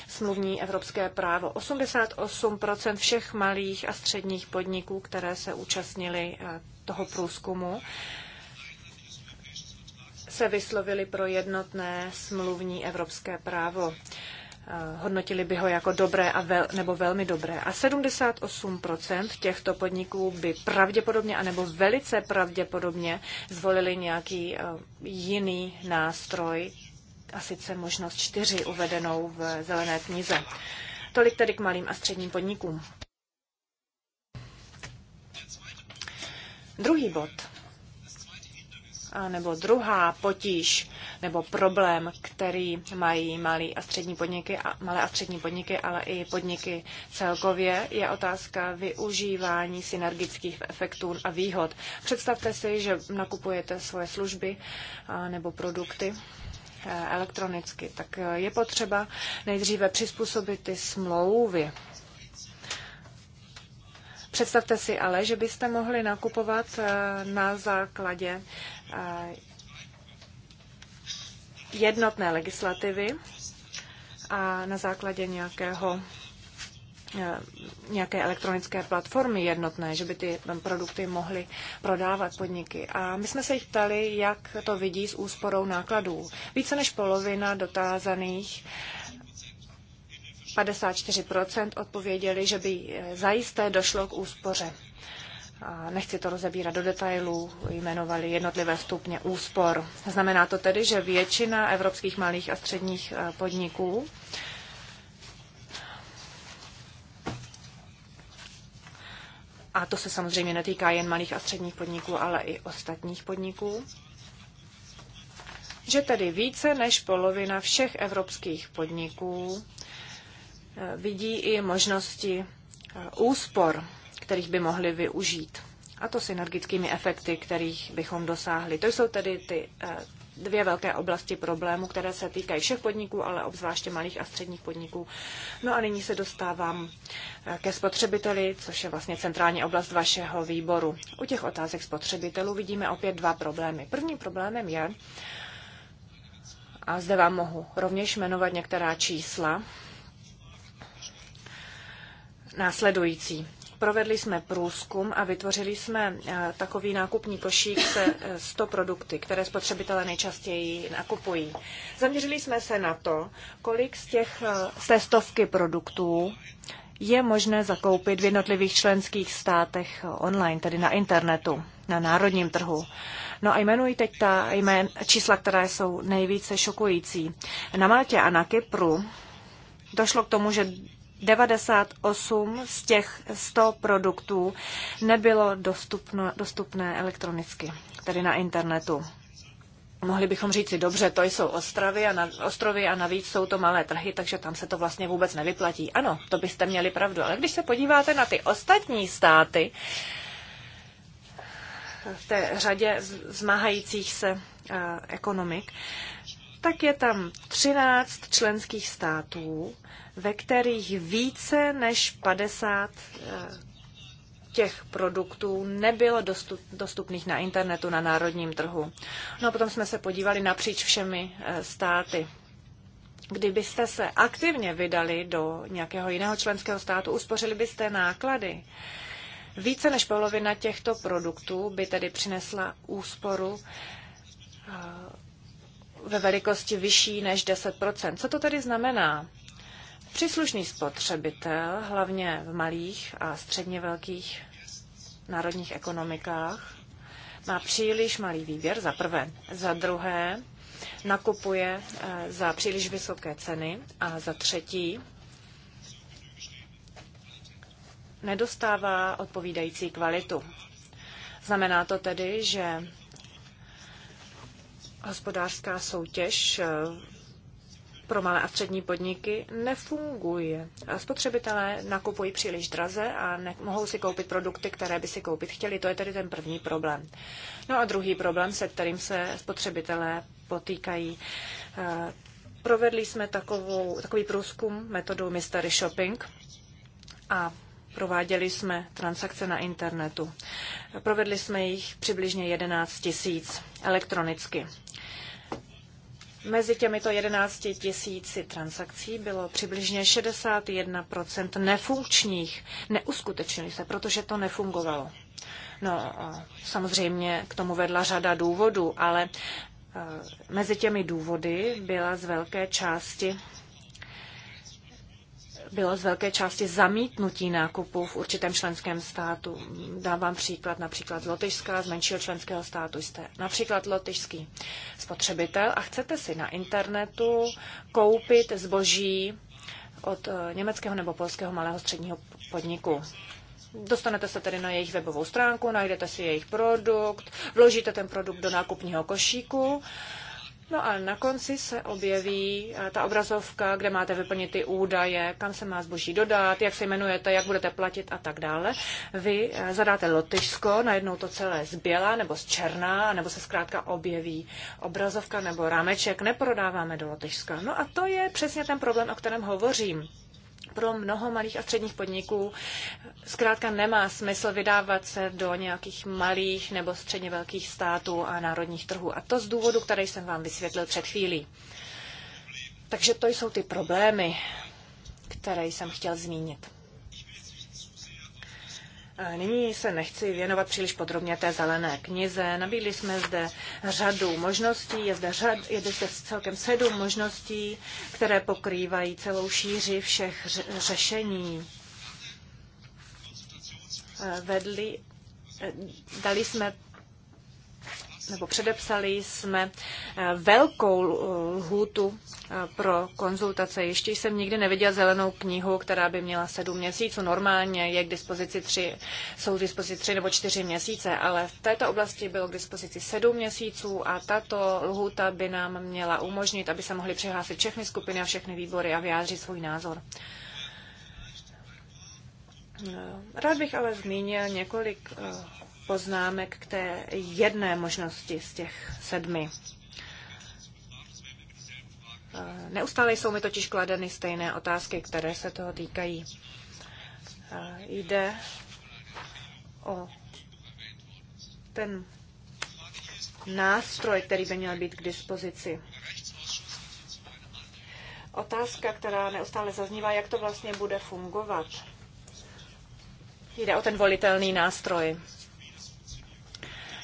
smluvní evropské právo. 88% všech malých a středních podniků, které se účastnili eh, toho průzkumu se vyslovili pro jednotné smluvní evropské právo. Eh, hodnotili by ho jako dobré a vel, nebo velmi dobré. A 78% těchto podniků by pravděpodobně a nebo velice pravděpodobně zvolili nějaký eh, jiný nástroj, a sice možnost čtyři uvedenou v zelené knize. Tolik tedy k malým a středním podnikům. Druhý bod, a nebo druhá potíž nebo problém, který mají malé a střední podniky, a, malé a střední podniky, ale i podniky celkově, je otázka využívání synergických efektů a výhod. Představte si, že nakupujete svoje služby a, nebo produkty e, elektronicky, tak e, je potřeba nejdříve přizpůsobit ty smlouvy Představte si ale, že byste mohli nakupovat eh, na základě eh, jednotné legislativy a na základě nějakého eh, nějaké elektronické platformy jednotné, že by ty produkty mohly prodávat podniky. A my jsme se jich ptali, jak to vidí s úsporou nákladů. Více než polovina dotázaných 54% odpověděli, že by eh, zajisté došlo k úspoře. A nechci to rozebírat do detailů, jmenovali jednotlivé stupně úspor. Znamená to tedy, že většina evropských malých a středních eh, podniků a to se samozřejmě netýká jen malých a středních podniků, ale i ostatních podniků, že tedy více než polovina všech evropských podniků Eh, vidí i možnosti eh, úspor, kterých by mohli využít. A to synergickými efekty, kterých bychom dosáhli. To jsou tedy ty eh, dvě velké oblasti problému, které se týkají všech podniků, ale obzvláště malých a středních podniků. No a nyní se dostávám ke spotřebiteli, což je vlastně centrální oblast vašeho výboru. U těch otázek spotřebitelů vidíme opět dva problémy. Prvním problémem je, a zde vám mohu rovněž jmenovat některá čísla, následující. Provedli jsme průzkum a vytvořili jsme eh, takový nákupní košík se 100 eh, produkty, které spotřebitelé nejčastěji nakupují. Zaměřili jsme se na to, kolik z, těch, eh, z té stovky produktů je možné zakoupit v jednotlivých členských státech online, tedy na internetu, na národním trhu. No a jmenuji teď ta jmén, čísla, která jsou nejvíce šokující. Na Maltě a na Kypru došlo k tomu, že 98 z těch 100 produktů nebylo dostupno, dostupné elektronicky, tedy na internetu. Mohli bychom říct dobře, to jsou ostrovy a, na, ostrovy a navíc jsou to malé trhy, takže tam se to vlastně vůbec nevyplatí. Ano, to byste měli pravdu, ale když se podíváte na ty ostatní státy, v té řadě zmáhajících se uh, ekonomik, uh, tak je tam 13 členských států, ve kterých více než 50 eh, těch produktů nebylo dostup, dostupných na internetu, na národním trhu. No a potom jsme se podívali napříč všemi eh, státy. Kdybyste se aktivně vydali do nějakého jiného členského státu, uspořili byste náklady. Více než polovina těchto produktů by tedy přinesla úsporu eh, ve velikosti vyšší než 10 Co to tedy znamená? Příslušný spotřebitel, hlavně v malých a středně velkých národních ekonomikách, má příliš malý výběr, za prvé. Za druhé, nakupuje eh, za příliš vysoké ceny a za třetí, nedostává odpovídající kvalitu. Znamená to tedy, že hospodářská soutěž eh, pro malé a střední podniky nefunguje. Spotřebitelé nakupují příliš draze a nemohou si koupit produkty, které by si koupit chtěli. To je tedy ten první problém. No a druhý problém, se kterým se spotřebitelé potýkají. Eh, provedli jsme takovou, takový průzkum metodou Mystery Shopping a prováděli jsme transakce na internetu. Provedli jsme jich přibližně 11 tisíc elektronicky. Mezi těmito 11 tisíci transakcí bylo přibližně 61% nefunkčních. Neuskutečnili se, protože to nefungovalo. No, samozřejmě k tomu vedla řada důvodů, ale eh, mezi těmi důvody byla z velké části bylo z velké části zamítnutí nákupu v určitém členském státu. Dám vám příklad například z Lotyšska, z menšího členského státu jste například lotyšský spotřebitel a chcete si na internetu koupit zboží od eh, německého nebo polského malého středního podniku. Dostanete se tedy na jejich webovou stránku, najdete si jejich produkt, vložíte ten produkt do nákupního košíku No a na konci se objeví eh, ta obrazovka, kde máte vyplnit ty údaje, kam se má zboží dodat, jak se jmenujete, jak budete platit a tak dále. Vy eh, zadáte Lotyšsko, najednou to celé zběla nebo z černá, nebo se zkrátka objeví obrazovka nebo rámeček, neprodáváme do Lotyšska. No a to je přesně ten problém, o kterém hovořím pro mnoho malých a středních podniků zkrátka nemá smysl vydávat se do nějakých malých nebo středně velkých států a národních trhů. A to z důvodu, který jsem vám vysvětlil před chvílí. Takže to jsou ty problémy, které jsem chtěl zmínit. Nyní se nechci věnovat příliš podrobně té zelené knize. Nabídli jsme zde řadu možností, je zde, řad, je zde celkem sedm možností, které pokrývají celou šíři všech řešení. Eh, vedli, eh, dali jsme nebo předepsali jsme eh, velkou eh, lhůtu eh, pro konzultace. Ještě jsem nikdy neviděla zelenou knihu, která by měla sedm měsíců. Normálně je k dispozici tři, jsou k dispozici tři nebo čtyři měsíce, ale v této oblasti bylo k dispozici sedm měsíců a tato lhůta by nám měla umožnit, aby se mohly přihlásit všechny skupiny a všechny výbory a vyjádřit svůj názor. Rád bych ale zmínil několik poznámek k té jedné možnosti z těch sedmi. Eh, neustále jsou mi totiž kladeny stejné otázky, které se toho týkají. Eh, jde o ten nástroj, který by měl být k dispozici. Otázka, která neustále zaznívá, jak to vlastně bude fungovat. Jde o ten volitelný nástroj.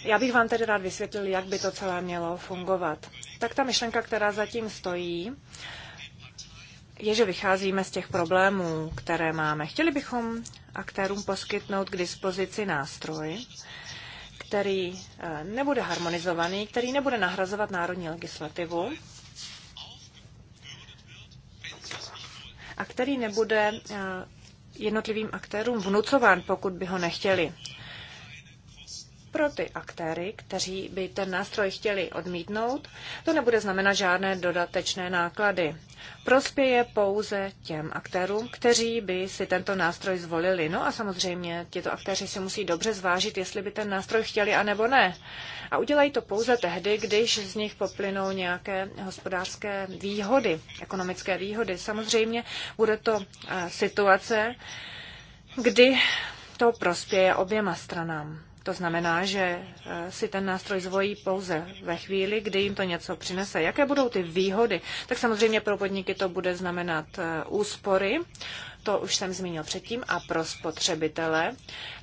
Já bych vám tedy rád vysvětlil, jak by to celé mělo fungovat. Tak ta myšlenka, která zatím stojí, je, že vycházíme z těch problémů, které máme. Chtěli bychom aktérům poskytnout k dispozici nástroj, který eh, nebude harmonizovaný, který nebude nahrazovat národní legislativu a který nebude eh, jednotlivým aktérům vnucován, pokud by ho nechtěli. Pro ty aktéry, kteří by ten nástroj chtěli odmítnout, to nebude znamenat žádné dodatečné náklady. Prospěje pouze těm aktérům, kteří by si tento nástroj zvolili. No a samozřejmě tyto aktéři si musí dobře zvážit, jestli by ten nástroj chtěli a nebo ne. A udělají to pouze tehdy, když z nich poplynou nějaké hospodářské výhody, ekonomické výhody. Samozřejmě bude to eh, situace, kdy to prospěje oběma stranám. To znamená, že e, si ten nástroj zvojí pouze ve chvíli, kdy jim to něco přinese. Jaké budou ty výhody? Tak samozřejmě pro podniky to bude znamenat e, úspory, to už jsem zmínil předtím, a pro spotřebitele.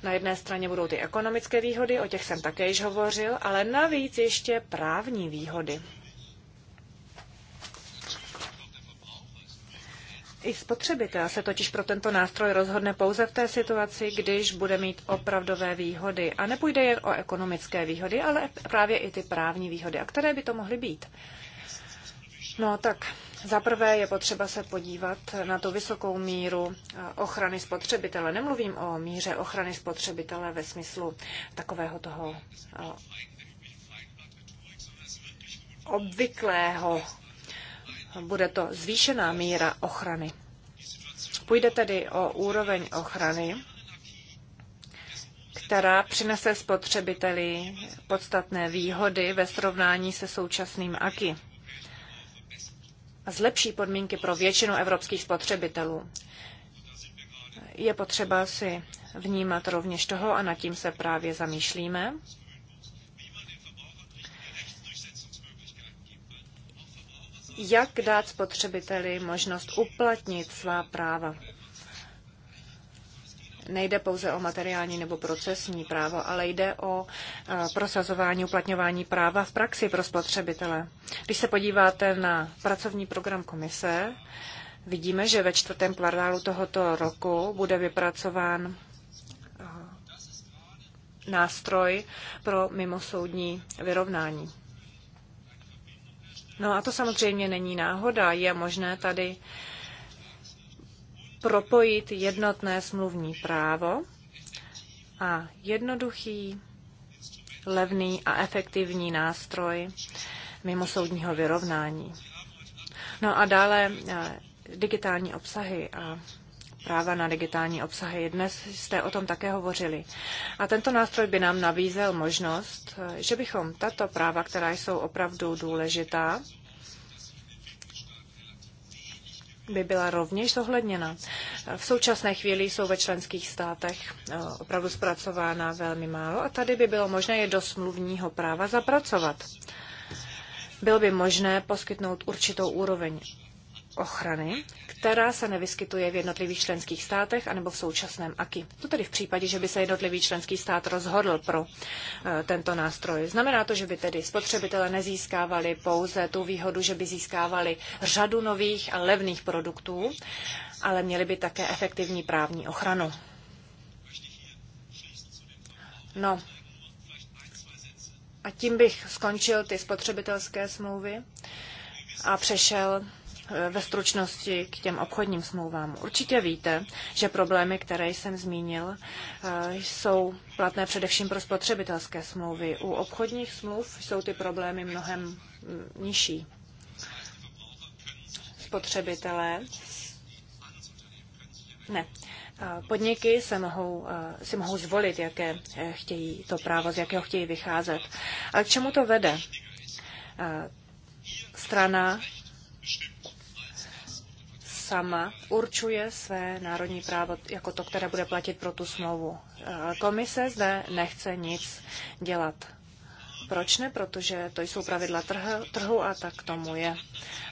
Na jedné straně budou ty ekonomické výhody, o těch jsem také již hovořil, ale navíc ještě právní výhody. I spotřebitel se totiž pro tento nástroj rozhodne pouze v té situaci, když bude mít opravdové výhody. A nepůjde jen o ekonomické výhody, ale právě i ty právní výhody. A které by to mohly být? No tak zaprvé je potřeba se podívat na tu vysokou míru eh, ochrany spotřebitele. Nemluvím o míře ochrany spotřebitele ve smyslu takového toho eh, obvyklého bude to zvýšená míra ochrany. Půjde tedy o úroveň ochrany, která přinese spotřebiteli podstatné výhody ve srovnání se současným AKI a zlepší podmínky pro většinu evropských spotřebitelů. Je potřeba si vnímat rovněž toho, a nad tím se právě zamýšlíme, jak dát spotřebiteli možnost uplatnit svá práva. Nejde pouze o materiální nebo procesní právo, ale jde o eh, prosazování, uplatňování práva v praxi pro spotřebitele. Když se podíváte na pracovní program komise, vidíme, že ve čtvrtém kvartálu tohoto roku bude vypracován eh, nástroj pro mimosoudní vyrovnání. No a to samozřejmě není náhoda. Je možné tady propojit jednotné smluvní právo a jednoduchý, levný a efektivní nástroj mimosoudního vyrovnání. No a dále eh, digitální obsahy a práva na digitální obsahy. Dnes jste o tom také hovořili. A tento nástroj by nám nabízel možnost, že bychom tato práva, která jsou opravdu důležitá, by byla rovněž zohledněna. V současné chvíli jsou ve členských státech eh, opravdu zpracována velmi málo a tady by bylo možné je do smluvního práva zapracovat. Bylo by možné poskytnout určitou úroveň ochrany, která se nevyskytuje v jednotlivých členských státech anebo v současném AKI. To tedy v případě, že by se jednotlivý členský stát rozhodl pro eh, tento nástroj. Znamená to, že by tedy spotřebitelé nezískávali pouze tu výhodu, že by získávali řadu nových a levných produktů, ale měli by také efektivní právní ochranu. No, a tím bych skončil ty spotřebitelské smlouvy a přešel Eh, ve stručnosti k těm obchodním smlouvám. Určitě víte, že problémy, které jsem zmínil, eh, jsou platné především pro spotřebitelské smlouvy. U obchodních smluv jsou ty problémy mnohem mm, nižší. Spotřebitelé ne. Eh, podniky se mohou, si mohou zvolit, jaké chtějí to právo, z jakého chtějí vycházet. Ale k čemu to vede? Strana sama určuje své národní právo jako to, které bude platit pro tu smlouvu. Eh, komise zde nechce nic dělat. Proč ne? Protože to jsou pravidla trhu a tak tomu je.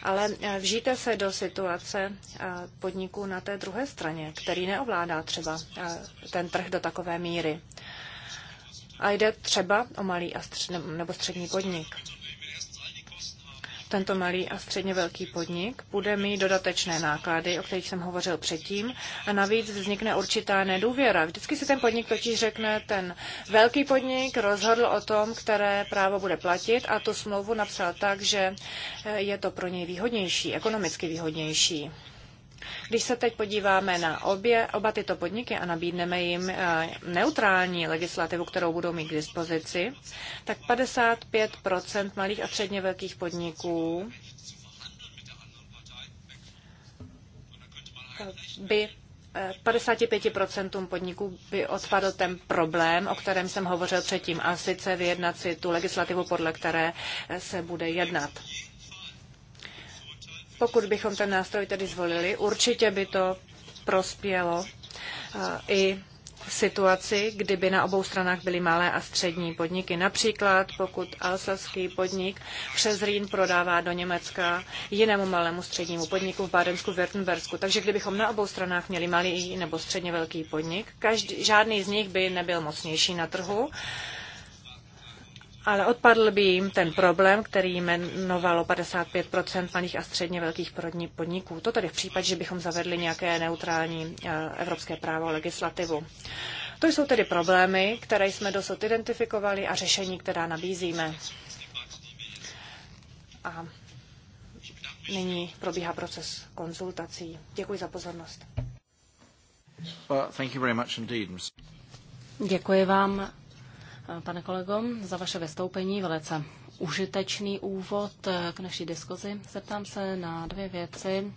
Ale eh, vžijte se do situace eh, podniků na té druhé straně, který neovládá třeba ten trh do takové míry. A jde třeba o malý a střed, nebo střední podnik tento malý a středně velký podnik bude mít dodatečné náklady, o kterých jsem hovořil předtím, a navíc vznikne určitá nedůvěra. Vždycky si ten podnik totiž řekne, ten velký podnik rozhodl o tom, které právo bude platit a tu smlouvu napsal tak, že je to pro něj výhodnější, ekonomicky výhodnější. Když se teď podíváme na obě, oba tyto podniky a nabídneme jim eh, neutrální legislativu, kterou budou mít k dispozici, tak 55 malých a středně velkých podniků by 55% eh, podniků by odpadl ten problém, o kterém jsem hovořil předtím, a sice vyjednat si tu legislativu, podle které eh, se bude jednat. Pokud bychom ten nástroj tedy zvolili, určitě by to prospělo i situaci, kdyby na obou stranách byly malé a střední podniky. Například pokud alsaský podnik přes Rýn prodává do Německa jinému malému střednímu podniku v Bádensku, Württembersku. Takže kdybychom na obou stranách měli malý nebo středně velký podnik, každý, žádný z nich by nebyl mocnější na trhu ale odpadl by jim ten problém, který jmenovalo 55 malých a středně velkých podniků. To tedy v případě, že bychom zavedli nějaké neutrální eh, evropské právo a legislativu. To jsou tedy problémy, které jsme dosud identifikovali a řešení, která nabízíme. A nyní probíhá proces konzultací. Děkuji za pozornost. Děkuji vám, pane kolego, za vaše vystoupení. Velice užitečný úvod k naší diskuzi. Zeptám se na dvě věci.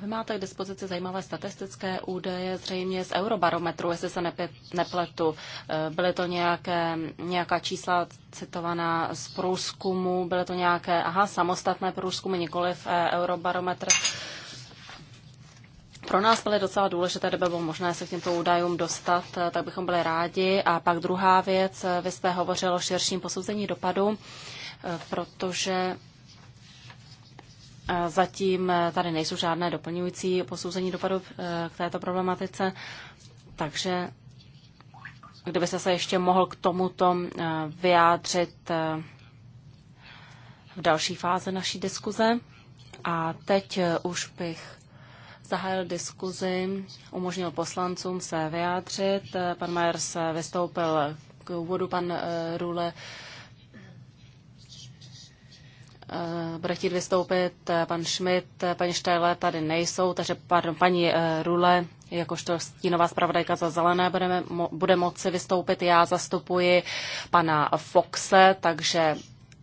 Vy máte k dispozici zajímavé statistické údaje, zřejmě z Eurobarometru, jestli se nepe, nepletu. Eh, byly to nějaké, nějaká čísla citovaná z průzkumu, byly to nějaké, aha, samostatné průzkumy, nikoliv eh, Eurobarometr pro nás byly docela důležité, kdyby bylo možné se k těmto údajům dostat, eh, tak bychom byli rádi. A pak druhá věc, eh, vy jste hovořil o širším posouzení dopadu, eh, protože zatím tady nejsou žádné doplňující posouzení dopadu k této problematice, takže kdybyste se ještě mohl k tomuto vyjádřit v další fázi naší diskuze. A teď už bych zahájil diskuzi, umožnil poslancům se vyjádřit. Pan se vystoupil k úvodu, pan eh, Rule eh, bude chtít vystoupit eh, pan Schmidt, paní Štajle tady nejsou, takže pardon, paní Rule, jakožto stínová zpravodajka za zelené, budeme, bude moci vystoupit. Já zastupuji pana Foxe, takže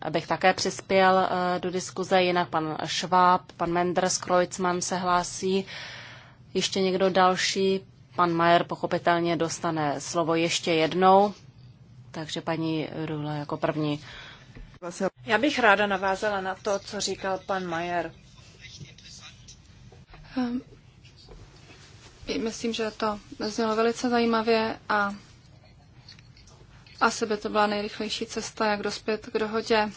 bych také přispěl eh, do diskuze, jinak pan Šváb, pan Menders, Krojcman se hlásí, ještě někdo další, pan Majer pochopitelně dostane slovo ještě jednou, takže paní Rula jako první. Já bych ráda navázala na to, co říkal pan Majer. Ehm, myslím, že to znělo velice zajímavě a a sebe to byla nejrychlejší cesta, jak dospět k dohodě.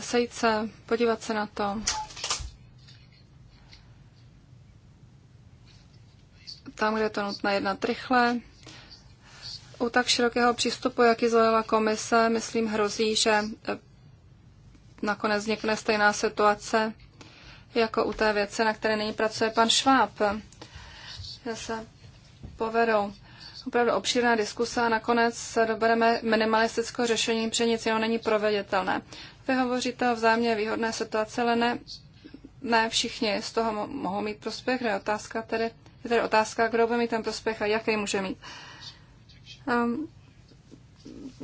Sejít se, podívat se na to. Tam, kde je to nutné jednat rychle. U tak širokého přístupu, jak ji zvolila komise, myslím, hrozí, že nakonec vznikne stejná situace jako u té věce, na které nyní pracuje pan Šváb. Já se povedou opravdu obšírná diskuse a nakonec se dobereme minimalistického řešení, protože nic jiného není proveditelné. Vy hovoříte o vzájemně výhodné situaci, ale ne, ne všichni z toho mohou mít prospěch. Je otázka tedy, je tedy otázka, kdo bude mít ten prospěch a jaký může mít. Um,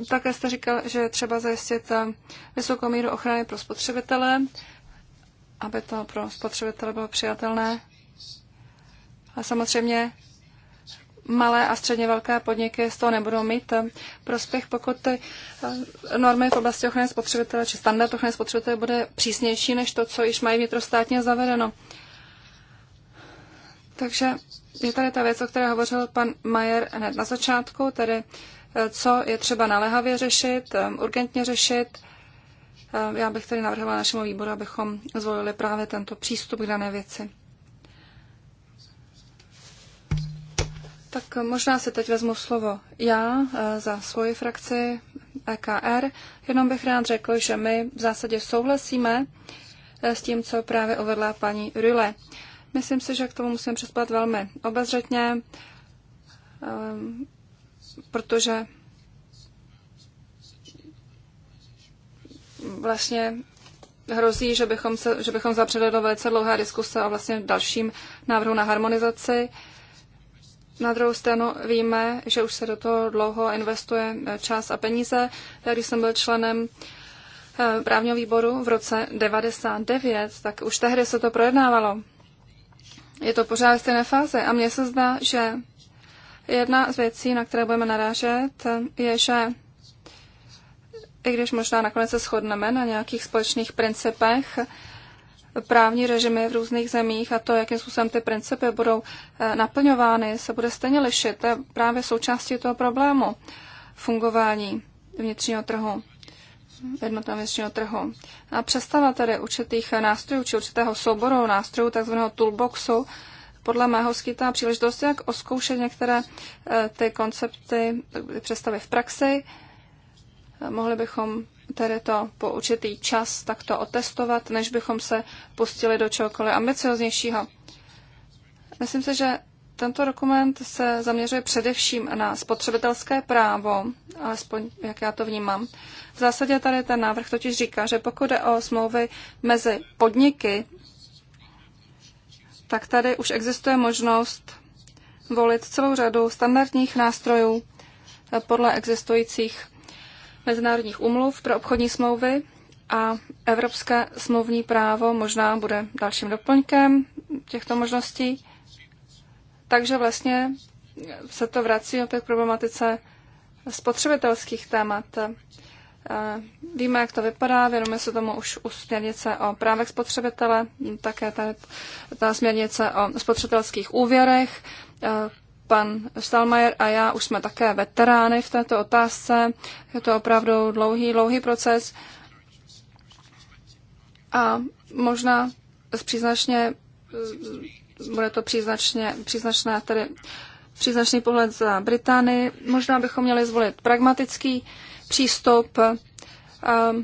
také jste říkal, že třeba zajistit ehm, vysokou míru ochrany pro spotřebitele, aby to pro spotřebitele bylo přijatelné. A samozřejmě malé a středně velké podniky z toho nebudou mít eh, prospěch, pokud ty eh, normy v oblasti ochrany spotřebitele či standard ochrany spotřebitele bude přísnější než to, co již mají vnitrostátně zavedeno. Takže je tady ta věc, o které hovořil pan Majer hned na začátku, tedy eh, co je třeba naléhavě řešit, urgentně řešit. Já bych tedy navrhla našemu výboru, abychom zvolili právě tento přístup k dané věci. Tak možná se teď vezmu slovo já eh, za svoji frakci EKR. Jenom bych rád řekl, že my v zásadě souhlasíme eh, s tím, co právě uvedla paní Rüle. Myslím si, že k tomu musím přespat velmi obezřetně, eh, protože vlastně hrozí, že bychom, se, že bychom zapřeli do velice dlouhé diskuse o vlastně dalším návrhu na harmonizaci na druhou stranu víme, že už se do toho dlouho investuje eh, čas a peníze. Já, když jsem byl členem eh, právního výboru v roce 99, tak už tehdy se to projednávalo. Je to pořád stejné fáze a mně se zdá, že jedna z věcí, na které budeme narážet, je, že i když možná nakonec se shodneme na nějakých společných principech, právní režimy v různých zemích a to, jakým způsobem ty principy budou eh, naplňovány, se bude stejně lišit. To je právě součástí toho problému fungování vnitřního trhu, jednotného vnitřního trhu. A představa tedy určitých nástrojů či určitého souboru nástrojů, takzvaného toolboxu, podle mého skýtá příležitost, jak oskoušet některé eh, ty koncepty, ty eh, představy v praxi. Mohli bychom tedy to po určitý čas takto otestovat, než bychom se pustili do čehokoliv ambicioznějšího. Myslím si, že tento dokument se zaměřuje především na spotřebitelské právo, alespoň jak já to vnímám. V zásadě tady ten návrh totiž říká, že pokud jde o smlouvy mezi podniky, tak tady už existuje možnost volit celou řadu standardních nástrojů podle existujících mezinárodních umluv pro obchodní smlouvy a evropské smluvní právo možná bude dalším doplňkem těchto možností. Takže vlastně se to vrací opět k problematice spotřebitelských témat. Eh, víme, jak to vypadá, věnujeme se tomu už u směrnice o právech spotřebitele, také tady ta směrnice o spotřebitelských úvěrech, eh, Pan Stalmajer a já už jsme také veterány v této otázce. Je to opravdu dlouhý, dlouhý proces. A možná příznačně, bude to příznačně, příznačné, tedy příznačný pohled za Británii. Možná bychom měli zvolit pragmatický přístup,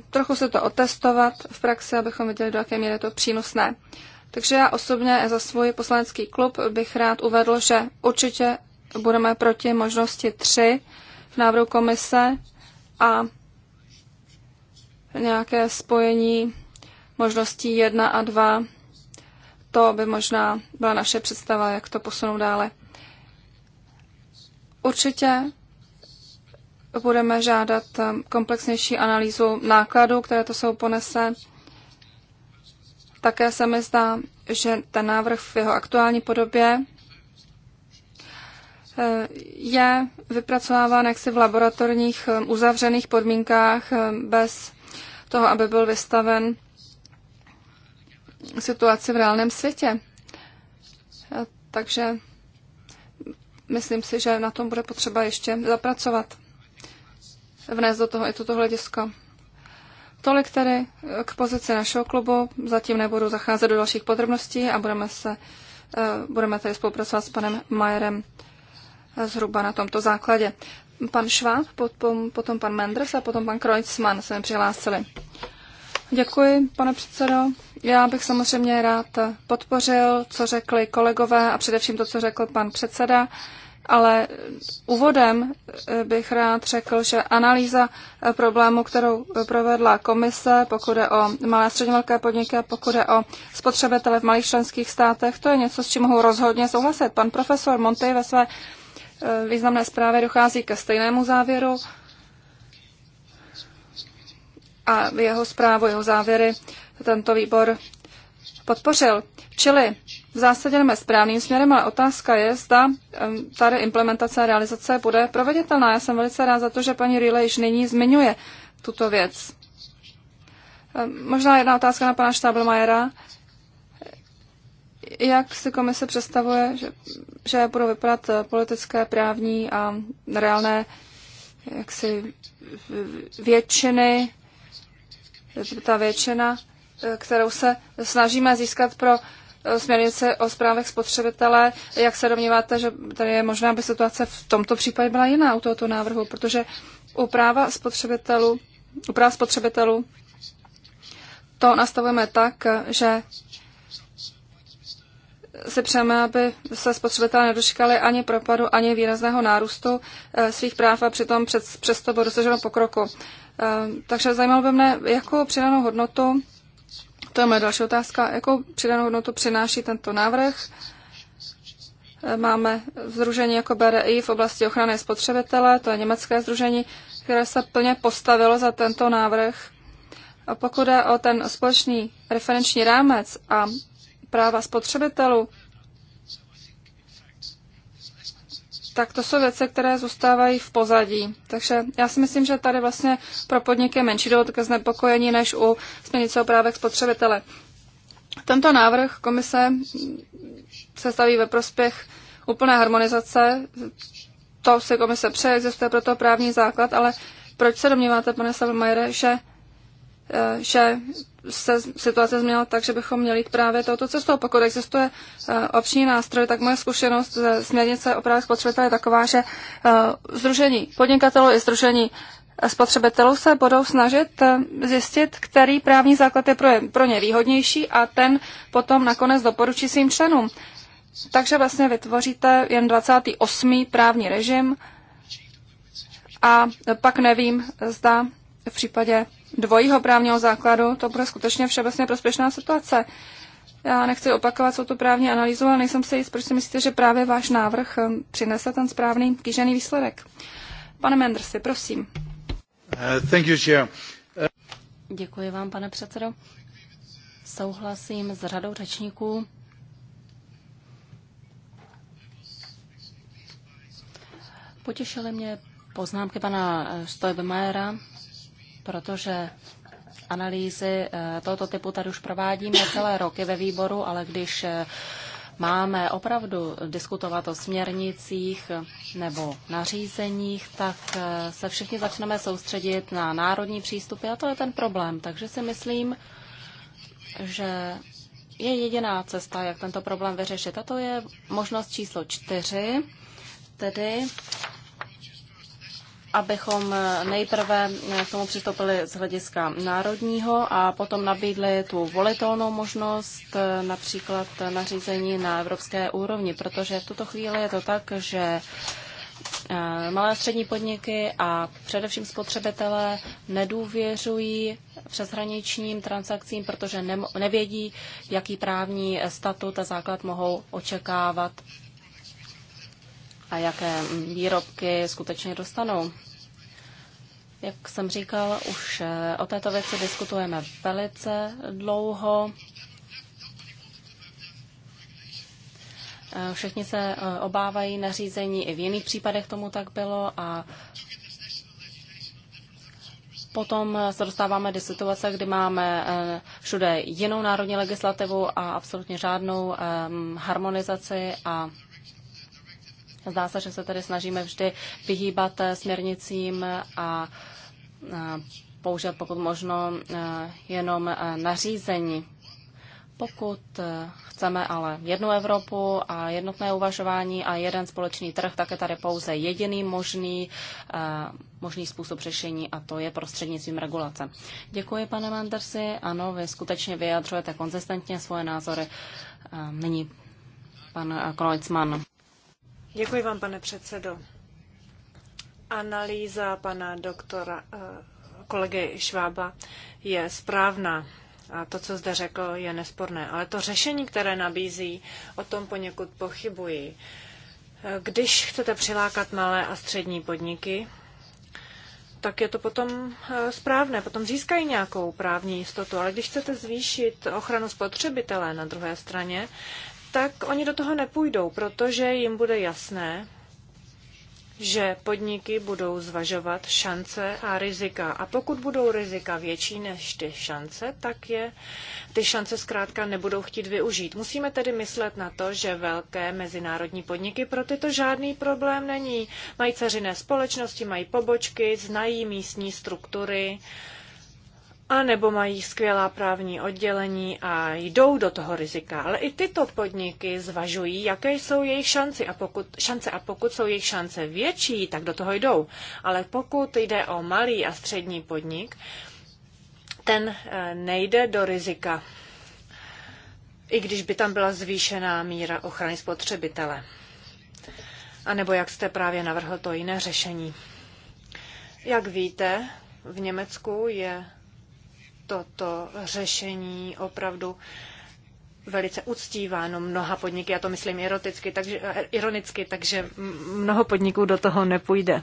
trochu se to otestovat v praxi, abychom viděli, do jaké míry je to přínosné. Takže já osobně za svůj poslanecký klub bych rád uvedl, že určitě budeme proti možnosti tři v návrhu komise a nějaké spojení možností jedna a dva. To by možná byla naše představa, jak to posunout dále. Určitě budeme žádat um, komplexnější analýzu nákladů, které to jsou ponese také se mi zdá, že ten návrh v jeho aktuální podobě eh, je vypracováván jaksi v laboratorních eh, uzavřených podmínkách eh, bez toho, aby byl vystaven situaci v reálném světě. Takže myslím si, že na tom bude potřeba ještě zapracovat, vnést do toho i toto hledisko. Tolik tedy eh, k pozici našeho klubu. Zatím nebudu zacházet do dalších podrobností a budeme, se, eh, budeme tedy spolupracovat s panem Majerem eh, zhruba na tomto základě. Pan Šváb, potom, potom pan Mendres a potom pan Kreutzmann se mi přihlásili. Děkuji, pane předsedo. Já bych samozřejmě rád podpořil, co řekli kolegové a především to, co řekl pan předseda ale úvodem eh, bych rád řekl, že analýza eh, problému, kterou eh, provedla komise, pokud je o malé a středně velké podniky a pokud je o spotřebitele v malých členských státech, to je něco, s čím mohu rozhodně souhlasit. Pan profesor Monty ve své významné zprávě dochází ke stejnému závěru a jeho zprávu, jeho závěry tento výbor podpořil. Čili v zásadě jdeme správným směrem, ale otázka je, zda tady implementace a realizace bude proveditelná. Já jsem velice rád za to, že paní Rile již nyní zmiňuje tuto věc. Možná jedna otázka na pana Štáblmajera. Jak si komise představuje, že, že budou vypadat eh, politické, právní a reálné jaksi většiny, ta většina kterou se snažíme získat pro eh, směrnice o zprávech spotřebitele. Jak se domníváte, že tady je možná, aby situace v tomto případě byla jiná u tohoto návrhu, protože u práva spotřebitelů, u práva spotřebitelů to nastavujeme tak, že si přejeme, aby se spotřebitelé nedočkali ani propadu, ani výrazného nárůstu eh, svých práv a přitom přes přesto bylo dosaženo pokroku. Eh, takže zajímalo by mne, jakou přidanou hodnotu to je moje další otázka. Jakou přidanou hodnotu přináší tento návrh? Máme združení jako BRI v oblasti ochrany spotřebitele, to je německé združení, které se plně postavilo za tento návrh. A pokud je o ten společný referenční rámec a práva spotřebitelů, tak to jsou věci, které zůstávají v pozadí. Takže já si myslím, že tady vlastně pro podniky je menší důvod ke znepokojení než u směrnice o právech spotřebitele. Tento návrh komise se staví ve prospěch úplné harmonizace. To si komise přeje, existuje proto právní základ, ale proč se domníváte, pane Salmajere, že, eh, že se situace změnila tak, že bychom měli jít právě touto cestou. Pokud existuje eh, obční nástroj, tak moje zkušenost ze směrnice o právě spotřebitele je taková, že združení eh, podnikatelů i združení eh, spotřebitelů se budou snažit zjistit, který právní základ je pro, je pro ně výhodnější a ten potom nakonec doporučí svým členům. Takže vlastně vytvoříte jen 28. právní režim a pak nevím, zda v případě dvojího právního základu, to bude skutečně všeobecně prospěšná situace. Já nechci opakovat, co to právní analýzu, ale nejsem si jist, proč si myslíte, že právě váš návrh um, přinese ten správný kýžený výsledek. Pane Mendersi, prosím. Uh, thank you, chair. Uh... Děkuji vám, pane předsedo. Souhlasím s řadou řečníků. Potěšily mě poznámky pana Stojbemajera, protože analýzy eh, tohoto typu tady už provádíme celé roky ve výboru, ale když eh, máme opravdu diskutovat o směrnicích nebo nařízeních, tak eh, se všichni začneme soustředit na národní přístupy a to je ten problém. Takže si myslím, že je jediná cesta, jak tento problém vyřešit. A to je možnost číslo čtyři, tedy abychom nejprve k tomu přistoupili z hlediska národního a potom nabídli tu volitelnou možnost, eh, například nařízení na evropské úrovni, protože v tuto chvíli je to tak, že eh, malé a střední podniky a především spotřebitelé nedůvěřují přeshraničním transakcím, protože nevědí, jaký právní statut a základ mohou očekávat a jaké výrobky skutečně dostanou. Jak jsem říkal, už eh, o této věci diskutujeme velice dlouho. Eh, Všichni se eh, obávají nařízení, i v jiných případech tomu tak bylo a potom se dostáváme do situace, kdy máme všude jinou národní legislativu a absolutně žádnou ehm, harmonizaci a zdá se, že se tady snažíme vždy vyhýbat směrnicím a Eh, používat pokud možno eh, jenom eh, nařízení. Pokud chceme ale jednu Evropu a jednotné uvažování a jeden společný trh, tak je tady pouze jediný možný, možný způsob řešení a to je prostřednictvím regulace. Děkuji, pane Mandersi. Ano, vy skutečně vyjadřujete konzistentně svoje názory. Nyní pan Kreuzmann. Děkuji vám, pane předsedo. Analýza pana doktora eh, kolegy Švába je správná. A to, co zde řekl, je nesporné. Ale to řešení, které nabízí, o tom poněkud pochybuji. Eh, když chcete přilákat malé a střední podniky, tak je to potom eh, správné. Potom získají nějakou právní jistotu. Ale když chcete zvýšit ochranu spotřebitele na druhé straně, tak oni do toho nepůjdou, protože jim bude jasné, že podniky budou zvažovat šance a rizika. A pokud budou rizika větší než ty šance, tak je ty šance zkrátka nebudou chtít využít. Musíme tedy myslet na to, že velké mezinárodní podniky pro tyto žádný problém není. Mají ceřiné společnosti, mají pobočky, znají místní struktury, a nebo mají skvělá právní oddělení a jdou do toho rizika. Ale i tyto podniky zvažují, jaké jsou jejich šance a pokud, šance a pokud jsou jejich šance větší, tak do toho jdou. Ale pokud jde o malý a střední podnik, ten eh, nejde do rizika, i když by tam byla zvýšená míra ochrany spotřebitele. A nebo jak jste právě navrhl to jiné řešení. Jak víte, v Německu je toto řešení opravdu velice uctíváno mnoha podniky, já to myslím eroticky, takže, eh, ironicky, takže mnoho podniků do toho nepůjde.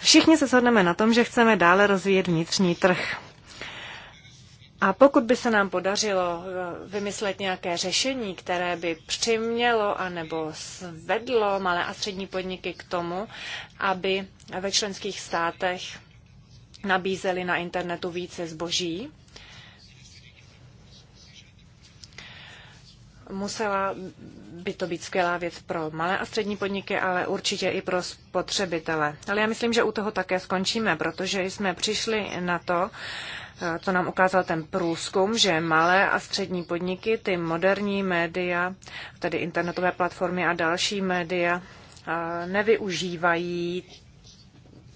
Všichni se shodneme na tom, že chceme dále rozvíjet vnitřní trh. A pokud by se nám podařilo eh, vymyslet nějaké řešení, které by přimělo anebo svedlo malé a střední podniky k tomu, aby ve členských státech nabízeli na internetu více zboží. Musela by to být skvělá věc pro malé a střední podniky, ale určitě i pro spotřebitele. Ale já myslím, že u toho také skončíme, protože jsme přišli na to, co nám ukázal ten průzkum, že malé a střední podniky, ty moderní média, tedy internetové platformy a další média, nevyužívají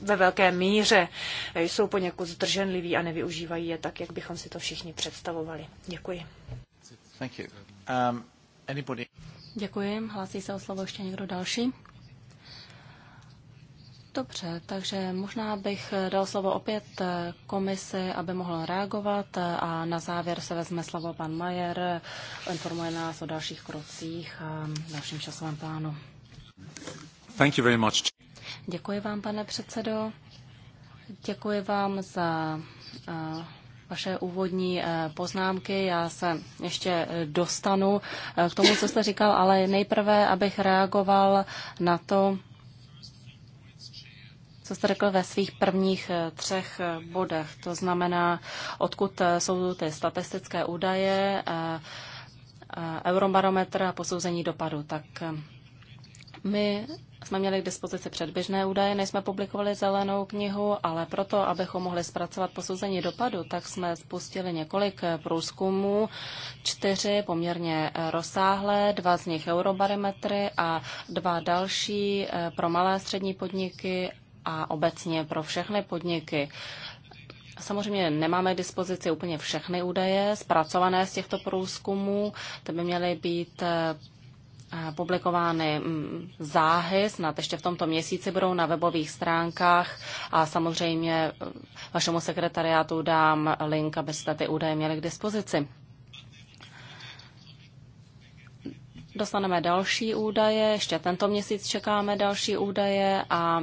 ve velké míře jsou poněkud zdrženliví a nevyužívají je tak, jak bychom si to všichni představovali. Děkuji. Thank you. Um, anybody? Děkuji. Hlásí se o slovo ještě někdo další? Dobře, takže možná bych dal slovo opět komisi, aby mohla reagovat a na závěr se vezme slovo pan Majer, informuje nás o dalších krocích a dalším časovém plánu. Thank you very much. Děkuji vám, pane předsedo. Děkuji vám za eh, vaše úvodní eh, poznámky. Já se ještě eh, dostanu k tomu, co jste říkal, ale nejprve, abych reagoval na to, co jste řekl ve svých prvních třech bodech. To znamená, odkud jsou ty statistické údaje, eurobarometr a posouzení dopadu. Tak my jsme měli k dispozici předběžné údaje, než jsme publikovali zelenou knihu, ale proto, abychom mohli zpracovat posouzení dopadu, tak jsme spustili několik průzkumů, čtyři poměrně eh, rozsáhlé, dva z nich eurobarometry a dva další eh, pro malé a střední podniky a obecně pro všechny podniky. Samozřejmě nemáme k dispozici úplně všechny údaje zpracované z těchto průzkumů, ty by měly být eh, publikovány mm, záhy, snad ještě v tomto měsíci budou na webových stránkách a samozřejmě eh, vašemu sekretariátu dám link, abyste ty údaje měli k dispozici. Dostaneme další údaje, ještě tento měsíc čekáme další údaje a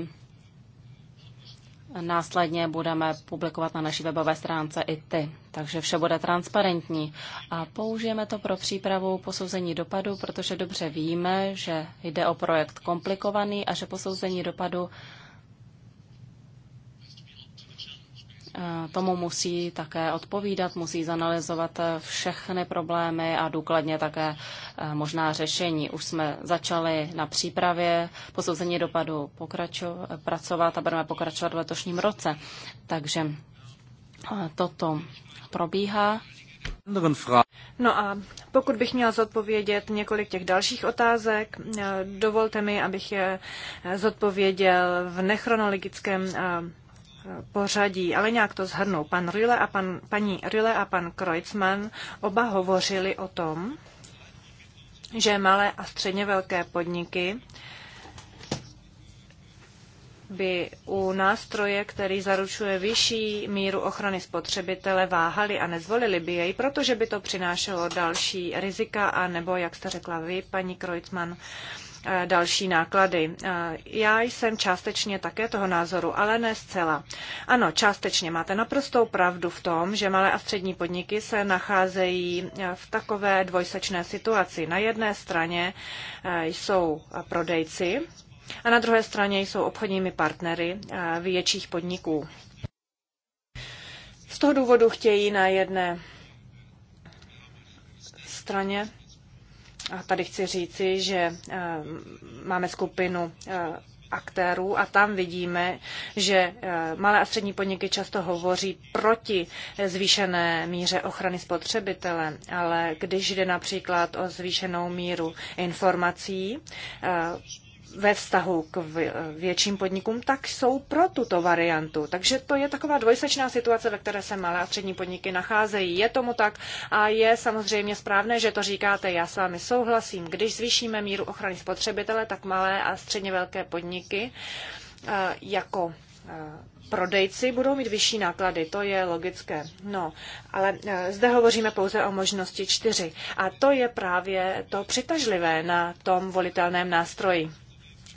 následně budeme publikovat na naší webové stránce i ty. Takže vše bude transparentní. A použijeme to pro přípravu posouzení dopadu, protože dobře víme, že jde o projekt komplikovaný a že posouzení dopadu tomu musí také odpovídat, musí zanalizovat eh, všechny problémy a důkladně také eh, možná řešení. Už jsme začali na přípravě posouzení dopadu pokračo, pracovat a budeme pokračovat v letošním roce. Takže eh, toto probíhá. No a pokud bych měla zodpovědět několik těch dalších otázek, dovolte mi, abych je zodpověděl v nechronologickém pořadí, ale nějak to zhrnou. Pan Rille a pan, paní Rille a pan Kreutzmann oba hovořili o tom, že malé a středně velké podniky by u nástroje, který zaručuje vyšší míru ochrany spotřebitele, váhali a nezvolili by jej, protože by to přinášelo další rizika a nebo, jak jste řekla vy, paní Kreutzmann, Eh, další náklady. Eh, já jsem částečně také toho názoru, ale ne zcela. Ano, částečně máte naprostou pravdu v tom, že malé a střední podniky se nacházejí eh, v takové dvojsečné situaci. Na jedné straně jsou prodejci a na druhé straně jsou obchodními partnery větších podniků. Z toho důvodu chtějí na jedné straně a tady chci říci, že eh, máme skupinu eh, aktérů a tam vidíme, že eh, malé a střední podniky často hovoří proti zvýšené míře ochrany spotřebitele, ale když jde například o zvýšenou míru informací, ve vztahu k větším podnikům, tak jsou pro tuto variantu. Takže to je taková dvojsečná situace, ve které se malé a střední podniky nacházejí. Je tomu tak a je samozřejmě správné, že to říkáte. Já s vámi souhlasím. Když zvýšíme míru ochrany spotřebitele, tak malé a středně velké podniky eh, jako eh, prodejci budou mít vyšší náklady, to je logické. No, ale eh, zde hovoříme pouze o možnosti čtyři. A to je právě to přitažlivé na tom volitelném nástroji.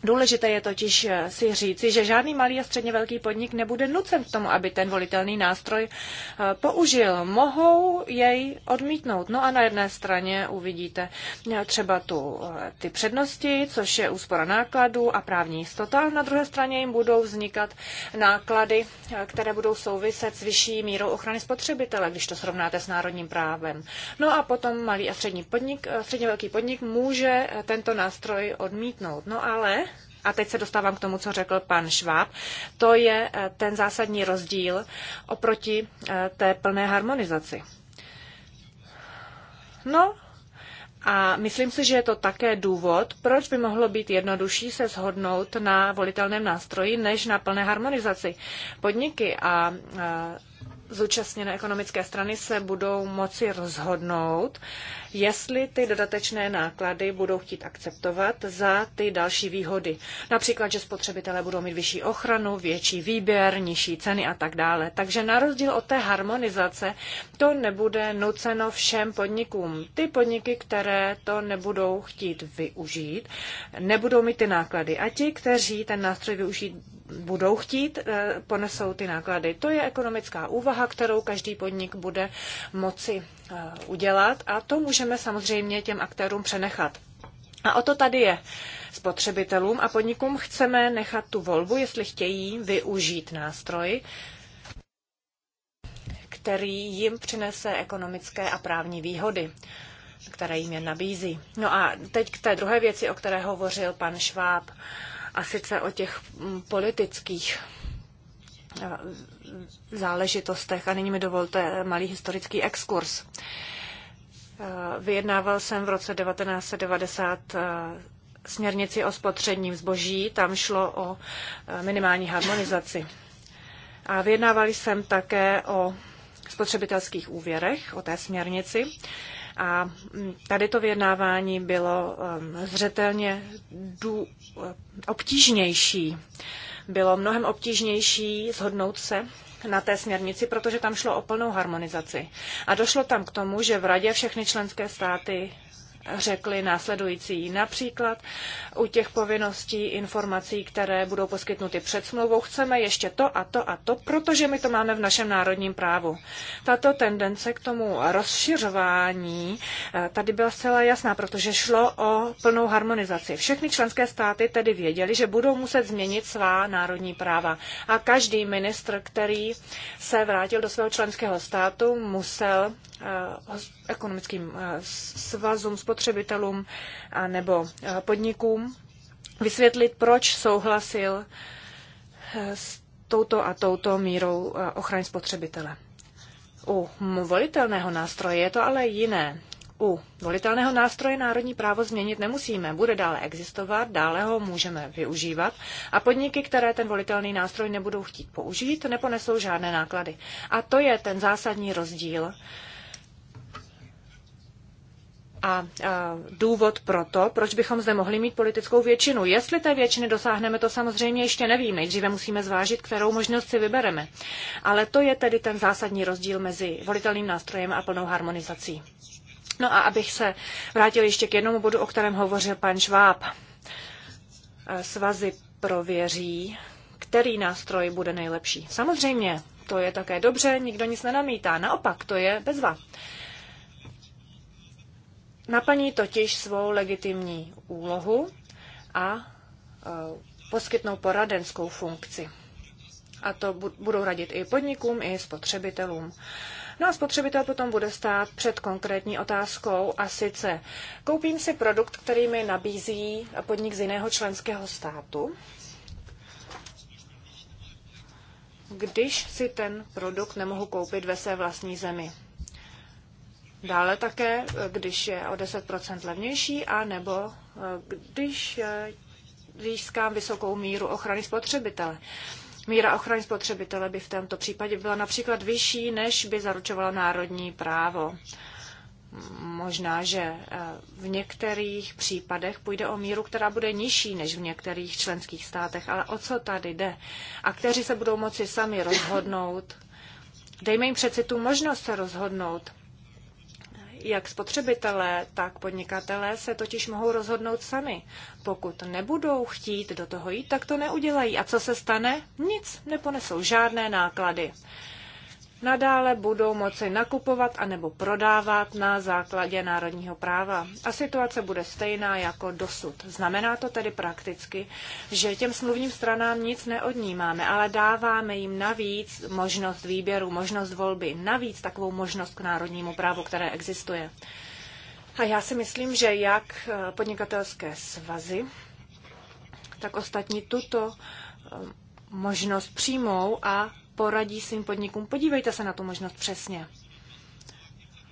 Důležité je totiž eh, si říci, že žádný malý a středně velký podnik nebude nucen k tomu, aby ten volitelný nástroj eh, použil. Mohou jej odmítnout. No a na jedné straně uvidíte eh, třeba tu, ty přednosti, což je úspora nákladů a právní jistota. Na druhé straně jim budou vznikat náklady, které budou souviset s vyšší mírou ochrany spotřebitele, když to srovnáte s národním právem. No a potom malý a střední podnik, středně velký podnik může tento nástroj odmítnout. No ale a teď se dostávám k tomu, co řekl pan Šváb, to je eh, ten zásadní rozdíl oproti eh, té plné harmonizaci. No, a myslím si, že je to také důvod, proč by mohlo být jednodušší se shodnout na volitelném nástroji než na plné harmonizaci. Podniky a eh, zúčastněné ekonomické strany se budou moci rozhodnout, jestli ty dodatečné náklady budou chtít akceptovat za ty další výhody. Například, že spotřebitelé budou mít vyšší ochranu, větší výběr, nižší ceny a tak dále. Takže na rozdíl od té harmonizace to nebude nuceno všem podnikům. Ty podniky, které to nebudou chtít využít, nebudou mít ty náklady. A ti, kteří ten nástroj využít budou chtít, eh, ponesou ty náklady. To je ekonomická úvaha, kterou každý podnik bude moci eh, udělat a to může můžeme samozřejmě těm aktérům přenechat. A o to tady je. Spotřebitelům a podnikům chceme nechat tu volbu, jestli chtějí využít nástroj, který jim přinese ekonomické a právní výhody, které jim je nabízí. No a teď k té druhé věci, o které hovořil pan Šváb, a sice o těch mm, politických eh, záležitostech. A nyní mi dovolte malý historický exkurs. Eh, vyjednával jsem v roce 1990 eh, směrnici o spotřebním zboží, tam šlo o eh, minimální harmonizaci. A vyjednávali jsem také o spotřebitelských úvěrech, o té směrnici. A mm, tady to vyjednávání bylo zřetelně dů, obtížnější. Bylo mnohem obtížnější shodnout se na té směrnici, protože tam šlo o plnou harmonizaci. A došlo tam k tomu, že v radě všechny členské státy řekli následující. Například u těch povinností informací, které budou poskytnuty před smlouvou, chceme ještě to a to a to, protože my to máme v našem národním právu. Tato tendence k tomu rozšiřování eh, tady byla zcela jasná, protože šlo o plnou harmonizaci. Všechny členské státy tedy věděli, že budou muset změnit svá národní práva. A každý ministr, který se vrátil do svého členského státu, musel Eh, ekonomickým eh, svazům, spotřebitelům nebo eh, podnikům vysvětlit, proč souhlasil s touto a touto mírou ochrany spotřebitele. U volitelného nástroje je to ale jiné. U volitelného nástroje národní právo změnit nemusíme, bude dále existovat, dále ho můžeme využívat a podniky, které ten volitelný nástroj nebudou chtít použít, neponesou žádné náklady. A to je ten zásadní rozdíl a důvod pro to, proč bychom zde mohli mít politickou většinu. Jestli té většiny dosáhneme, to samozřejmě ještě nevím. Nejdříve musíme zvážit, kterou možnost si vybereme. Ale to je tedy ten zásadní rozdíl mezi volitelným nástrojem a plnou harmonizací. No a abych se vrátil ještě k jednomu bodu, o kterém hovořil pan Šváb. E, svazy prověří, který nástroj bude nejlepší. Samozřejmě, to je také dobře, nikdo nic nenamítá. Naopak, to je bezva. Naplní totiž svou legitimní úlohu a e, poskytnou poradenskou funkci. A to budou radit i podnikům, i spotřebitelům. No a spotřebitel potom bude stát před konkrétní otázkou a sice koupím si produkt, který mi nabízí podnik z jiného členského státu, když si ten produkt nemohu koupit ve své vlastní zemi. Dále také, když je o 10% levnější, a nebo e, když e, získám vysokou míru ochrany spotřebitele. Míra ochrany spotřebitele by v tomto případě byla například vyšší, než by zaručovala národní právo. Možná, že e, v některých případech půjde o míru, která bude nižší než v některých členských státech, ale o co tady jde? A kteří se budou moci sami rozhodnout? Dejme jim přeci tu možnost se rozhodnout. Jak spotřebitelé, tak podnikatelé se totiž mohou rozhodnout sami. Pokud nebudou chtít do toho jít, tak to neudělají. A co se stane? Nic, neponesou žádné náklady nadále budou moci nakupovat anebo prodávat na základě národního práva. A situace bude stejná jako dosud. Znamená to tedy prakticky, že těm smluvním stranám nic neodnímáme, ale dáváme jim navíc možnost výběru, možnost volby, navíc takovou možnost k národnímu právu, které existuje. A já si myslím, že jak eh, podnikatelské svazy, tak ostatní tuto eh, možnost přijmou a poradí svým podnikům. Podívejte se na tu možnost přesně.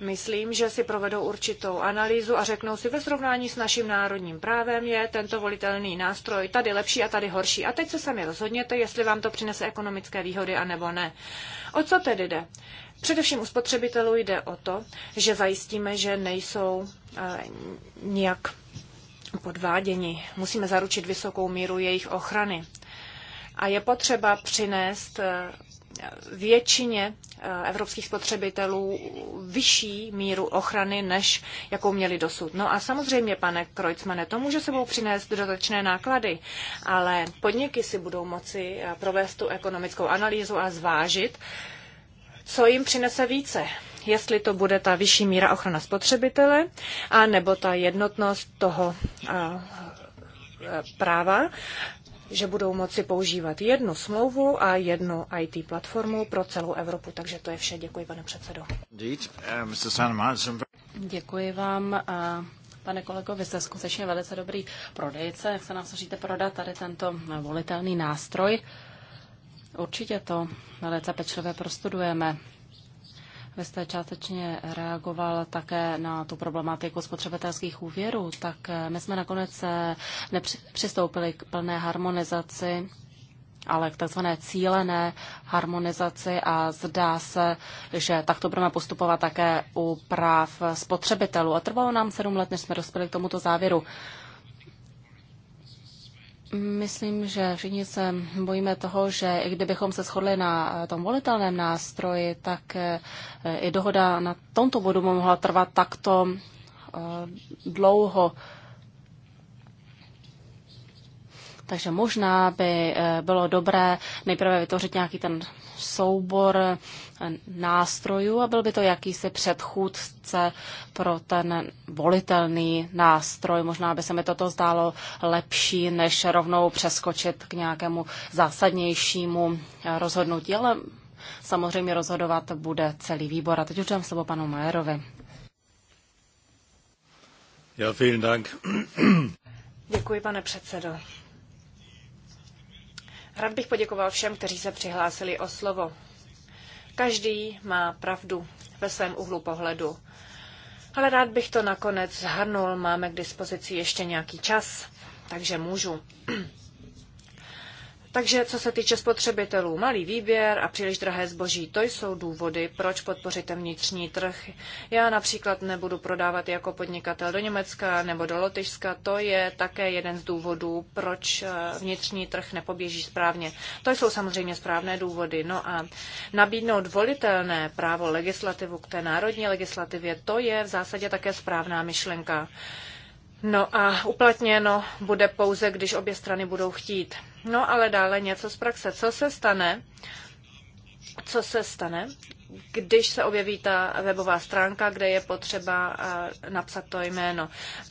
Myslím, že si provedou určitou analýzu a řeknou si ve srovnání s naším národním právem je tento volitelný nástroj tady lepší a tady horší. A teď se sami rozhodněte, jestli vám to přinese ekonomické výhody a nebo ne. O co tedy jde? Především u spotřebitelů jde o to, že zajistíme, že nejsou e, nijak podváděni. Musíme zaručit vysokou míru jejich ochrany. A je potřeba přinést eh, většině eh, evropských spotřebitelů vyšší míru ochrany, než jakou měli dosud. No a samozřejmě, pane Krojcmane, to může sebou přinést dodatečné náklady, ale podniky si budou moci eh, provést tu ekonomickou analýzu a zvážit, co jim přinese více jestli to bude ta vyšší míra ochrana spotřebitele, a nebo ta jednotnost toho eh, práva, že budou moci používat jednu smlouvu a jednu IT platformu pro celou Evropu. Takže to je vše. Děkuji, pane předsedo. Uh, Děkuji vám. Pane kolego, vy jste skutečně velice dobrý prodejce. Jak se nám snažíte prodat tady tento volitelný nástroj? Určitě to velice pečlivě prostudujeme. Vy jste částečně reagoval také na tu problematiku spotřebitelských úvěrů, tak eh, my jsme nakonec eh, nepřistoupili k plné harmonizaci ale k takzvané cílené harmonizaci a zdá se, že takto budeme postupovat také u práv spotřebitelů. A trvalo nám sedm let, než jsme dospěli k tomuto závěru. Myslím, že všichni se bojíme toho, že i kdybychom se shodli na tom volitelném nástroji, tak eh, i dohoda na tomto bodu mohla trvat takto eh, dlouho. Takže možná by eh, bylo dobré nejprve vytvořit nějaký ten soubor eh, nástrojů a byl by to jakýsi předchůdce pro ten volitelný nástroj. Možná by se mi toto zdálo lepší, než rovnou přeskočit k nějakému zásadnějšímu eh, rozhodnutí, ale samozřejmě rozhodovat bude celý výbor. A teď už dám slovo panu Majerovi. Ja, vielen Dank. Děkuji, pane předsedo. Rád bych poděkoval všem, kteří se přihlásili o slovo. Každý má pravdu ve svém úhlu pohledu. Ale rád bych to nakonec zhrnul. Máme k dispozici ještě nějaký čas, takže můžu. Takže co se týče spotřebitelů, malý výběr a příliš drahé zboží, to jsou důvody, proč podpoříte vnitřní trh. Já například nebudu prodávat jako podnikatel do Německa nebo do Lotyšska, to je také jeden z důvodů, proč eh, vnitřní trh nepoběží správně. To jsou samozřejmě správné důvody. No a nabídnout volitelné právo legislativu k té národní legislativě, to je v zásadě také správná myšlenka. No a uplatněno bude pouze, když obě strany budou chtít. No ale dále něco z praxe. Co se stane, co se stane, když se objeví ta webová stránka, kde je potřeba eh, napsat to jméno.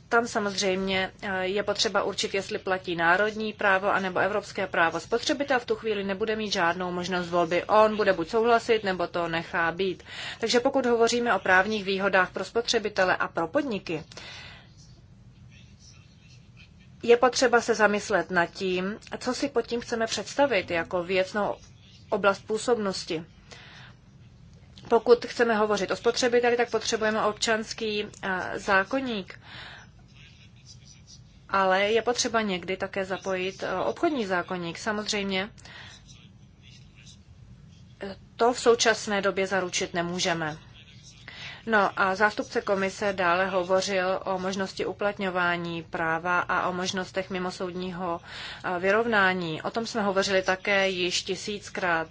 Tam samozřejmě eh, je potřeba určit, jestli platí národní právo anebo evropské právo. Spotřebitel v tu chvíli nebude mít žádnou možnost volby. On bude buď souhlasit, nebo to nechá být. Takže pokud hovoříme o právních výhodách pro spotřebitele a pro podniky, je potřeba se zamyslet nad tím, co si pod tím chceme představit jako věcnou oblast působnosti. Pokud chceme hovořit o spotřebiteli, tak potřebujeme občanský eh, zákonník. Ale je potřeba někdy také zapojit eh, obchodní zákonník. Samozřejmě eh, to v současné době zaručit nemůžeme. No a zástupce komise dále hovořil o možnosti uplatňování práva a o možnostech mimosoudního vyrovnání. O tom jsme hovořili také již tisíckrát.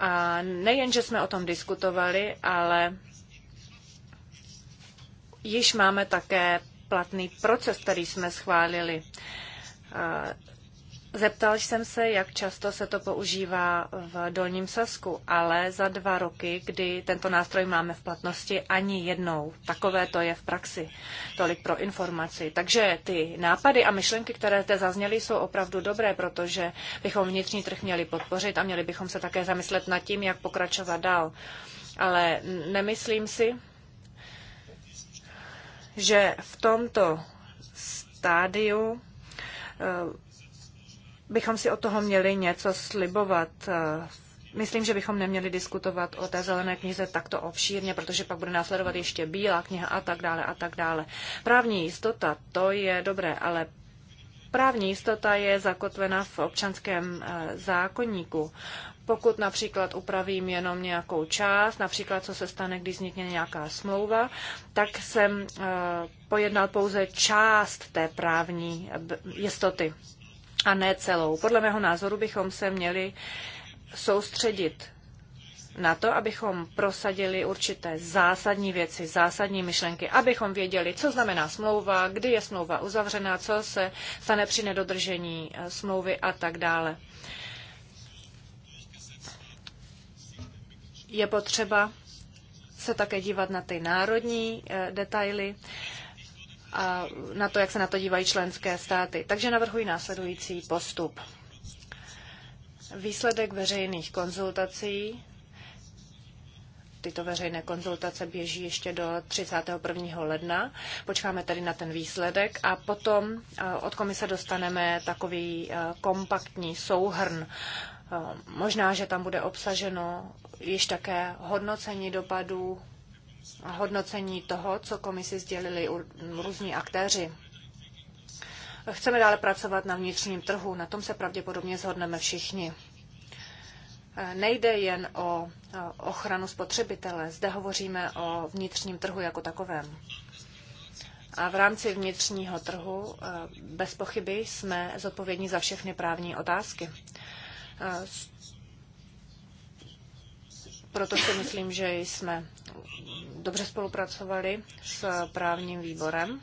A nejen, že jsme o tom diskutovali, ale již máme také platný proces, který jsme schválili. Zeptal jsem se, jak často se to používá v Dolním Sasku, ale za dva roky, kdy tento nástroj máme v platnosti, ani jednou. Takové to je v praxi. Tolik pro informaci. Takže ty nápady a myšlenky, které zde zazněly, jsou opravdu dobré, protože bychom vnitřní trh měli podpořit a měli bychom se také zamyslet nad tím, jak pokračovat dál. Ale nemyslím si, že v tomto stádiu eh, bychom si od toho měli něco slibovat. Eh, myslím, že bychom neměli diskutovat o té zelené knize takto obšírně, protože pak bude následovat ještě bílá kniha a tak dále a tak dále. Právní jistota, to je dobré, ale právní jistota je zakotvena v občanském eh, zákonníku. Pokud například upravím jenom nějakou část, například co se stane, když vznikne nějaká smlouva, tak jsem eh, pojednal pouze část té právní jistoty a ne celou. Podle mého názoru bychom se měli soustředit na to, abychom prosadili určité zásadní věci, zásadní myšlenky, abychom věděli, co znamená smlouva, kdy je smlouva uzavřená, co se stane při nedodržení eh, smlouvy a tak dále. Je potřeba se také dívat na ty národní eh, detaily a na to, jak se na to dívají členské státy. Takže navrhuji následující postup. Výsledek veřejných konzultací. Tyto veřejné konzultace běží ještě do 31. ledna. Počkáme tedy na ten výsledek a potom eh, od komise dostaneme takový eh, kompaktní souhrn. Eh, možná, že tam bude obsaženo již také hodnocení dopadů hodnocení toho, co komisi sdělili různí aktéři. Chceme dále pracovat na vnitřním trhu, na tom se pravděpodobně zhodneme všichni. E, nejde jen o e, ochranu spotřebitele, zde hovoříme o vnitřním trhu jako takovém. A v rámci vnitřního trhu e, bez pochyby jsme zodpovědní za všechny právní otázky. Proto si myslím, že jsme dobře spolupracovali s právním výborem.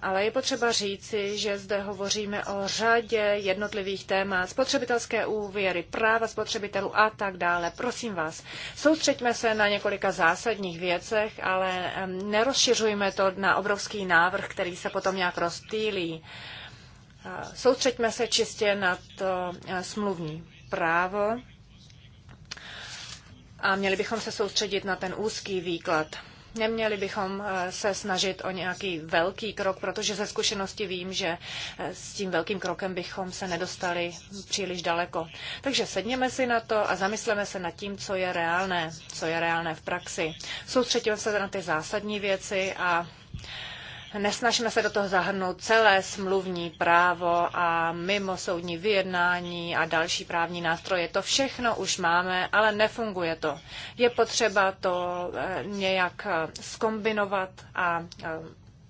Ale je potřeba říci, že zde hovoříme o řadě jednotlivých témat, spotřebitelské úvěry, práva spotřebitelů a tak dále. Prosím vás, soustřeďme se na několika zásadních věcech, ale nerozšiřujme to na obrovský návrh, který se potom nějak rozptýlí. Soustřeďme se čistě na to e, smluvní právo, a měli bychom se soustředit na ten úzký výklad. Neměli bychom eh, se snažit o nějaký velký krok, protože ze zkušenosti vím, že eh, s tím velkým krokem bychom se nedostali příliš daleko. Takže sedněme si na to a zamysleme se nad tím, co je reálné, co je reálné v praxi. Soustředíme se na ty zásadní věci a Nesnažme se do toho zahrnout celé smluvní právo a mimo soudní vyjednání a další právní nástroje. To všechno už máme, ale nefunguje to. Je potřeba to eh, nějak eh, skombinovat a eh,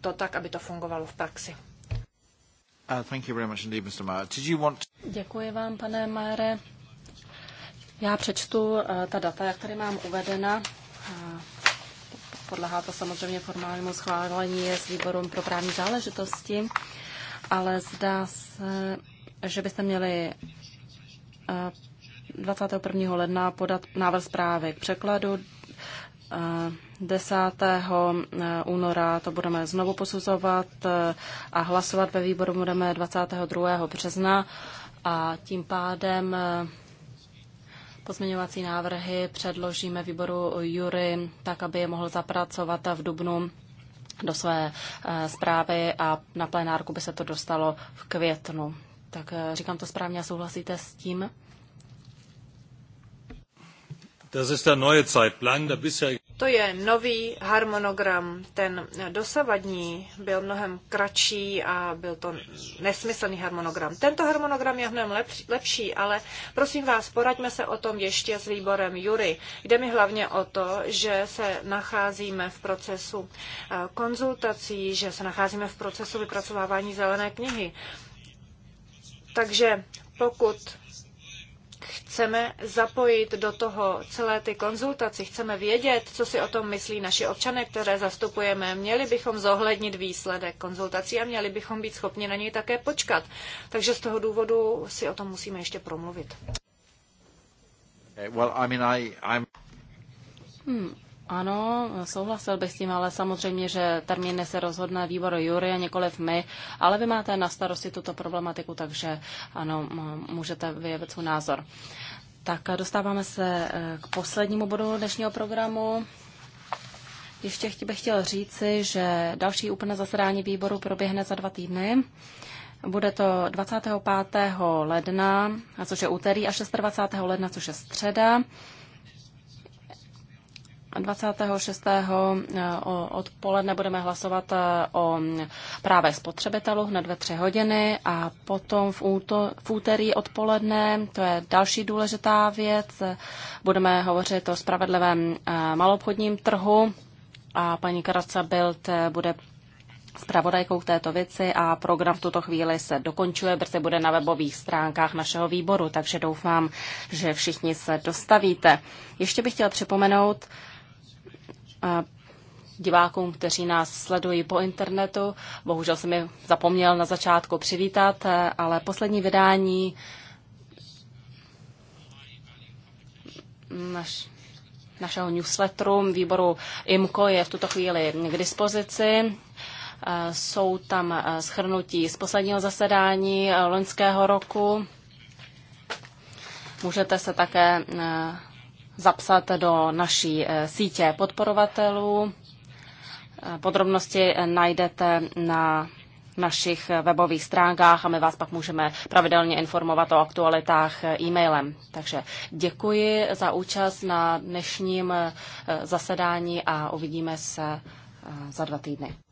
to tak, aby to fungovalo v praxi. Uh, Děkuji vám, pane Majere. Já přečtu ta data, jak tady mám uvedena podlehá to samozřejmě formálnímu schválení s výborům pro právní záležitosti, ale zdá se, že byste měli 21. Eh, ledna podat návrh zprávy k překladu. 10. Eh, eh, února to budeme znovu posuzovat a hlasovat ve výboru budeme 22. března a tím pádem Pozměňovací návrhy předložíme výboru Jury, tak aby je mohl zapracovat v Dubnu do své eh, zprávy a na plenárku by se to dostalo v květnu. Tak eh, říkám to správně a souhlasíte s tím? Das ist der neue Zeitplan. Der bisher to je nový harmonogram. Ten dosavadní byl mnohem kratší a byl to nesmyslný harmonogram. Tento harmonogram je mnohem lepší, ale prosím vás, poraďme se o tom ještě s výborem Jury. Jde mi hlavně o to, že se nacházíme v procesu eh, konzultací, že se nacházíme v procesu vypracovávání zelené knihy. Takže pokud chceme zapojit do toho celé ty konzultaci, chceme vědět, co si o tom myslí naši občané, které zastupujeme. Měli bychom zohlednit výsledek konzultací a měli bychom být schopni na něj také počkat. Takže z toho důvodu si o tom musíme ještě promluvit. Eh, well, I mean, I, I'm... Hmm. Ano, souhlasil bych s tím, ale samozřejmě, že termín se rozhodne výbor Jury a nikoliv my, ale vy máte na starosti tuto problematiku, takže ano, můžete vyjevit svůj názor. Tak dostáváme se e, k poslednímu bodu dnešního programu. Ještě bych chtěl říci, že další úplné zasedání výboru proběhne za dva týdny. Bude to 25. ledna, což je úterý, a 26. ledna, což je středa. 26. Eh, odpoledne budeme hlasovat eh, o právě spotřebitelů hned ve tři hodiny a potom v, úto, v úterý odpoledne, to je další důležitá věc, budeme hovořit o spravedlivém eh, malobchodním trhu a paní Karaca Bild bude zpravodajkou k této věci a program v tuto chvíli se dokončuje, brzy bude na webových stránkách našeho výboru, takže doufám, že všichni se dostavíte. Ještě bych chtěla připomenout, divákům, kteří nás sledují po internetu. Bohužel jsem je zapomněl na začátku přivítat, eh, ale poslední vydání naš, našeho newsletteru výboru IMCO je v tuto chvíli k dispozici. Eh, jsou tam eh, schrnutí z posledního zasedání loňského roku. Můžete se také zapsat do naší eh, sítě podporovatelů. Eh, podrobnosti eh, najdete na našich webových stránkách a my vás pak můžeme pravidelně informovat o aktualitách e-mailem. Takže děkuji za účast na dnešním zasedání a uvidíme se za dva týdny.